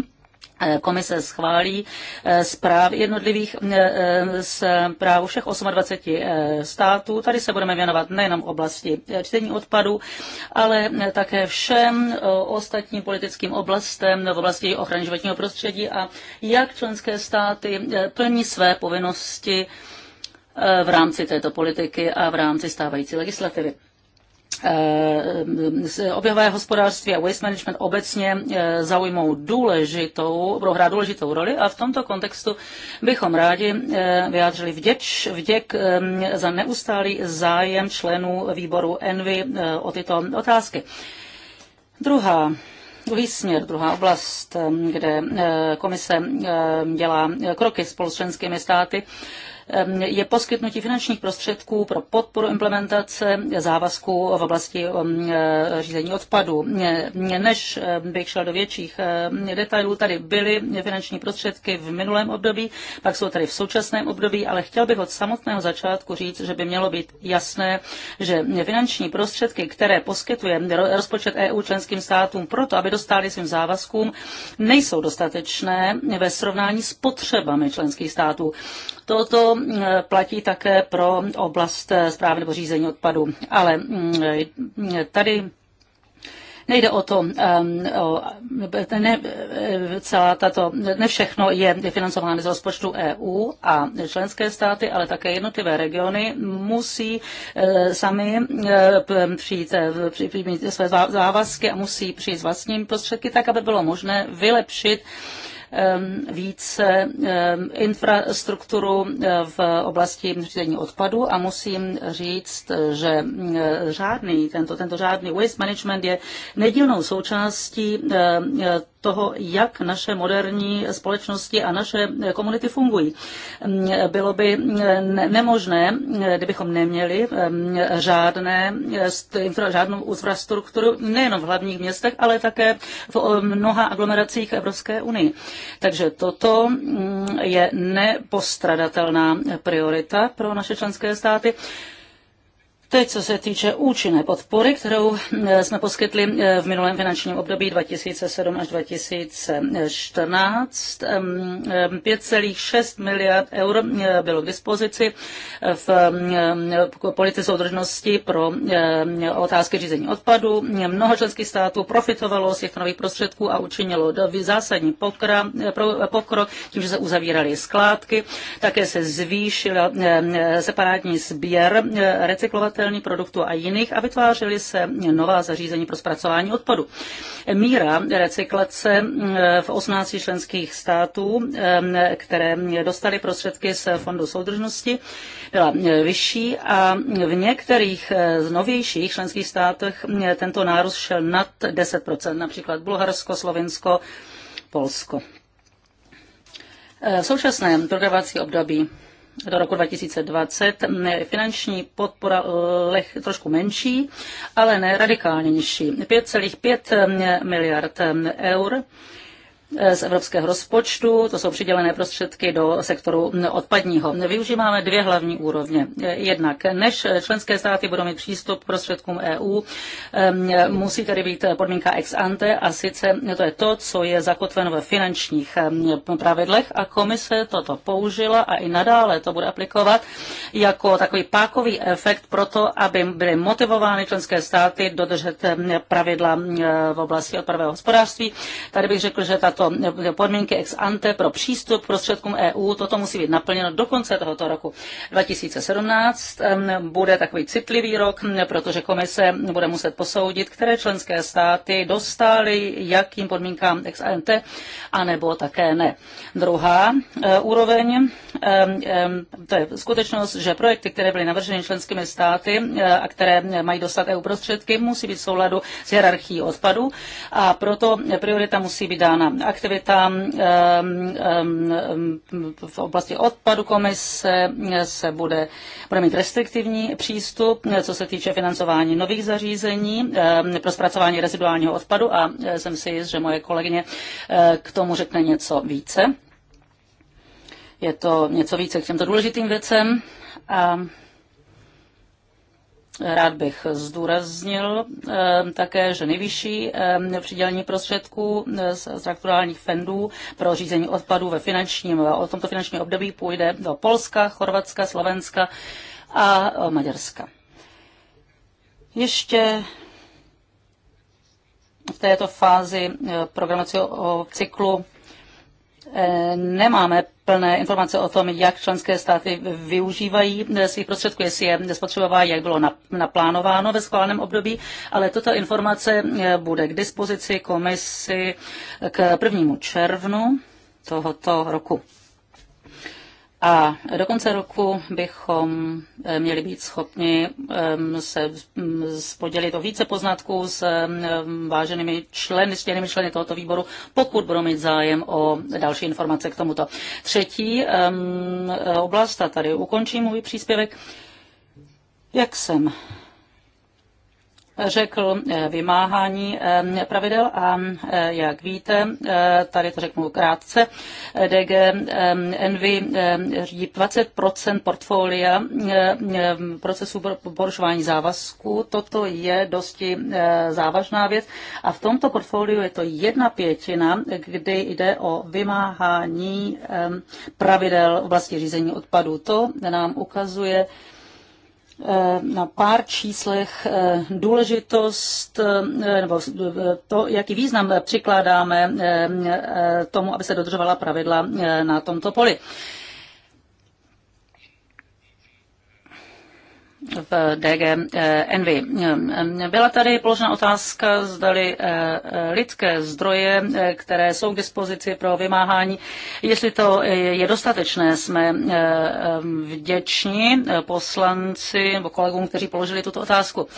Eh, komise schválí eh, zpráv jednotlivých eh, zpráv všech 28 států. Tady se budeme věnovat nejenom oblasti čtení odpadu, ale také všem ostatním politickým oblastem v oblasti ochrany životního prostředí a jak členské státy plní své povinnosti v rámci této politiky a v rámci stávající legislativy. Eh, eh, objevové hospodářství a waste management obecně eh, zaujmou důležitou, prohrá důležitou roli a v tomto kontextu bychom rádi vyjádřili vděč, vděk za neustálý zájem členů výboru Envy o tyto otázky. Druhá Druhý směr, druhá oblast, kde komise dělá kroky spolu s členskými státy, je poskytnutí finančních prostředků pro podporu implementace závazků v oblasti um, eh, řízení odpadu. Než eh, bych šel do větších eh, detailů, tady byly finanční prostředky v minulém období, pak jsou tady v současném období, ale chtěl bych od samotného začátku říct, že by mělo být jasné, že finanční prostředky, které poskytuje rozpočet EU členským státům proto, aby dostali svým závazkům, nejsou dostatečné ve srovnání s potřebami členských států. Toto eh, platí také pro oblast eh, správy nebo řízení odpadu. Ale mm, eh, tady Nejde o to, ehm, ne, celá tato, ne všechno je financováno z rozpočtu EU a členské státy, ale také jednotlivé regiony musí sami přijít, přijít své závazky a musí přijít s vlastními prostředky, tak aby bylo možné vylepšit Ehm, více ehm, infrastrukturu eh, v oblasti řízení odpadu a musím říct, že eh, řádný, tento, tento řádný waste management je nedílnou součástí ehm, toho, jak naše moderní společnosti a naše komunity fungují. Bylo by nemožné, kdybychom neměli žádné, žádnou infrastrukturu nejenom v hlavních městech, ale také v mnoha aglomeracích Evropské unie. Takže toto mm, je nepostradatelná priorita pro naše členské státy. Teď, co se týče účinné podpory, kterou eh, jsme poskytli eh, v minulém finančním období 2007 až 2014, 5,6 miliard eur eh, bylo k dispozici v politice soudržnosti pro otázky řízení odpadu. Mnoho členských států profitovalo z těchto nových prostředků a učinilo zásadní pokrok tím, že se uzavíraly skládky. Také se zvýšil separátní sběr recyklovat recyklovatelný produktů a jiných a vytvářely se nová zařízení pro zpracování odpadu. Míra recyklace v 18 členských států, které dostaly prostředky z Fondu soudržnosti, byla vyšší a v některých z novějších členských státech tento nárůst šel nad 10%, například Bulharsko, Slovinsko, Polsko. V současném programovací období do roku 2020 finanční podpora eh, leh, trošku menší, ale ne radikálně nižší. 5,5 eh, miliard eh, eur Eh, z evropského rozpočtu, to jsou přidělené prostředky do sektoru odpadního. Využíváme dvě hlavní úrovně. Eh, jednak, než členské státy budou mít přístup k prostředkům EU, musí tady být podmínka ex ante a sice to je to, co je zakotveno ve finančních pravidlech a komise toto použila a i nadále to bude aplikovat jako takový pákový efekt pro to, aby byly motivovány členské státy dodržet pravidla v oblasti odpadového hospodářství. Tady bych řekl, že tato tyto podmínky ex ante pro přístup k prostředkům EU. Toto musí být naplněno do konce tohoto roku 2017. Bude takový citlivý rok, protože komise bude muset posoudit, které členské státy dostály jakým podmínkám ex ante, anebo také ne. Druhá e, úroveň, to je skutečnost, že projekty, které byly navrženy členskými státy e, a které mají dostat EU prostředky, musí být v souladu s hierarchií odpadu a proto priorita musí být dána aktivitám v oblasti odpadu komise se bude, bude mít restriktivní přístup, co se týče financování nových zařízení pro zpracování reziduálního odpadu a e, jsem si jist, že moje kolegyně e, k tomu řekne něco více. Je to něco více k těmto důležitým věcem. A Rád bych zdůraznil eh, také, že nejvyšší eh, přidělení prostředků eh, z strukturálních fendů pro řízení odpadů ve finančním, o tomto finančním období půjde do Polska, Chorvatska, Slovenska a Maďarska. Ještě v této fázi programovacího cyklu Eh, nemáme plné informace o tom, jak členské státy využívají eh, svých prostředků, jestli je nespotřebovávají, jak bylo naplánováno ve schváleném období, ale tuto informace eh, bude k dispozici komisi k 1. červnu tohoto roku. A do konce roku bychom eh, měli být schopni eh, se podělit o více poznatků s eh, váženými členy, stěnými členy tohoto výboru, pokud budou mít zájem o další informace k tomuto. Třetí ehm, oblast, a tady ukončím můj příspěvek, jak jsem řekl eh, vymáhání eh, pravidel a eh, jak víte, tady to řeknu krátce, DG Envy řídí 20% portfolia procesu porušování závazků. Toto je dosti závažná věc a v tomto portfoliu je to jedna pětina, kdy jde o vymáhání pravidel v oblasti řízení odpadů. To nám ukazuje, Eh, na pár číslech eh, důležitost eh, nebo to, jaký význam přikládáme tomu, aby se dodržovala pravidla na tomto poli. v eh, DG Envy. Eh, eh, byla tady položena otázka, zdali lidské zdroje, které jsou k dispozici pro vymáhání, jestli to je dostatečné. Jsme vděční poslanci nebo kolegům, kteří položili tuto otázku.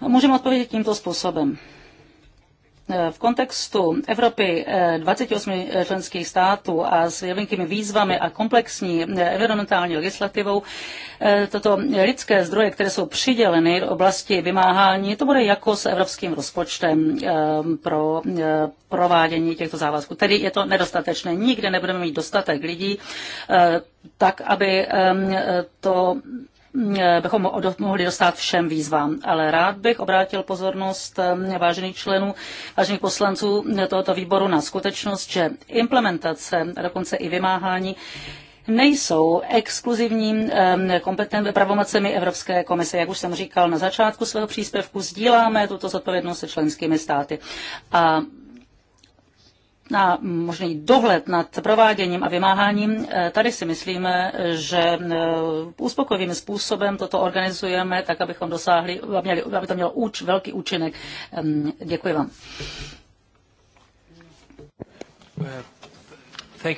Můžeme odpovědět tímto způsobem. Eh, v kontextu Evropy 28 eh, eh, členských států a s velikými výzvami a komplexní environmentální legislativou toto lidské zdroje, které jsou přiděleny do oblasti vymáhání, to bude jako s evropským rozpočtem pro provádění těchto závazků. Tedy je to nedostatečné. Nikde nebudeme mít dostatek lidí tak, aby to Eh, bychom mohli dostat všem výzvám. Ale rád bych obrátil pozornost eh, vážených členů, vážených poslanců eh, tohoto výboru na skutečnost, že implementace a dokonce i vymáhání nejsou exkluzivním kompetentními pravomocemi Evropské komise. Jak už jsem říkal na začátku svého příspěvku, sdíláme tuto zodpovědnost se členskými státy. A na možný dohled nad prováděním a vymáháním. Eh, tady si myslíme, že eh, uspokojivým způsobem toto organizujeme, tak abychom dosáhli, aby to mělo úč, velký účinek. Děkuji vám.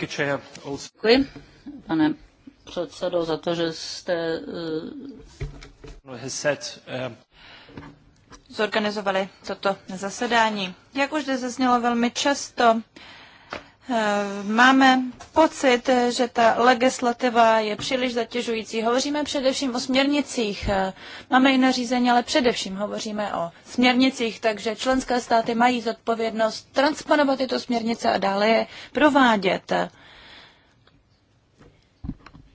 Děkuji, pane předsedo, za to, že jste eh, um, zorganizovali toto zasedání. Jak už zde zaznělo velmi často, eh, Máme pocit, že ta legislativa je příliš zatěžující. Hovoříme především o směrnicích. Eh, máme i nařízení, ale především hovoříme o směrnicích, takže členské státy mají zodpovědnost transponovat tyto směrnice a dále je provádět.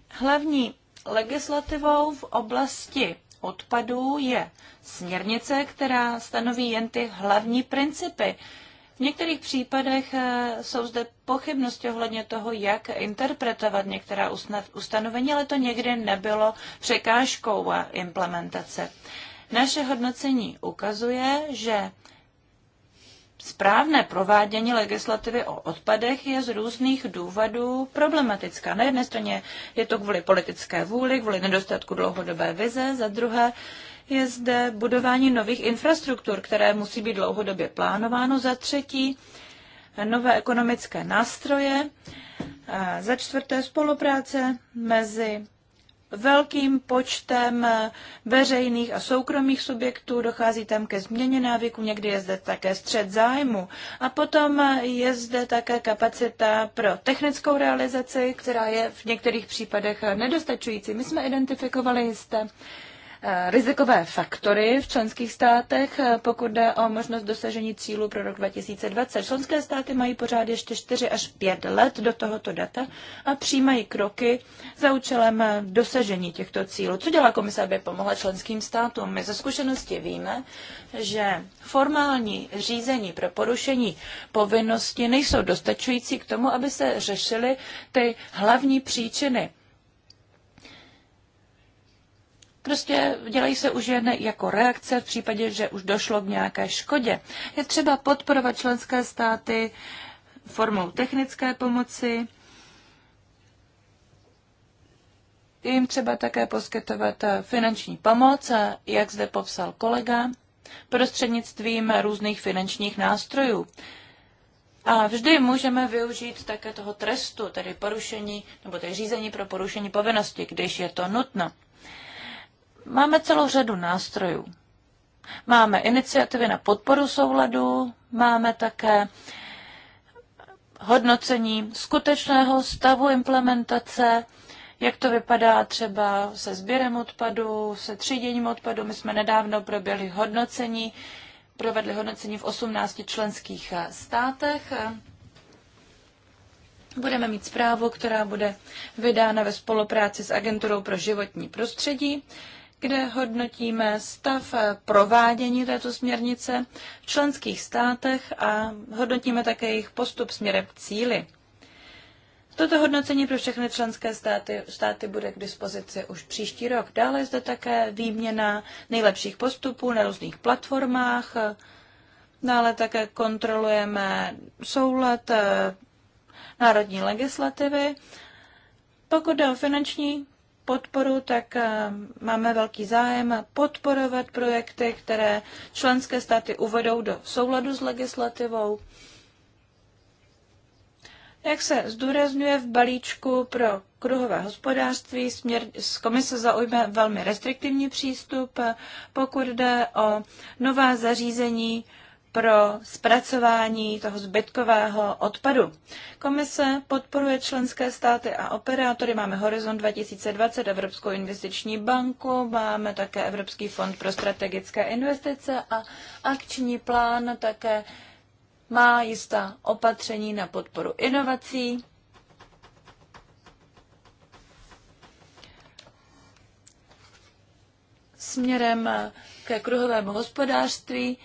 Hlavní legislativou v oblasti odpadů je směrnice, která stanoví jen ty hlavní principy. V některých případech eh, jsou zde pochybnosti ohledně toho, jak interpretovat některá ustanovení, ale to někdy nebylo překážkou eh, implementace. Naše hodnocení ukazuje, že Správné provádění legislativy o odpadech je z různých důvodů problematická. Na jedné straně je to kvůli politické vůli, kvůli nedostatku dlouhodobé vize, za druhé je zde budování nových infrastruktur, které musí být dlouhodobě plánováno. Za třetí, nové ekonomické nástroje. za čtvrté, spolupráce mezi velkým počtem veřejných a soukromých subjektů, dochází tam ke změně návyku, někdy je zde také střed zájmu. A potom je zde také kapacita pro technickou realizaci, která je v některých případech nedostačující. My jsme identifikovali jisté Eh, rizikové faktory v členských státech, eh, pokud jde o možnost dosažení cílu pro rok 2020. Členské státy mají pořád ještě 4 až 5 let do tohoto data a přijímají kroky za účelem eh, dosažení těchto cílů. Co dělá komise, aby pomohla členským státům? My ze zkušenosti víme, že formální řízení pro porušení povinnosti nejsou dostačující k tomu, aby se řešily ty hlavní příčiny Prostě dělají se už jen jako reakce v případě, že už došlo k nějaké škodě. Je třeba podporovat členské státy formou technické pomoci, jim třeba také poskytovat finanční pomoc, jak zde popsal kolega, prostřednictvím různých finančních nástrojů. A vždy můžeme využít také toho trestu, tedy porušení nebo tedy řízení pro porušení povinnosti, když je to nutno. Máme celou řadu nástrojů. Máme iniciativy na podporu souladu, máme také hodnocení skutečného stavu implementace, jak to vypadá třeba se sběrem odpadu, se tříděním odpadu. My jsme nedávno proběhli hodnocení, provedli hodnocení v 18 členských státech. Budeme mít zprávu, která bude vydána ve spolupráci s Agenturou pro životní prostředí kde hodnotíme stav provádění této směrnice v členských státech a hodnotíme také jejich postup směrem k cíli. Toto hodnocení pro všechny členské státy, státy bude k dispozici už příští rok. Dále je zde také výměna nejlepších postupů na různých platformách. Dále také kontrolujeme soulad eh, národní legislativy. Pokud jde o finanční podporu, tak eh, máme velký zájem podporovat projekty, které členské státy uvedou do souladu s legislativou. Jak se zdůrazňuje v balíčku pro kruhové hospodářství, směr, komise zaujme velmi restriktivní přístup, eh, pokud jde o nová zařízení pro zpracování toho zbytkového odpadu. Komise podporuje členské státy a operátory. Máme Horizon 2020, Evropskou investiční banku, máme také Evropský fond pro strategické investice a akční plán také má jistá opatření na podporu inovací. Směrem ke kruhovému hospodářství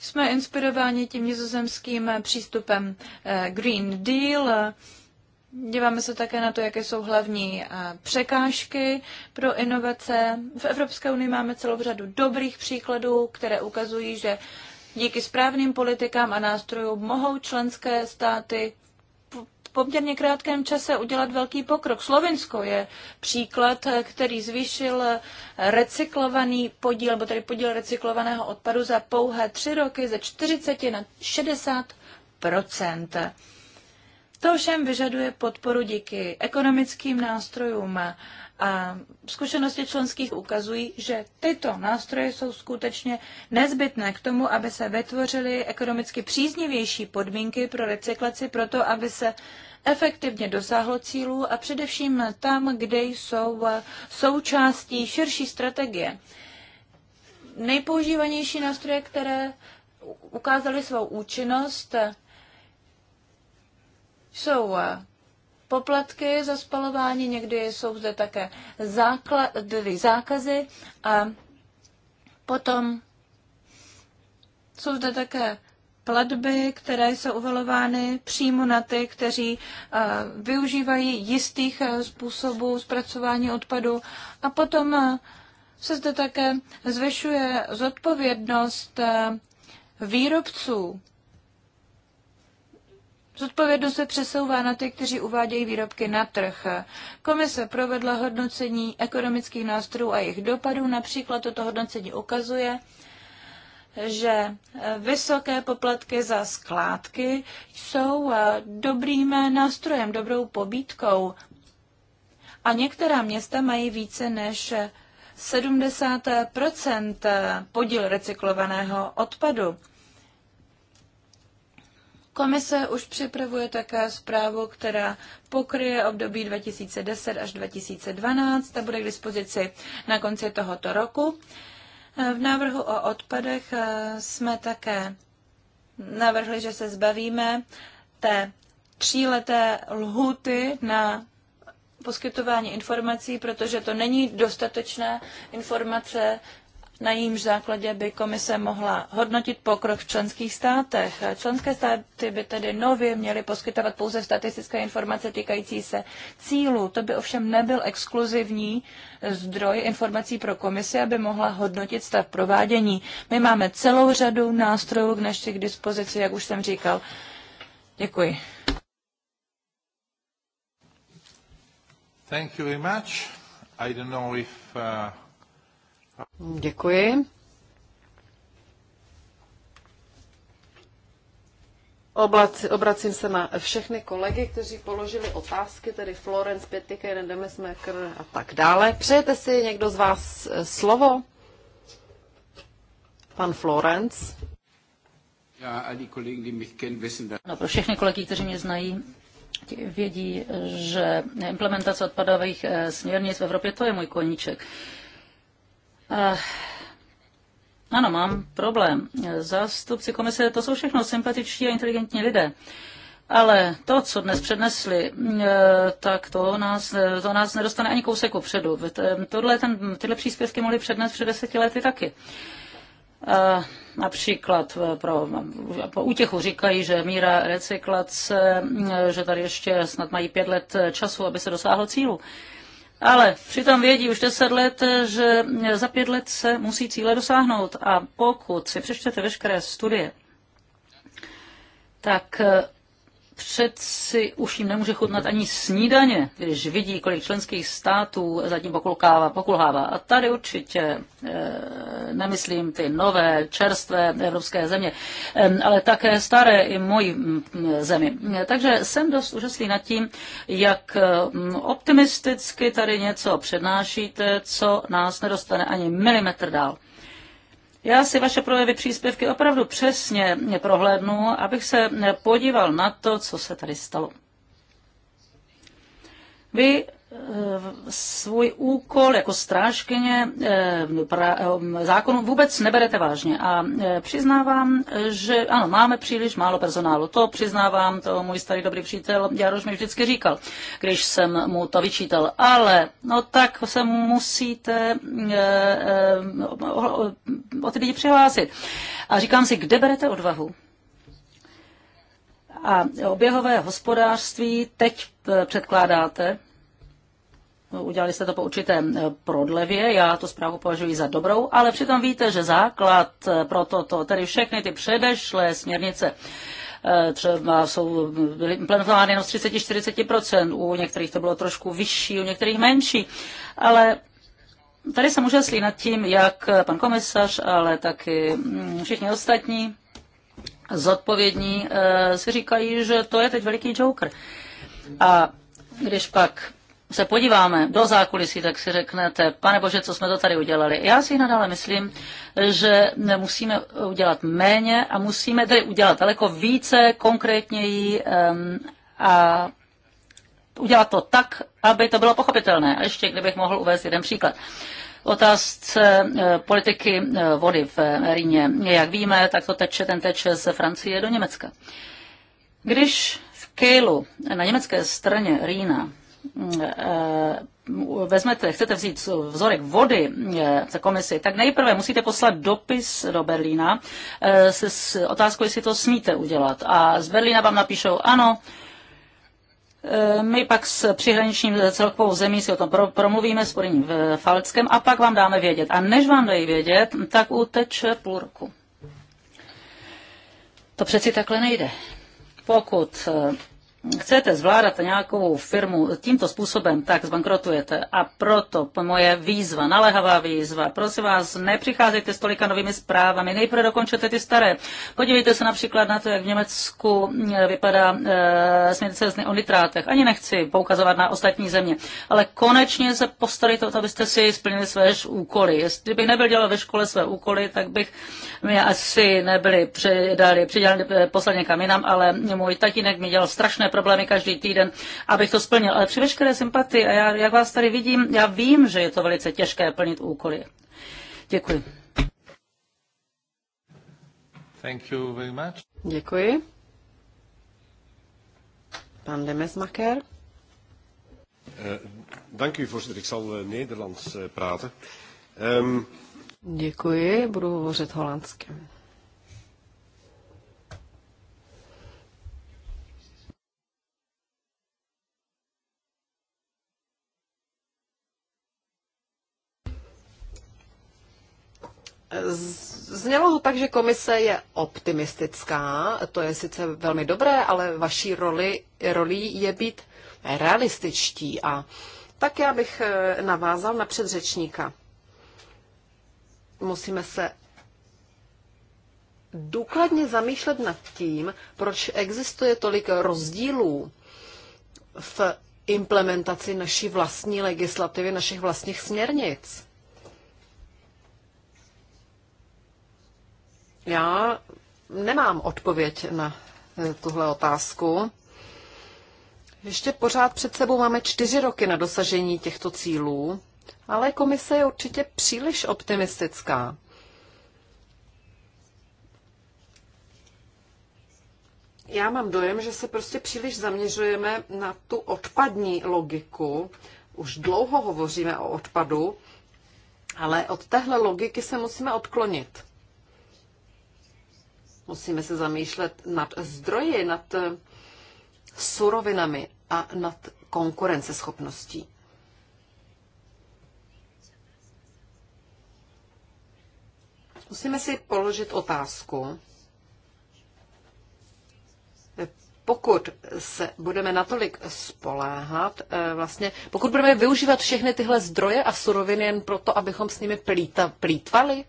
jsme inspirováni tím nizozemským přístupem eh, Green Deal. Díváme se také na to, jaké jsou hlavní eh, překážky pro inovace. V Evropské unii máme celou řadu dobrých příkladů, které ukazují, že díky správným politikám a nástrojům mohou členské státy poměrně krátkém čase udělat velký pokrok. Slovensko je příklad, který zvýšil recyklovaný podíl, nebo tedy podíl recyklovaného odpadu za pouhé tři roky ze 40 na 60 To všem vyžaduje podporu díky ekonomickým nástrojům a zkušenosti členských ukazují, že tyto nástroje jsou skutečně nezbytné k tomu, aby se vytvořily ekonomicky příznivější podmínky pro recyklaci, proto aby se efektivně dosáhlo cílů a především tam, kde jsou eh, součástí širší strategie. Nejpoužívanější nástroje, které ukázaly svou účinnost, jsou eh, poplatky za spalování, někdy jsou zde také základ, zákazy a potom jsou zde také platby, které jsou uvalovány přímo na ty, kteří eh, využívají jistých eh, způsobů zpracování odpadu. A potom eh, se zde také zvyšuje zodpovědnost výrobců Zodpovědnost se přesouvá na ty, kteří uvádějí výrobky na trh. Komise provedla hodnocení ekonomických nástrojů a jejich dopadů. Například toto hodnocení ukazuje, že vysoké poplatky za skládky jsou eh, dobrým eh, nástrojem, dobrou pobítkou. A některá města mají více než 70 eh, podíl recyklovaného odpadu. Komise už připravuje také zprávu, která pokryje období 2010 až 2012 a bude k dispozici na konci tohoto roku. V návrhu o odpadech eh, jsme také navrhli, že se zbavíme té tříleté lhuty na poskytování informací, protože to není dostatečná informace na jejímž základě by komise mohla hodnotit pokrok v členských státech. Členské státy by tedy nově měly poskytovat pouze statistické informace týkající se cílů. To by ovšem nebyl exkluzivní zdroj informací pro komisi, aby mohla hodnotit stav provádění. My máme celou řadu nástrojů k naší dispozici, jak už jsem říkal. Děkuji. Thank you very much. I don't know if uh... Děkuji. obracím se na všechny kolegy, kteří položili otázky, tedy Florence, Pětikajnen, Demesmaker a tak dále. Přejete si někdo z vás eh, slovo? Pan Florence. No, pro všechny kolegy, kteří mě znají, vědí, že implementace odpadových eh, směrnic v Evropě, to je můj koníček. Uh, ano, mám problém. Zástupci komise, to jsou všechno sympatičtí a inteligentní lidé. Ale to, co dnes přednesli, eh, tak to nás, to nás nedostane ani kousek upředu. Tohle, ten, tyhle příspěvky mohli přednést před deseti lety taky. Eh, například pro, po útěchu říkají, že míra recyklace, že tady ještě snad mají pět let času, aby se dosáhlo cílu. Ale přitom vědí už deset let, že za pět let se musí cíle dosáhnout. A pokud si přečtete veškeré studie, tak přeci už jim nemůže chutnat ani snídaně, když vidí, kolik členských států zatím pokulkává, pokulhává. A tady určitě e, nemyslím ty nové, čerstvé evropské země, e, ale také staré i moji mm, zemi. Takže jsem dost úžasný nad tím, jak mm, optimisticky tady něco přednášíte, co nás nedostane ani milimetr dál. Já si vaše projevy příspěvky opravdu přesně prohlédnu, abych se podíval na to, co se tady stalo. Vy Eh, svůj úkol jako strážkyně eh, eh, zákonu vůbec neberete vážně. A přiznávám, že ano, máme příliš málo personálu. To přiznávám, to můj starý dobrý přítel Jaroš mi vždycky říkal, když jsem mu to vyčítal. Ale no tak se musíte o ty lidi přihlásit. A říkám si, kde berete odvahu? A oběhové hospodářství teď předkládáte Udělali jste to po určitém eh, prodlevě, já tu zprávu považuji za dobrou, ale přitom víte, že základ eh, pro toto, tedy všechny ty předešlé směrnice, eh, třeba jsou byly implementovány jenom z 30-40%, u některých to bylo trošku vyšší, u některých menší, ale tady se může slínat tím, jak pan komisař, ale taky mm, všichni ostatní zodpovědní si říkají, že to je teď veliký joker. A když pak se podíváme do zákulisí, tak si řeknete, pane bože, co jsme to tady udělali. Já si nadále myslím, že musíme udělat méně a musíme tedy udělat daleko více, konkrétněji a udělat to tak, aby to bylo pochopitelné. A ještě kdybych mohl uvést jeden příklad otázce e, politiky e, vody v Rýně. Jak víme, tak to teče, ten teče z Francie do Německa. Když v Kejlu na německé straně Rýna Eh, eh, vezmete, chcete vzít vzorek vody eh, za komisi, tak nejprve musíte poslat dopis do Berlína se s otázkou, jestli to smíte udělat. A z Berlína vám napíšou ano, my pak s přihraničním celkovou zemí si o tom promluvíme s Porým Falckem a pak vám dáme vědět. A než vám dají vědět, tak uteče půl roku. To přeci takhle nejde. Pokud chcete zvládat nějakou firmu tímto způsobem, tak zbankrotujete. A proto moje výzva, naléhavá výzva, prosím vás, nepřicházejte s tolika novými zprávami, nejprve dokončete ty staré. Podívejte se například na to, jak v Německu eh, vypadá e, směrnice o nitrátech. Ani nechci poukazovat na ostatní země, ale konečně se postarejte o to, abyste si splnili své úkoly. Jestli bych nebyl dělal ve škole své úkoly, tak bych mě asi nebyli předali, přidělali, eh, poslali někam jinam, ale můj tatínek mi dělal strašné problémy každý týden, abych to splnil. Ale při veškeré sympatii, a já, jak vás tady vidím, já vím, že je to velice těžké plnit úkoly. Děkuji. Thank you very much. Děkuji. Pan Demesmaker. Eh, dank u, voorzitter. Ik zal eh, Nederlands eh, praten. Ehm, Děkuji, budu hovořit holandsky. Znělo to tak, že komise je optimistická, to je sice velmi dobré, ale vaší roli, roli je být realističtí. A tak já bych eh, navázal na předřečníka. Musíme se důkladně zamýšlet nad tím, proč existuje tolik rozdílů v implementaci naší vlastní legislativy, našich vlastních směrnic. Já nemám odpověď na eh, tuhle otázku. Ještě pořád před sebou máme čtyři roky na dosažení těchto cílů, ale komise je určitě příliš optimistická. Já mám dojem, že se prostě příliš zaměřujeme na tu odpadní logiku. Už dlouho hovoříme o odpadu, ale od téhle logiky se musíme odklonit. Musíme se zamýšlet nad zdroji, nad eh, surovinami a nad konkurenceschopností. Musíme si položit otázku, pokud se budeme natolik spoléhat, eh, vlastně, pokud budeme využívat všechny tyhle zdroje a suroviny jen proto, abychom s nimi plíta, plítvali,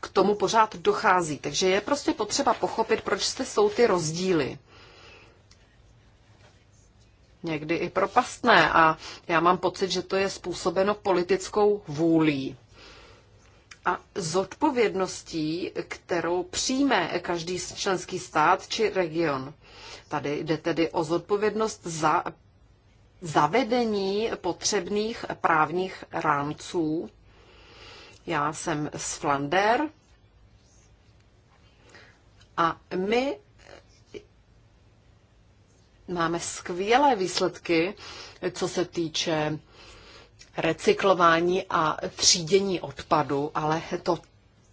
k tomu pořád dochází. Takže je prostě potřeba pochopit, proč jste jsou ty rozdíly. Někdy i propastné a já mám pocit, že to je způsobeno politickou vůlí a zodpovědností, kterou přijme každý členský stát či region. Tady jde tedy o zodpovědnost za zavedení potřebných právních rámců já jsem z Flander a my máme skvělé výsledky, co se týče recyklování a třídění odpadu, ale to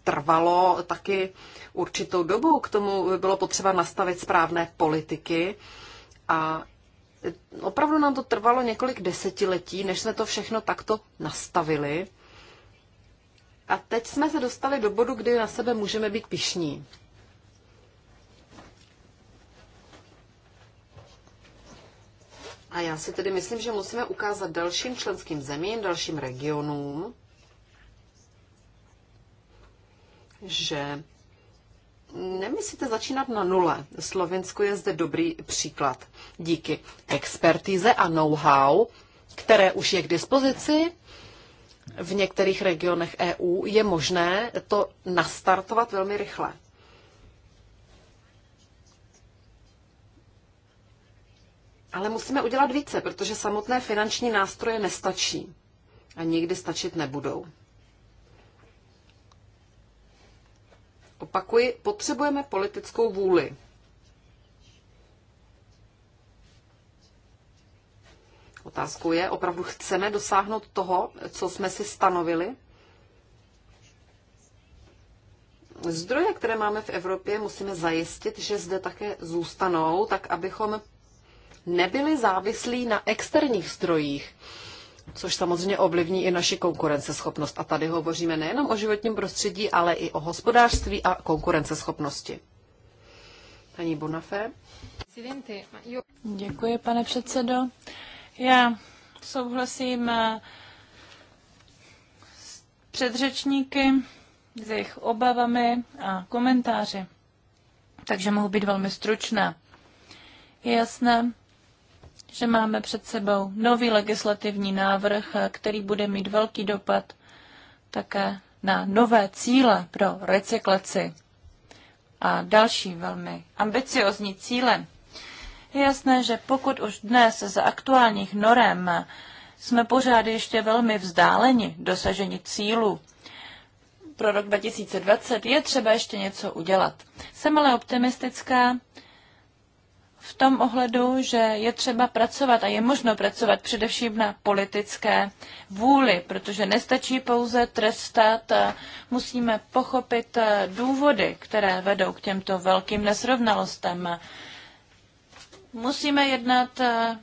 trvalo taky určitou dobu. K tomu by bylo potřeba nastavit správné politiky a opravdu nám to trvalo několik desetiletí, než jsme to všechno takto nastavili. A teď jsme se dostali do bodu, kdy na sebe můžeme být pišní. A já si tedy myslím, že musíme ukázat dalším členským zemím, dalším regionům, že nemyslíte začínat na nule. Slovensko je zde dobrý příklad. Díky expertíze a know-how, které už je k dispozici, v některých regionech EU, je možné to nastartovat velmi rychle. Ale musíme udělat více, protože samotné finanční nástroje nestačí a nikdy stačit nebudou. Opakuji, potřebujeme politickou vůli. Otázkou je, opravdu chceme dosáhnout toho, co jsme si stanovili? Zdroje, které máme v Evropě, musíme zajistit, že zde také zůstanou, tak abychom nebyli závislí na externích zdrojích, což samozřejmě ovlivní i naši konkurenceschopnost. A tady hovoříme nejenom o životním prostředí, ale i o hospodářství a konkurenceschopnosti. Paní Bonafé. Děkuji, pane předsedo. Já souhlasím eh, s předřečníky, s jejich obavami a komentáři, takže mohu být velmi stručná. Je jasné, že máme před sebou nový legislativní návrh, eh, který bude mít velký dopad také na nové cíle pro recyklaci a další velmi ambiciozní cíle je jasné, že pokud už dnes za aktuálních norem jsme pořád ještě velmi vzdáleni dosažení cílů pro rok 2020, je třeba ještě něco udělat. Jsem ale optimistická v tom ohledu, že je třeba pracovat a je možno pracovat především na politické vůli, protože nestačí pouze trestat, eh, musíme pochopit eh, důvody, které vedou k těmto velkým nesrovnalostem. Musíme jednat eh,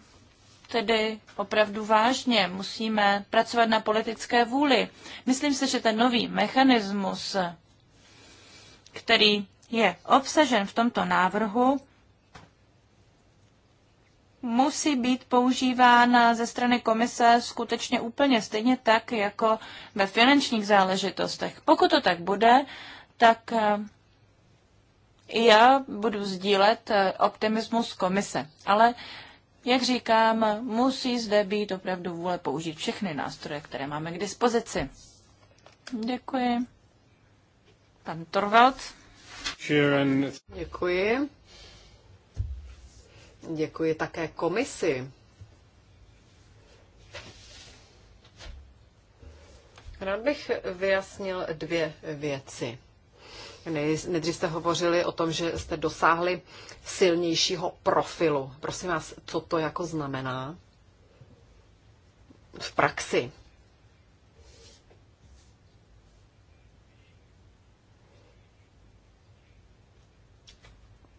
tedy opravdu vážně, musíme pracovat na politické vůli. Myslím si, že ten nový mechanismus, který je obsažen v tomto návrhu, musí být používána ze strany komise skutečně úplně stejně tak, jako ve finančních záležitostech. Pokud to tak bude, tak eh, já budu sdílet eh, optimismus komise, ale jak říkám, musí zde být opravdu vůle použít všechny nástroje, které máme k dispozici. Děkuji. Pan Torvald. Děkuji. Děkuji také komisi. Rád bych vyjasnil dvě věci. Nejdřív jste hovořili o tom, že jste dosáhli silnějšího profilu. Prosím vás, co to jako znamená v praxi?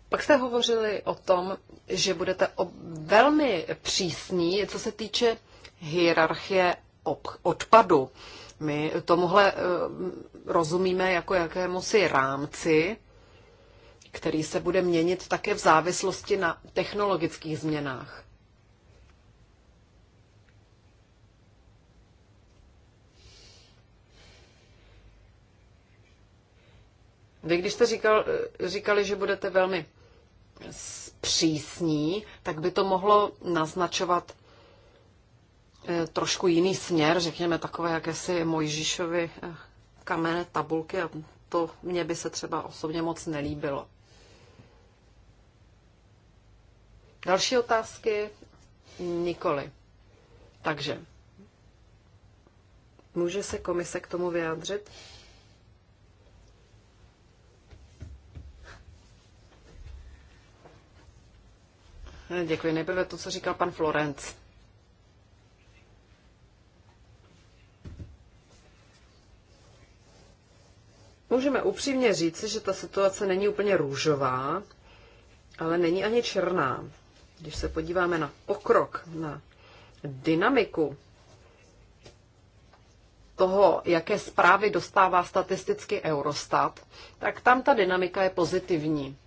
Pak jste hovořili o tom, že budete velmi přísní, co se týče hierarchie odpadu. My tomuhle eh, rozumíme jako jakémusi rámci, který se bude měnit také v závislosti na technologických změnách. Vy, když jste říkal, eh, říkali, že budete velmi přísní, tak by to mohlo naznačovat E, trošku jiný směr, řekněme takové jakési Mojžíšovi e, kamene tabulky a to mě by se třeba osobně moc nelíbilo. Další otázky? Nikoli. Takže může se komise k tomu vyjádřit? Děkuji. Nejprve to, co říkal pan Florenc. Můžeme upřímně říci, že ta situace není úplně růžová, ale není ani černá. Když se podíváme na pokrok, na dynamiku toho, jaké zprávy dostává statisticky Eurostat, tak tam ta dynamika je pozitivní.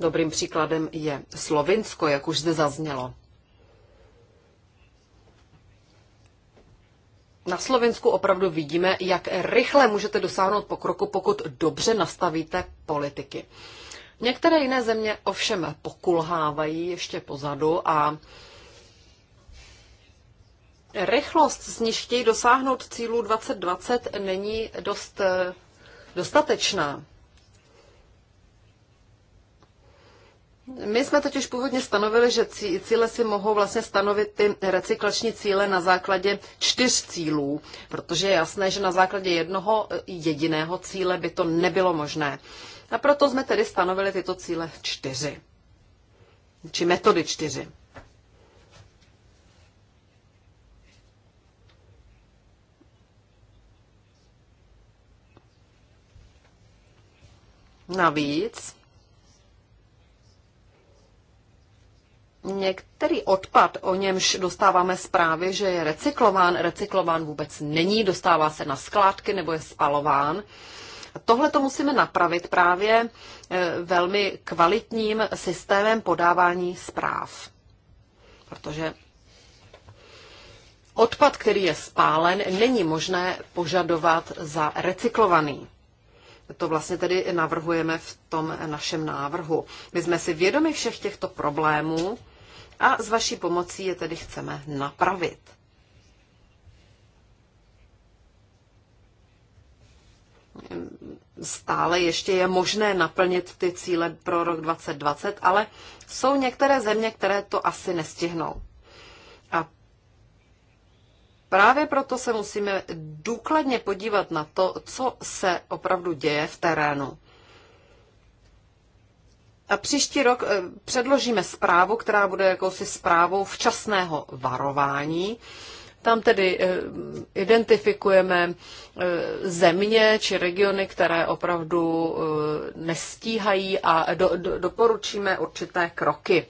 Dobrým příkladem je Slovinsko, jak už zde zaznělo. na Slovensku opravdu vidíme, jak rychle můžete dosáhnout pokroku, pokud dobře nastavíte politiky. Některé jiné země ovšem pokulhávají ještě pozadu a rychlost, s níž chtějí dosáhnout cílů 2020, není dost eh, dostatečná. My jsme totiž původně stanovili, že cíle si mohou vlastně stanovit ty recyklační cíle na základě čtyř cílů, protože je jasné, že na základě jednoho e, jediného cíle by to nebylo možné. A proto jsme tedy stanovili tyto cíle čtyři, či metody čtyři. Navíc Některý odpad, o němž dostáváme zprávy, že je recyklován, recyklován vůbec není, dostává se na skládky nebo je spalován. Tohle to musíme napravit právě eh, velmi kvalitním systémem podávání zpráv. Protože odpad, který je spálen, není možné požadovat za recyklovaný. To vlastně tedy navrhujeme v tom našem návrhu. My jsme si vědomi všech těchto problémů a s vaší pomocí je tedy chceme napravit. Stále ještě je možné naplnit ty cíle pro rok 2020, ale jsou některé země, které to asi nestihnou. A Právě proto se musíme důkladně podívat na to, co se opravdu děje v terénu. A příští rok eh, předložíme zprávu, která bude jakousi zprávou včasného varování. Tam tedy eh, identifikujeme eh, země či regiony, které opravdu nestíhají a do, do, doporučíme určité kroky,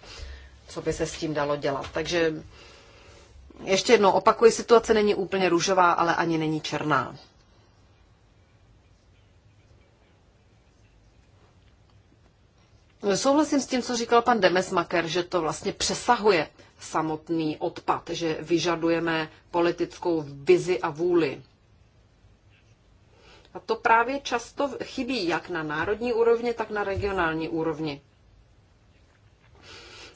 co by se s tím dalo dělat. Takže ještě jednou opakuji, situace není úplně růžová, ale ani není černá. Souhlasím s tím, co říkal pan Demesmaker, že to vlastně přesahuje samotný odpad, že vyžadujeme politickou vizi a vůli. A to právě často chybí jak na národní úrovni, tak na regionální úrovni.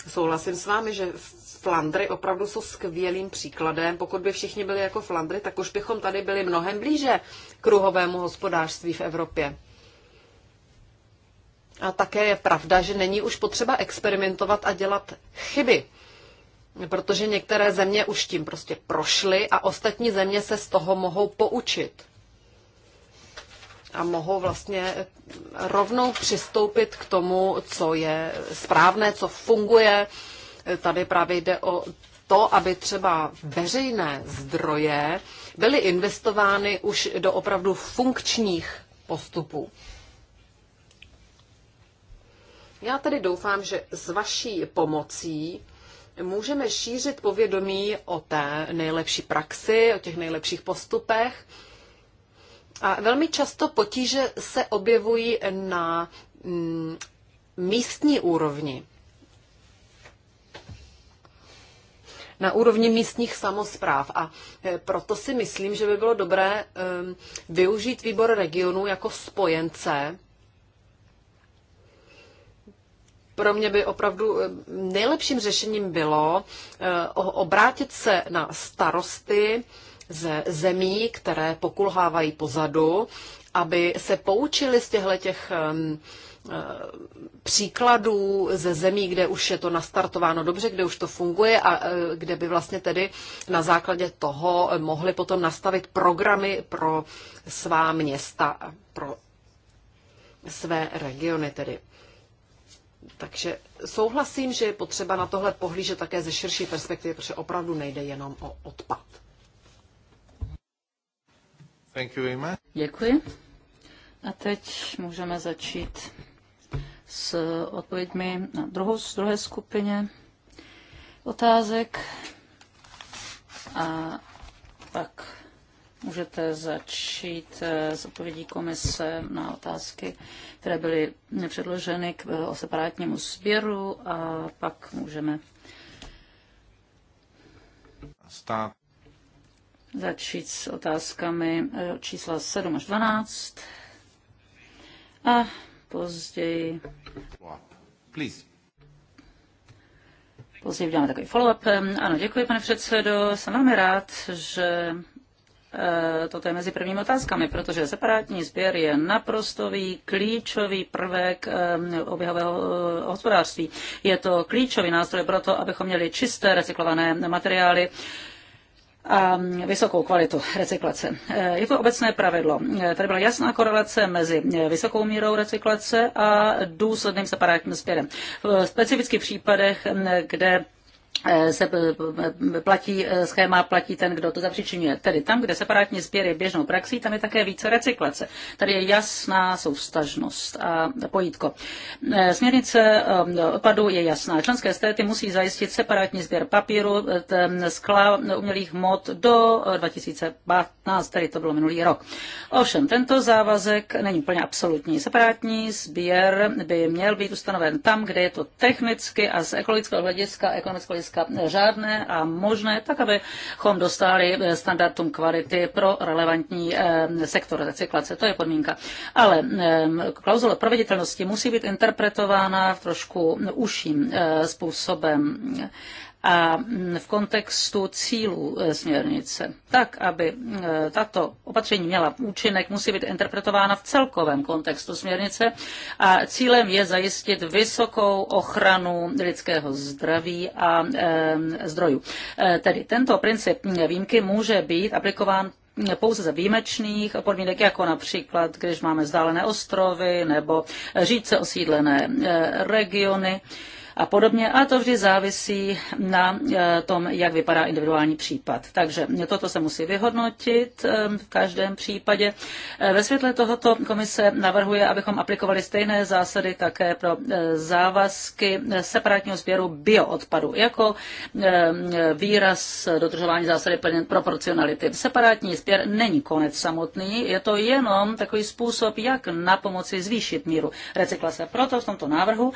Souhlasím s vámi, že Flandry opravdu jsou skvělým příkladem. Pokud by všichni byli jako Flandry, tak už bychom tady byli mnohem blíže kruhovému hospodářství v Evropě. A také je pravda, že není už potřeba experimentovat a dělat chyby, protože některé země už tím prostě prošly a ostatní země se z toho mohou poučit. A mohou vlastně rovnou přistoupit k tomu, co je správné, co funguje. Tady právě jde o to, aby třeba veřejné zdroje byly investovány už do opravdu funkčních postupů. Já tedy doufám, že s vaší pomocí můžeme šířit povědomí o té nejlepší praxi, o těch nejlepších postupech. A velmi často potíže se objevují na mm, místní úrovni. na úrovni místních samozpráv. A e, proto si myslím, že by bylo dobré využít výbor regionu jako spojence pro mě by opravdu eh, nejlepším řešením bylo eh, obrátit se na starosty ze zemí, které pokulhávají pozadu, aby se poučili z těchto těch eh, příkladů ze zemí, kde už je to nastartováno dobře, kde už to funguje a kde by vlastně tedy na základě toho mohli potom nastavit programy pro svá města, pro své regiony tedy. Takže souhlasím, že je potřeba na tohle pohlížet také ze širší perspektivy, protože opravdu nejde jenom o odpad. Thank you very much. Děkuji. A teď můžeme začít s odpověďmi na druhou, druhé skupině otázek. A pak Můžete začít eh, s odpovědí komise na otázky, které byly předloženy k eh, separátnímu sběru a pak můžeme stát. začít s otázkami eh, čísla 7 až 12 a později Please. Později uděláme takový follow-up. Ano, děkuji, pane předsedo. Jsem velmi rád, že Eh, toto je mezi prvními otázkami, protože separátní sběr je naprostový klíčový prvek eh, oběhového eh, hospodářství. Je to klíčový nástroj pro to, abychom měli čisté recyklované materiály a vysokou kvalitu recyklace. Je to obecné pravidlo. Tady byla jasná korelace mezi vysokou mírou recyklace a důsledným separátním sběrem. V specifických případech, kde Eh, se eh, eh, platí schéma, platí ten, kdo to zapříčinuje. Tedy tam, kde separátní sběr je běžnou praxí, tam je také více recyklace. Tady je jasná soustažnost a pojítko. Směrnice odpadu je jasná. Členské státy musí zajistit separátní sběr papíru, skla, umělých mod do 2015, tedy to bylo minulý rok. Ovšem, tento závazek není úplně absolutní. Separátní sběr by měl být ustanoven tam, kde je to technicky a z ekologického hlediska, ekonomického hlediska hlediska řádné a možné, tak abychom dostali eh, standardům kvality pro relevantní eh, sektor recyklace. To je podmínka. Ale eh, klauzule proveditelnosti musí být interpretována v trošku užším způsobem a mm, v kontextu cílů e, směrnice. Tak, aby e, tato opatření měla účinek, musí být interpretována v celkovém kontextu směrnice a cílem je zajistit vysokou ochranu lidského zdraví a e, zdrojů. Tedy tento princip výjimky může být aplikován pouze za výjimečných podmínek, jako například, když máme vzdálené ostrovy nebo řídce osídlené regiony a podobně. A to vždy závisí na e, tom, jak vypadá individuální případ. Takže toto se musí vyhodnotit e, v každém případě. E, ve světle tohoto komise navrhuje, abychom aplikovali stejné zásady také pro závazky separátního sběru bioodpadu jako výraz dodržování zásady proporcionality. Separátní sběr není konec samotný, je to jenom takový způsob, jak na pomoci zvýšit míru recyklace. Proto v tomto návrhu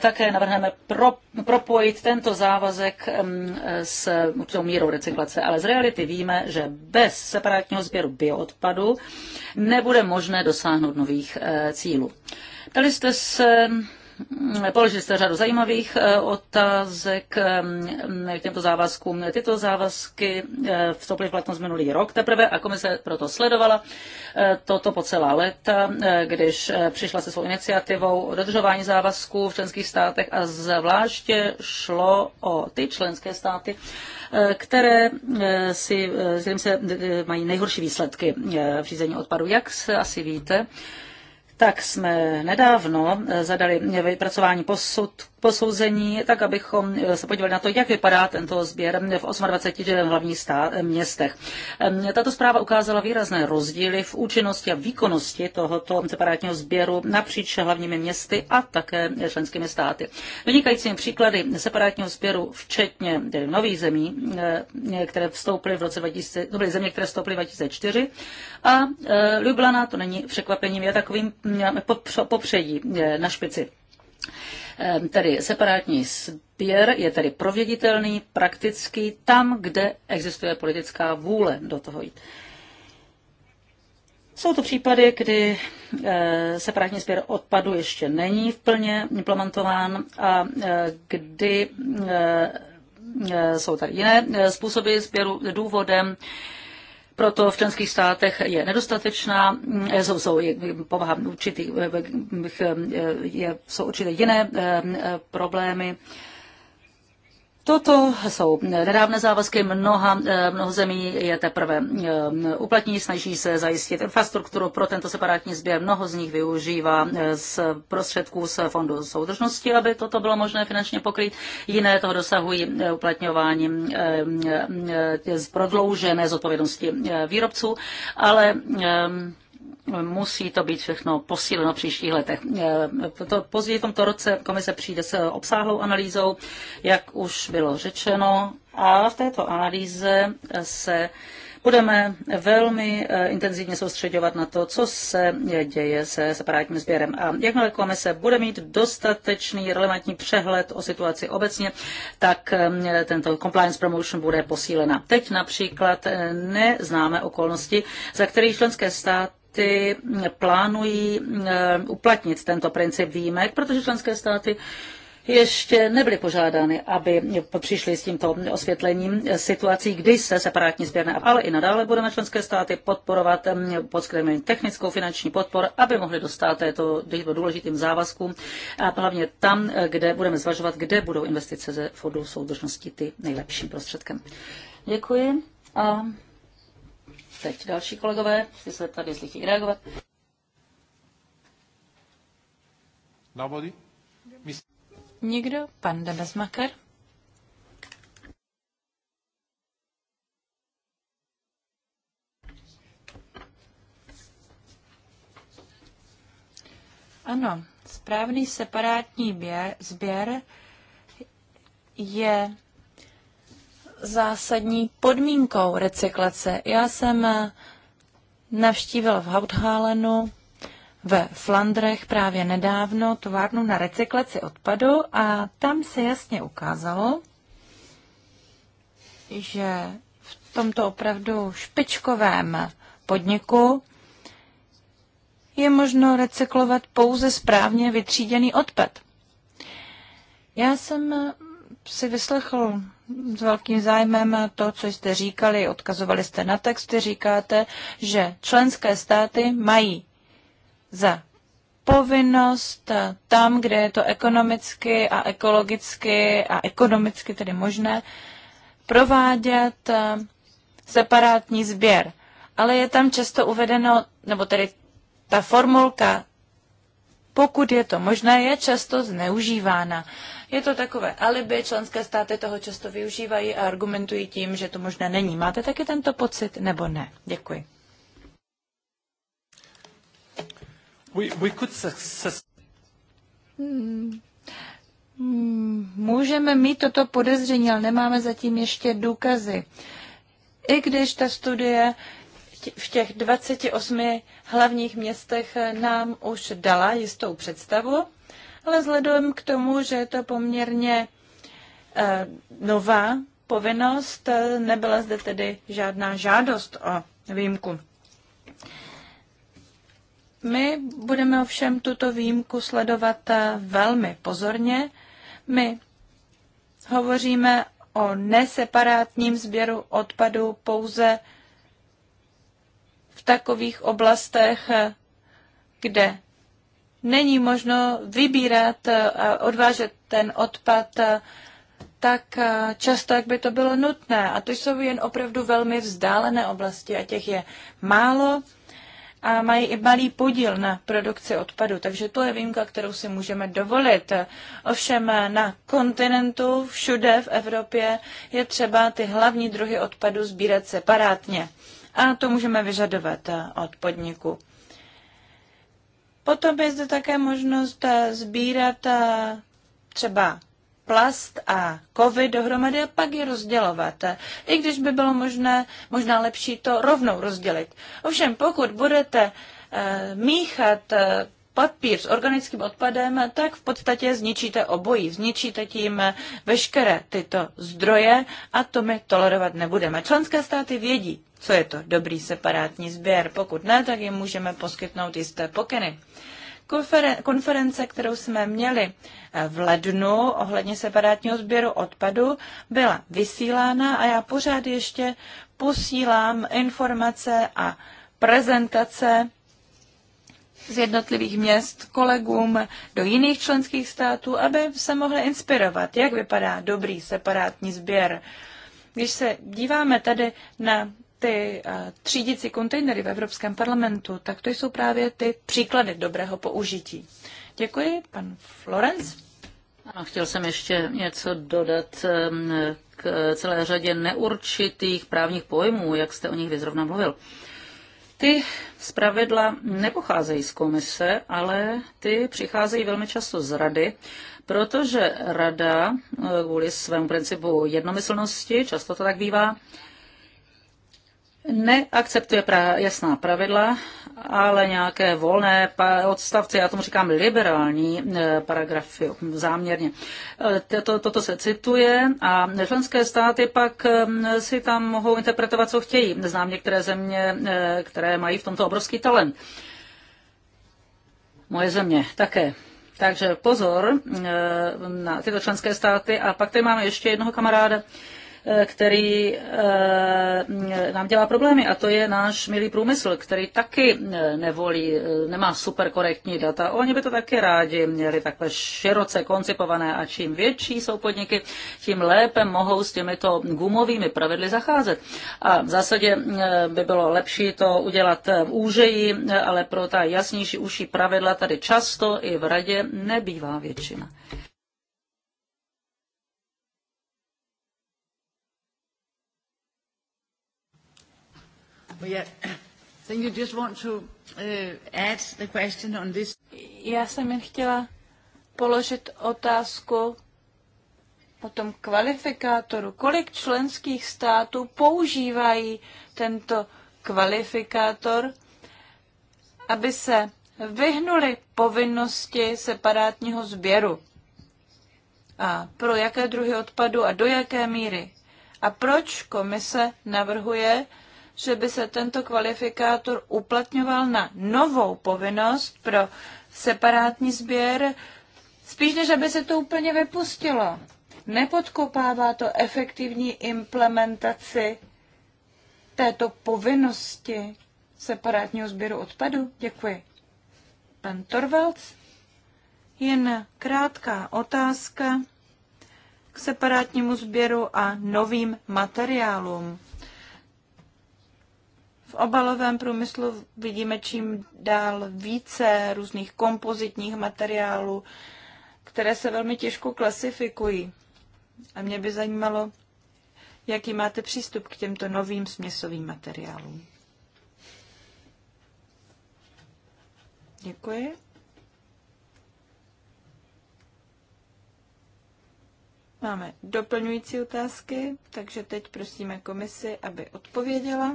také navrhneme chceme pro, propojit tento závazek s určitou mírou recyklace, ale z reality víme, že bez separátního sběru bioodpadu nebude možné dosáhnout nových eh, cílů. Ptali jste se Položili jste řadu zajímavých eh, otázek eh, k těmto závazkům. Tyto závazky eh, vstoupily v platnost minulý rok teprve a komise proto sledovala toto po celá léta, když přišla se svou iniciativou o dodržování závazků v členských státech a zvláště šlo o ty členské státy, které si, kterým se mají nejhorší výsledky v řízení odpadu. Jak se asi víte, tak jsme nedávno eh, zadali vypracování posud, posouzení, tak abychom eh, se podívali na to, jak vypadá tento sběr v 28 hlavních stá, eh, městech. Ehm, tato zpráva ukázala výrazné rozdíly v účinnosti a výkonnosti tohoto separátního sběru napříč hlavními městy a také členskými státy. Vynikajícími příklady separátního sběru, včetně nových zemí, které vstoupily v roce 2000, to byly země, které vstoupily v 2004 a Ljubljana, to není překvapením, je takovým popředí eh, na špici. Ehm, tedy separátní sběr je tedy proveditelný, praktický, tam, kde existuje politická vůle do toho jít. Jsou to případy, kdy eh, separátní sběr odpadu ještě není plně implementován a eh, kdy jsou tady jiné způsoby sběru důvodem proto v členských státech je nedostatečná, eh, jsou, jsou povaha určitých, eh, jsou určité jiné eh, problémy. Toto jsou nedávné závazky mnoha, eh, mnoho zemí je teprve eh, uplatní, snaží se zajistit infrastrukturu pro tento separátní sběr. Mnoho z nich využívá eh, z prostředků z Fondu soudržnosti, aby toto bylo možné finančně pokrýt. Jiné toho dosahují uplatňováním z prodloužené zodpovědnosti výrobců, ale musí to být všechno posíleno v příštích letech. Eh, to, později v tomto roce komise přijde s obsáhlou analýzou, jak už bylo řečeno, a v této analýze se budeme velmi eh, intenzivně soustředovat na to, co se děje se separátním sběrem. A jakmile komise bude mít dostatečný relevantní přehled o situaci obecně, tak eh, tento compliance promotion bude posílena. Teď například neznáme okolnosti, za kterých členské státy státy plánují eh, uplatnit tento princip výjimek, protože členské státy ještě nebyly požádány, aby přišli s tímto osvětlením situací, kdy se separátní sběrné, ale i nadále budeme členské státy podporovat eh, pod technickou finanční podpor, aby mohli dostat této důležitým závazkům a hlavně tam, eh, kde budeme zvažovat, kde budou investice ze fondu soudržnosti ty nejlepším prostředkem. Děkuji a Teď další kolegové, chci se tady, jestli chtějí reagovat. Nobody? Nikdo? Pan Debesmaker? Ano, správný separátní sběr je zásadní podmínkou recyklace. Já jsem eh, navštívil v Houthalenu ve Flandrech právě nedávno továrnu na recyklaci odpadu a tam se jasně ukázalo, že v tomto opravdu špičkovém podniku je možno recyklovat pouze správně vytříděný odpad. Já jsem eh, si vyslechl s velkým zájmem to, co jste říkali, odkazovali jste na texty, říkáte, že členské státy mají za povinnost tam, kde je to ekonomicky a ekologicky a ekonomicky tedy možné, provádět eh, separátní sběr. Ale je tam často uvedeno, nebo tedy ta formulka, pokud je to možné, je často zneužívána. Je to takové alibi, členské státy toho často využívají a argumentují tím, že to možná není. Máte taky tento pocit nebo ne? Děkuji. We, we could success... hmm. Můžeme mít toto podezření, ale nemáme zatím ještě důkazy. I když ta studie v těch 28 hlavních městech eh, nám už dala jistou představu, ale vzhledem k tomu, že je to poměrně eh, nová povinnost, eh, nebyla zde tedy žádná žádost o výjimku. My budeme ovšem tuto výjimku sledovat eh, velmi pozorně. My hovoříme o neseparátním sběru odpadu pouze v takových oblastech, kde není možno vybírat a odvážet ten odpad tak často, jak by to bylo nutné. A to jsou jen opravdu velmi vzdálené oblasti a těch je málo a mají i malý podíl na produkci odpadu, takže to je výjimka, kterou si můžeme dovolit. Ovšem na kontinentu, všude v Evropě je třeba ty hlavní druhy odpadu sbírat separátně. A to můžeme vyžadovat od podniku. Potom je zde také možnost eh, sbírat eh, třeba plast a kovy dohromady a pak je rozdělovat. I když by bylo možné, možná lepší to rovnou rozdělit. Ovšem, pokud budete eh, míchat papír s organickým odpadem, tak v podstatě zničíte obojí. Zničíte tím veškeré tyto zdroje a to my tolerovat nebudeme. Členské státy vědí, co je to dobrý separátní sběr. Pokud ne, tak jim můžeme poskytnout jisté pokyny konference, kterou jsme měli eh, v lednu ohledně separátního sběru odpadu, byla vysílána a já pořád ještě posílám informace a prezentace z jednotlivých měst kolegům do jiných členských států, aby se mohli inspirovat, jak vypadá dobrý separátní sběr. Když se díváme tady na ty eh, třídící kontejnery v Evropském parlamentu, tak to jsou právě ty příklady dobrého použití. Děkuji, pan Florenc. Ano, chtěl jsem ještě něco dodat ehm, k celé řadě neurčitých právních pojmů, jak jste o nich vyzrovna mluvil. Ty zpravidla nepocházejí z komise, ale ty přicházejí velmi často z rady, protože rada eh, kvůli svému principu jednomyslnosti, často to tak bývá, neakceptuje pra- jasná pravidla ale nějaké volné odstavce, já tomu říkám liberální eh, paragrafy záměrně. Toto, eh, toto se cituje a členské státy pak ehm, si tam mohou interpretovat, co chtějí. Znám některé země, eh, které mají v tomto obrovský talent. Moje země také. Takže pozor na tyto členské státy. A pak tady máme ještě jednoho kamaráda, Eh, který eh, nám dělá problémy a to je náš milý průmysl, který taky eh, nevolí, nemá super korektní data. Oni by to taky rádi měli takhle široce koncipované a čím větší jsou podniky, tím lépe mohou s těmito gumovými pravidly zacházet. A v zásadě by bylo lepší to udělat úžeji, ale pro ta jasnější, užší pravidla tady často i v radě nebývá většina. Yeah. you just want to uh, add the question on this. Já jsem jen chtěla položit otázku o tom kvalifikátoru. Kolik členských států používají tento kvalifikátor, aby se vyhnuli povinnosti separátního sběru? A pro jaké druhy odpadu a do jaké míry? A proč komise navrhuje že by se tento kvalifikátor uplatňoval na novou povinnost pro separátní sběr, spíš než aby se to úplně vypustilo. Nepodkopává to efektivní implementaci této povinnosti separátního sběru odpadu? Děkuji. Pan Torvalds? Jen krátká otázka k separátnímu sběru a novým materiálům. V obalovém průmyslu vidíme čím dál více různých kompozitních materiálů, které se velmi těžko klasifikují. A mě by zajímalo, jaký máte přístup k těmto novým směsovým materiálům. Děkuji. Máme doplňující otázky, takže teď prosíme komisi, aby odpověděla.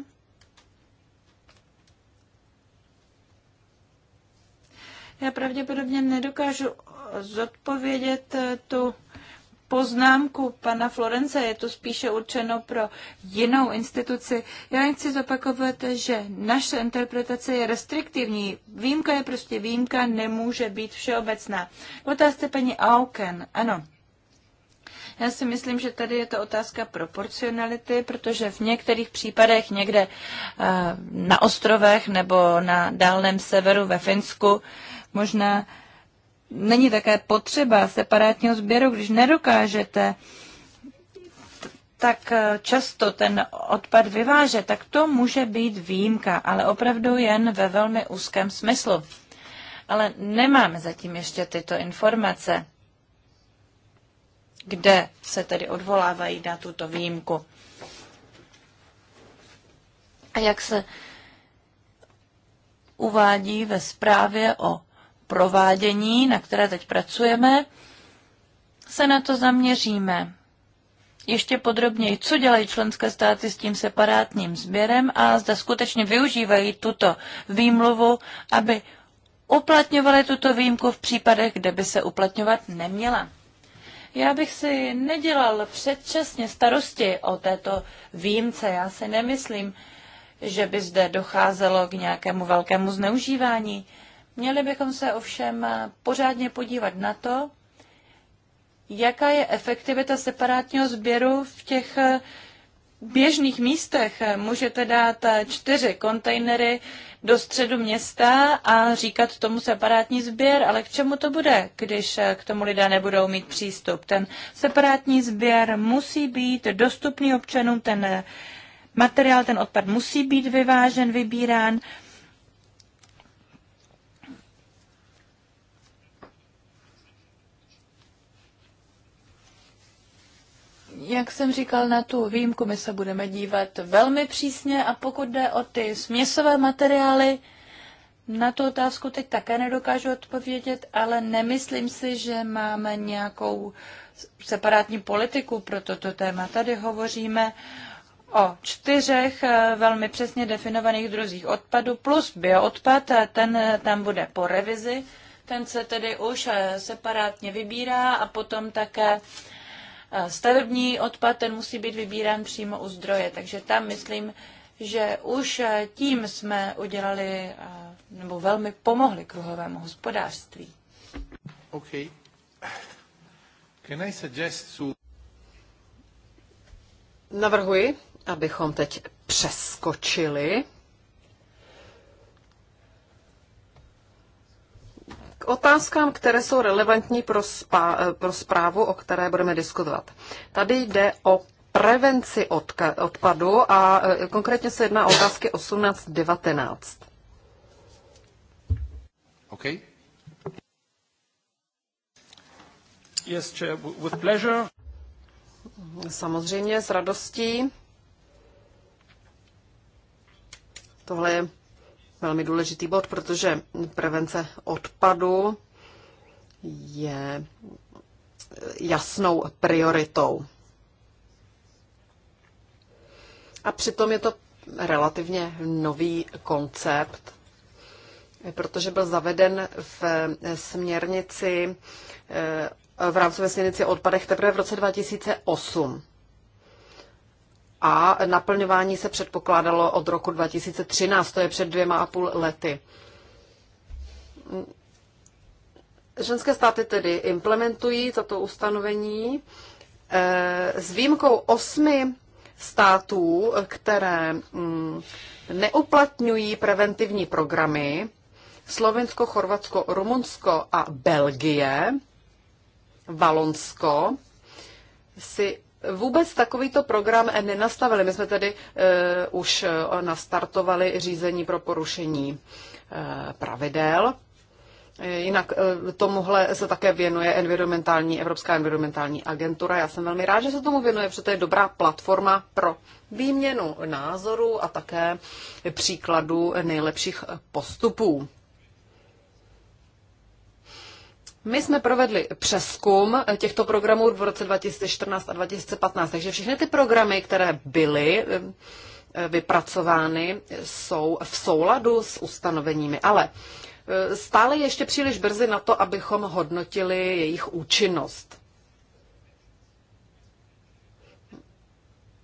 Já pravděpodobně nedokážu zodpovědět eh, tu poznámku pana Florence, je to spíše určeno pro jinou instituci. Já jen chci zopakovat, že naše interpretace je restriktivní. Výjimka je prostě výjimka, nemůže být všeobecná. V paní Auken, ano. Já si myslím, že tady je to otázka proporcionality, protože v některých případech někde eh, na ostrovech nebo na dálném severu ve Finsku Možná není také potřeba separátního sběru, když nedokážete tak často ten odpad vyváže, tak to může být výjimka, ale opravdu jen ve velmi úzkém smyslu. Ale nemáme zatím ještě tyto informace, kde se tedy odvolávají na tuto výjimku. A jak se uvádí ve zprávě o provádění, na které teď pracujeme, se na to zaměříme. Ještě podrobněji, co dělají členské státy s tím separátním sběrem a zda skutečně využívají tuto výmluvu, aby uplatňovali tuto výjimku v případech, kde by se uplatňovat neměla. Já bych si nedělal předčasně starosti o této výjimce. Já si nemyslím, že by zde docházelo k nějakému velkému zneužívání. Měli bychom se ovšem pořádně podívat na to, jaká je efektivita separátního sběru v těch běžných místech. Můžete dát čtyři kontejnery do středu města a říkat tomu separátní sběr, ale k čemu to bude, když k tomu lidé nebudou mít přístup? Ten separátní sběr musí být dostupný občanům, ten materiál, ten odpad musí být vyvážen, vybírán jak jsem říkal, na tu výjimku my se budeme dívat velmi přísně a pokud jde o ty směsové materiály, na tu otázku teď také nedokážu odpovědět, ale nemyslím si, že máme nějakou separátní politiku pro toto téma. Tady hovoříme o čtyřech eh, velmi přesně definovaných druzích odpadu plus bioodpad, eh, ten eh, tam bude po revizi. Ten se tedy už separátně vybírá a potom také uh, stavební odpad, ten musí být vybírán přímo u zdroje. Takže tam myslím, že už eh, tím jsme udělali eh, nebo velmi pomohli kruhovému hospodářství. Okay. Can I suggest to... Navrhuji, abychom teď přeskočili otázkám, které jsou relevantní pro, spa, eh, pro zprávu, o které budeme diskutovat. Tady jde o prevenci odka, odpadu a eh, konkrétně se jedná o otázky 18-19. Okay. Yes, chair, with pleasure. Samozřejmě s radostí. Tohle je velmi důležitý bod, protože prevence odpadu je jasnou prioritou. A přitom je to relativně nový koncept, protože byl zaveden v směrnici, eh, v rámcové směrnici o odpadech teprve v roce 2008 a naplňování se předpokládalo od roku 2013, to je před dvěma a půl lety. Ženské státy tedy implementují tato ustanovení eh, s výjimkou osmi států, které mm, neuplatňují preventivní programy, Slovensko, Chorvatsko, Rumunsko a Belgie, Valonsko, si vůbec takovýto program nenastavili. My jsme tedy uh, už eh, nastartovali řízení pro porušení uh, pravidel. Jinak tomuhle se také věnuje environmentální, Evropská environmentální agentura. Já jsem velmi rád, že se tomu věnuje, protože to je dobrá platforma pro výměnu názorů a také příkladů nejlepších postupů. My jsme provedli přeskum těchto programů v roce 2014 a 2015, takže všechny ty programy, které byly eh, eh, vypracovány, jsou v souladu s ustanoveními, ale eh, stále ještě příliš brzy na to, abychom hodnotili jejich účinnost.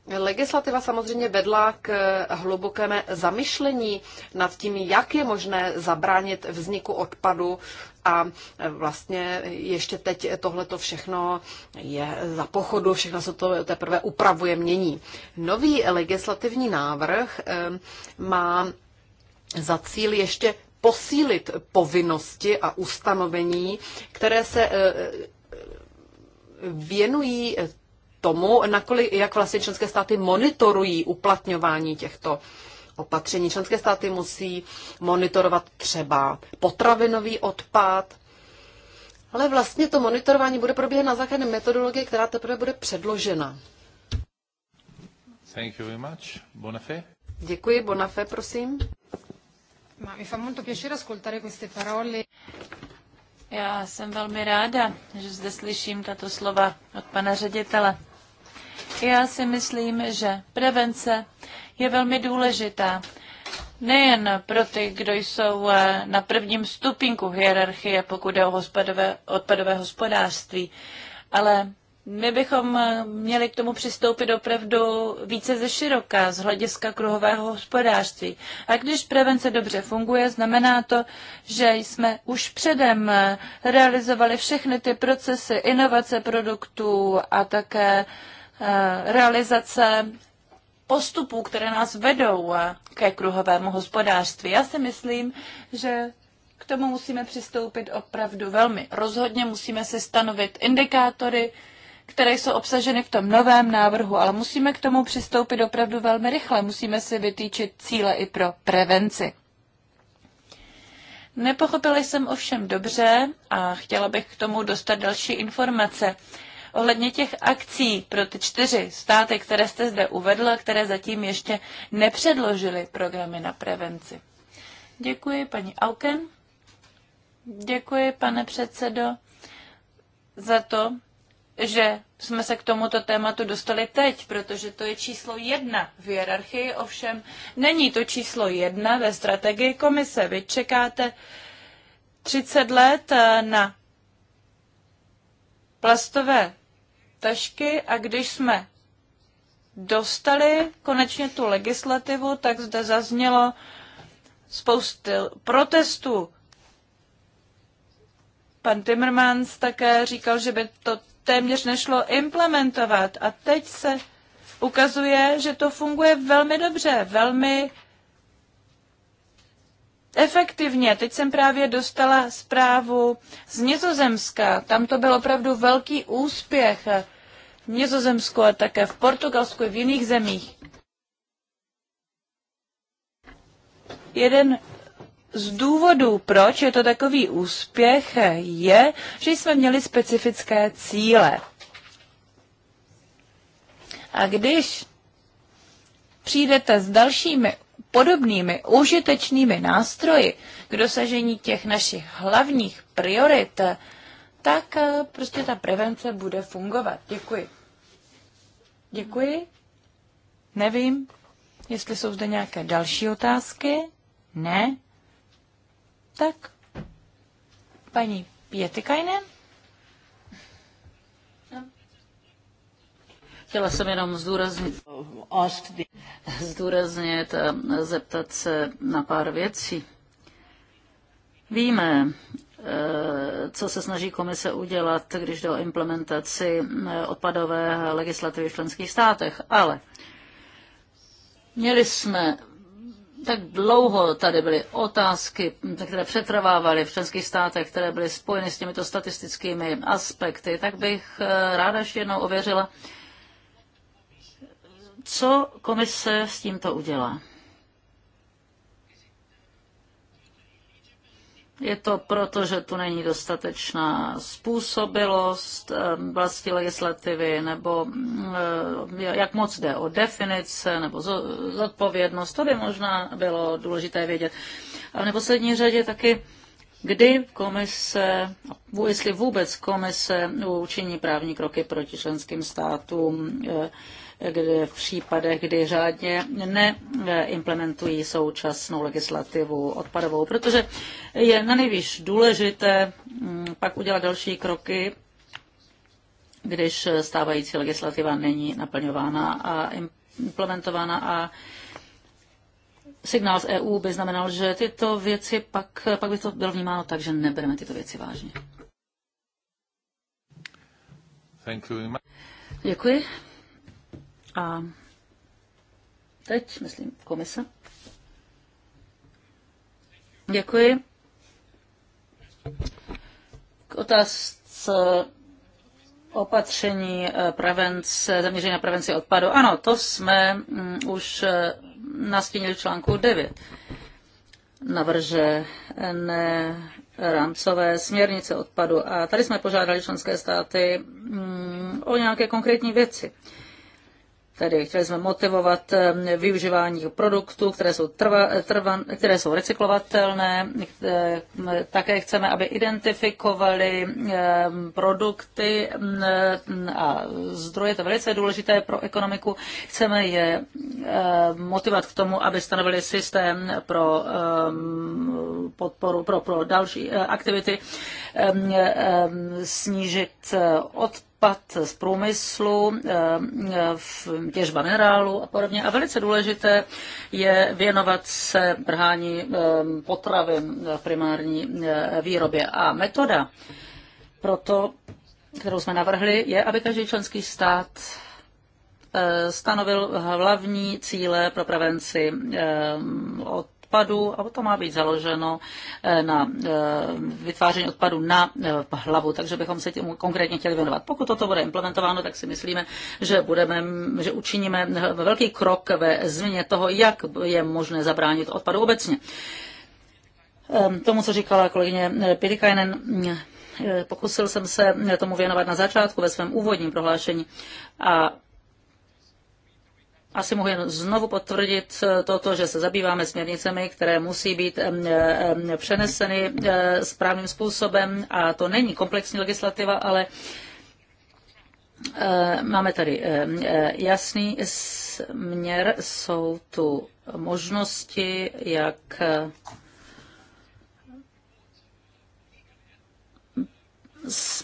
Legislativa samozřejmě vedla k hlubokému zamyšlení nad tím, jak je možné zabránit vzniku odpadu a vlastně ještě teď tohle to všechno je za pochodu, všechno se to teprve upravuje, mění. Nový legislativní návrh má za cíl ještě posílit povinnosti a ustanovení, které se eh, věnují tomu, nakolik, jak vlastně členské státy monitorují uplatňování těchto opatření. Členské státy musí monitorovat třeba potravinový odpad, ale vlastně to monitorování bude probíhat na základě metodologie, která teprve bude předložena. Thank you very much. Bonafé. Děkuji, Bonafé, prosím. Ma mi fa molto piacere ascoltare queste parole. Já jsem velmi ráda, že zde slyším tato slova od pana ředitele. Já si myslím, že prevence je velmi důležitá. Nejen pro ty, kdo jsou eh, na prvním stupinku hierarchie, pokud je o hospodové, odpadové hospodářství, ale my bychom eh, měli k tomu přistoupit opravdu více ze široka z hlediska kruhového hospodářství. A když prevence dobře funguje, znamená to, že jsme už předem eh, realizovali všechny ty procesy inovace produktů a také Eh, realizace postupů, které nás vedou eh, ke kruhovému hospodářství. Já si myslím, že k tomu musíme přistoupit opravdu velmi rozhodně. Musíme si stanovit indikátory, které jsou obsaženy v tom novém návrhu, ale musíme k tomu přistoupit opravdu velmi rychle. Musíme si vytýčit cíle i pro prevenci. Nepochopila jsem ovšem dobře a chtěla bych k tomu dostat další informace ohledně těch akcí pro ty čtyři státy, které jste zde uvedl a které zatím ještě nepředložily programy na prevenci. Děkuji, paní Auken. Děkuji, pane předsedo, za to, že jsme se k tomuto tématu dostali teď, protože to je číslo jedna v hierarchii, ovšem není to číslo jedna ve strategii komise. Vy čekáte 30 let eh, na plastové tašky a když jsme dostali konečně tu legislativu, tak zde zaznělo spousty protestů. Pan Timmermans také říkal, že by to téměř nešlo implementovat a teď se ukazuje, že to funguje velmi dobře, velmi efektivně. Teď jsem právě dostala zprávu z Nizozemska. Tam to byl opravdu velký úspěch. V Nizozemsku a také v Portugalsku i v jiných zemích. Jeden z důvodů, proč je to takový úspěch, je, že jsme měli specifické cíle. A když přijdete s dalšími podobnými užitečnými nástroji k dosažení těch našich hlavních priorit, tak eh, prostě ta prevence bude fungovat. Děkuji. Děkuji. Nevím, jestli jsou zde nějaké další otázky. Ne? Tak. Paní Pietikainen. Chtěla jsem jenom zdůraznit, zdůraznit a zeptat se na pár věcí. Víme, eh, co se snaží komise udělat, když jde o implementaci eh, odpadové legislativy v členských státech, ale měli jsme tak dlouho tady byly otázky, které přetrvávaly v členských státech, které byly spojeny s těmito statistickými aspekty, tak bych eh, ráda ještě jednou ověřila, co komise s tímto udělá? Je to proto, že tu není dostatečná způsobilost vlastní legislativy, nebo e, jak moc jde o definice, nebo zodpovědnost, to by možná bylo důležité vědět. A v neposlední řadě taky, kdy komise, jestli vůbec komise učiní právní kroky proti členským státům, e, kde v případech, kdy řádně neimplementují současnou legislativu odpadovou, protože je na nejvíc důležité mm, pak udělat další kroky, když stávající legislativa není naplňována a implementována a signál z EU by znamenal, že tyto věci pak, pak by to bylo vnímáno tak, že nebereme tyto věci vážně. Děkuji. A teď, myslím, komise. Děkuji. K otázce opatření eh, prevence, zaměření na prevenci odpadu. Ano, to jsme mm, už eh, nastínili v článku 9 navržené rámcové směrnice odpadu. A tady jsme požádali členské státy mm, o nějaké konkrétní věci. Tedy chtěli jsme motivovat využívání produktů, které jsou, trva, trvan, které jsou recyklovatelné. Také chceme, aby identifikovali produkty a zdroje. To je velice důležité pro ekonomiku. Chceme je motivovat k tomu, aby stanovili systém pro podporu pro, pro další e, aktivity, snížit e, odpad odpad z průmyslu, eh, těžba minerálu a podobně. A velice důležité je věnovat se brhání eh, potravin v primární eh, výrobě. A metoda proto, kterou jsme navrhli, je, aby každý členský stát stanovil hlavní cíle pro prevenci od odpadu, a to má být založeno eh, na eh, vytváření odpadu na eh, hlavu, takže bychom se tomu konkrétně chtěli věnovat. Pokud toto bude implementováno, tak si myslíme, že, budeme, že učiníme velký krok ve změně toho, jak je možné zabránit odpadu obecně. Ehm, tomu, co říkala kolegyně Pirikainen, pokusil jsem se tomu věnovat na začátku ve svém úvodním prohlášení a asi mohu jen znovu potvrdit toto, že se zabýváme směrnicemi, které musí být přeneseny eh, správným způsobem a to není komplexní legislativa, ale eh, máme tady eh, jasný směr, jsou tu možnosti, jak s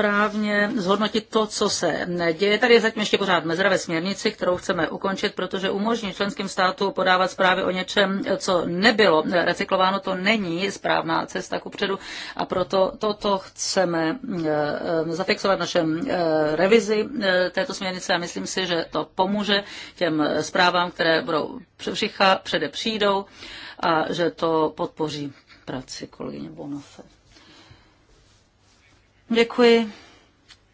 správně zhodnotit to, co se děje. Tady je zatím ještě pořád mezera ve směrnici, kterou chceme ukončit, protože umožní členským státu podávat zprávy o něčem, co nebylo recyklováno, to není správná cesta kupředu a proto toto chceme eh, zafixovat v našem eh, revizi eh, této směrnice a myslím si, že to pomůže těm zprávám, které budou přede přijdou a že to podpoří práci kolegyně Bonafé. Děkuji.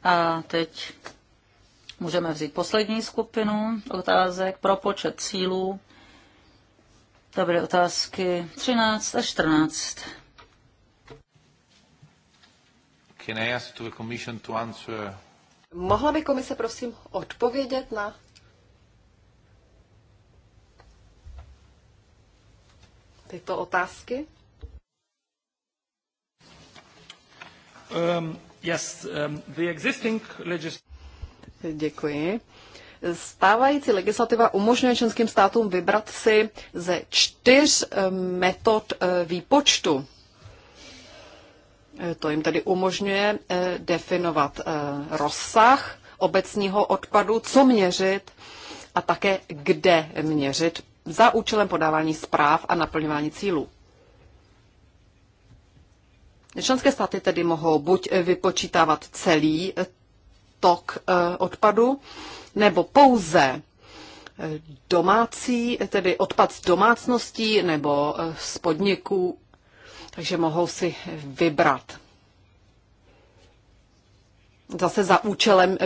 A teď můžeme vzít poslední skupinu otázek pro počet cílů. To byly otázky 13 a 14. Can I ask to the commission to answer? Mohla by komise prosím odpovědět na tyto otázky? Um, yes, um, the existing legis- Děkuji. Stávající legislativa umožňuje členským státům vybrat si ze čtyř um, metod uh, výpočtu. Uh, to jim tedy umožňuje uh, definovat rozsah obecního odpadu, co měřit a také kde měřit za účelem podávání zpráv a naplňování cílů. Členské státy tedy mohou buď vypočítávat celý eh, tok eh, odpadu, nebo pouze eh, domácí, tedy odpad z domácností nebo z podniků, takže mohou si vybrat. Zase za účelem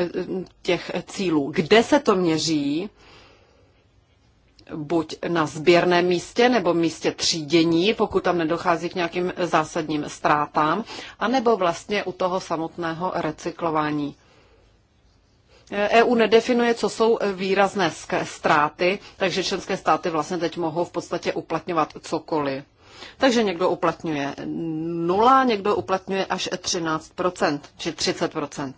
těch cílů. Kde se to měří, buď na sběrném místě nebo místě třídění, pokud tam nedochází k nějakým zásadním ztrátám, anebo vlastně u toho samotného recyklování. EU e nedefinuje, co jsou výrazné ztráty, takže členské státy vlastně teď mohou v podstatě uplatňovat cokoliv. Takže někdo uplatňuje nula, někdo uplatňuje až 13% či 30%.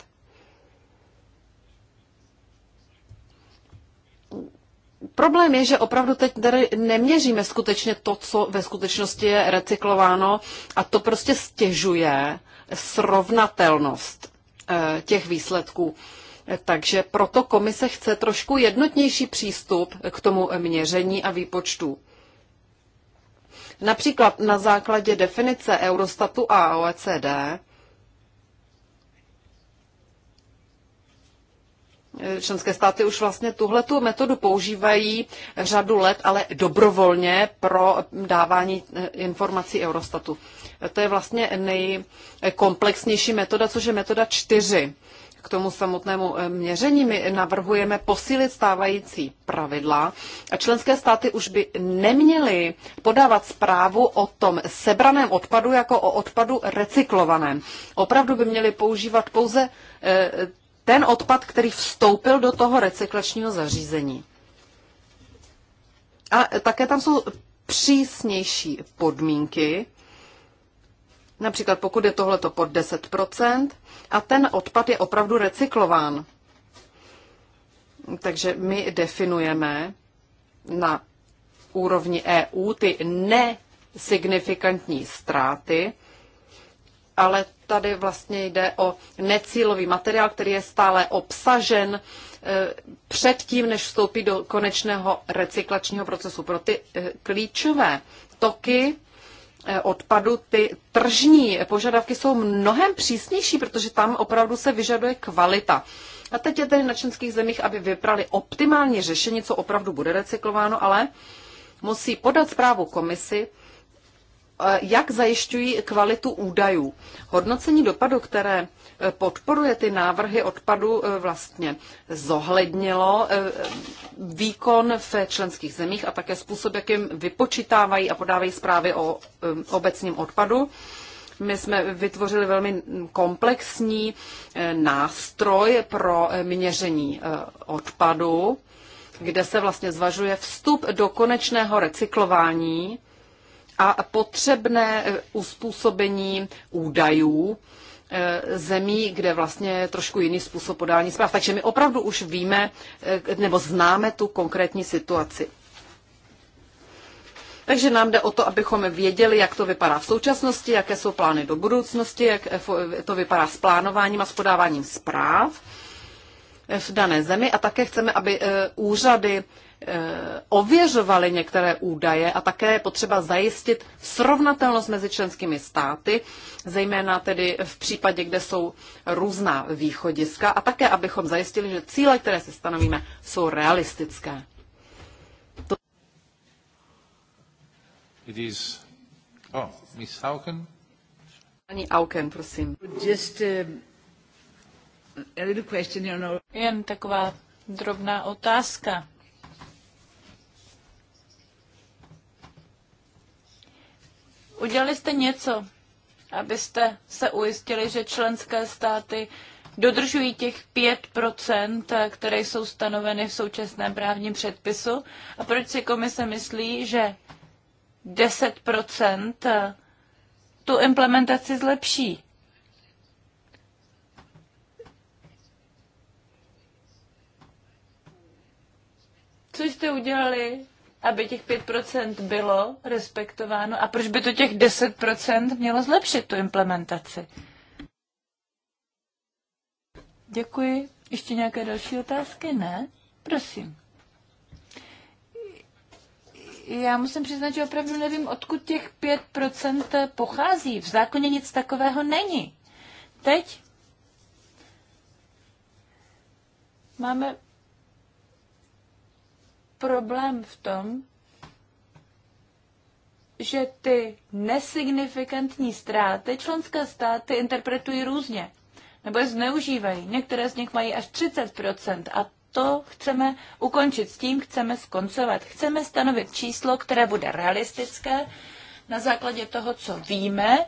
problém je, že opravdu teď tady neměříme skutečně to, co ve skutečnosti je recyklováno a to prostě stěžuje srovnatelnost eh, těch výsledků. Takže proto komise chce trošku jednotnější přístup k tomu měření a výpočtu. Například na základě definice Eurostatu a OECD členské státy už vlastně tuhle tu metodu používají řadu let, ale dobrovolně pro dávání eh, informací Eurostatu. To je vlastně nejkomplexnější metoda, což je metoda čtyři, K tomu samotnému eh, měření my navrhujeme posílit stávající pravidla a členské státy už by neměly podávat zprávu o tom sebraném odpadu jako o odpadu recyklovaném. Opravdu by měly používat pouze eh, ten odpad, který vstoupil do toho recyklačního zařízení. A také tam jsou přísnější podmínky, například pokud je tohleto pod 10% a ten odpad je opravdu recyklován. Takže my definujeme na úrovni EU ty nesignifikantní ztráty, ale tady vlastně jde o necílový materiál, který je stále obsažen eh, předtím, než vstoupí do konečného recyklačního procesu. Pro ty eh, klíčové toky eh, odpadu, ty tržní požadavky jsou mnohem přísnější, protože tam opravdu se vyžaduje kvalita. A teď je tedy na členských zemích, aby vyprali optimální řešení, co opravdu bude recyklováno, ale musí podat zprávu komisi, jak zajišťují kvalitu údajů. Hodnocení dopadu, které e, podporuje ty návrhy odpadu, e, vlastně zohlednilo e, výkon v členských zemích a také způsob, jakým vypočítávají a podávají zprávy o obecním odpadu. My jsme vytvořili velmi komplexní nástroj pro měření odpadu, kde se vlastně zvažuje vstup do konečného recyklování a potřebné eh, uspůsobení údajů eh, zemí, kde vlastně je trošku jiný způsob podání zpráv. Takže my opravdu už víme eh, nebo známe tu konkrétní situaci. Takže nám jde o to, abychom věděli, jak to vypadá v současnosti, jaké jsou plány do budoucnosti, jak to vypadá s plánováním a s podáváním zpráv v dané zemi a také chceme, aby e, úřady e, ověřovaly některé údaje a také je potřeba zajistit srovnatelnost mezi členskými státy, zejména tedy v případě, kde jsou různá východiska a také, abychom zajistili, že cíle, které si stanovíme, jsou realistické. To... It is... oh, Miss Auken. Ani Auken, prosím. Just, uh... Jen taková drobná otázka. Udělali jste něco, abyste se ujistili, že členské státy dodržují těch 5%, které jsou stanoveny v současném právním předpisu? A proč si komise myslí, že 10% tu implementaci zlepší? Co jste udělali, aby těch 5% bylo respektováno a proč by to těch 10% mělo zlepšit tu implementaci? Děkuji. Ještě nějaké další otázky? Ne? Prosím. Já musím přiznat, že opravdu nevím, odkud těch 5% pochází. V zákoně nic takového není. Teď máme problém v tom, že ty nesignifikantní ztráty členské státy interpretují různě nebo je zneužívají. Některé z nich mají až 30% a to chceme ukončit, s tím chceme skoncovat. Chceme stanovit číslo, které bude realistické na základě toho, co víme,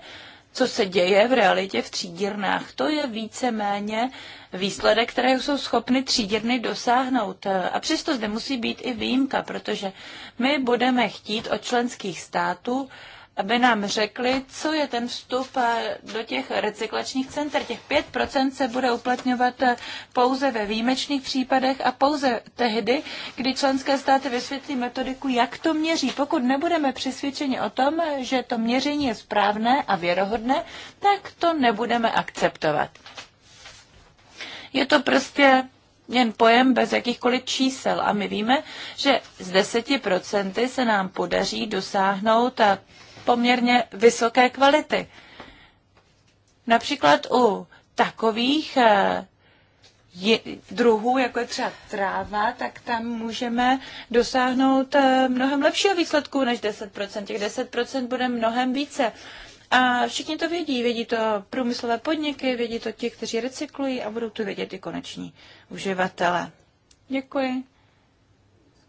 co se děje v realitě v třídírnách. To je víceméně výsledek, které jsou schopny třídírny dosáhnout. A přesto zde musí být i výjimka, protože my budeme chtít od členských států, aby nám řekli, co je ten vstup eh, do těch recyklačních center. Těch 5% se bude uplatňovat eh, pouze ve výjimečných případech a pouze tehdy, kdy členské státy vysvětlí metodiku, jak to měří. Pokud nebudeme přesvědčeni o tom, eh, že to měření je správné a věrohodné, tak to nebudeme akceptovat. Je to prostě jen pojem bez jakýchkoliv čísel a my víme, že z 10% se nám podaří dosáhnout a poměrně vysoké kvality. Například u takových eh, druhů, jako je třeba tráva, tak tam můžeme dosáhnout eh, mnohem lepšího výsledku než 10%. Těch 10% bude mnohem více. A všichni to vědí. Vědí to průmyslové podniky, vědí to ti, kteří recyklují a budou to vědět i koneční uživatele. Děkuji.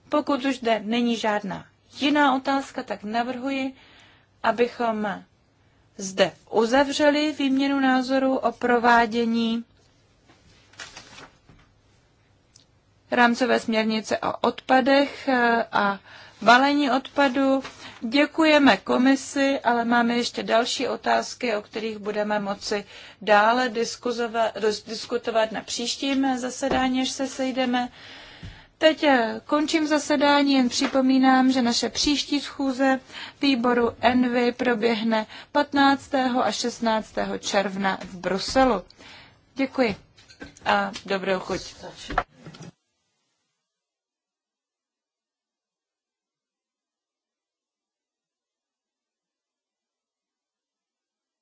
Pokud už zde není žádná jiná otázka, tak navrhuji, abychom zde uzavřeli výměnu názorů o provádění rámcové směrnice o odpadech eh, a balení odpadu. Děkujeme komisi, ale máme ještě další otázky, o kterých budeme moci dále diskutovat na příštím zasedání, až se sejdeme. Teď eh, končím zasedání, jen připomínám, že naše příští schůze výboru Envy proběhne 15. a 16. června v Bruselu. Děkuji a dobrou chuť.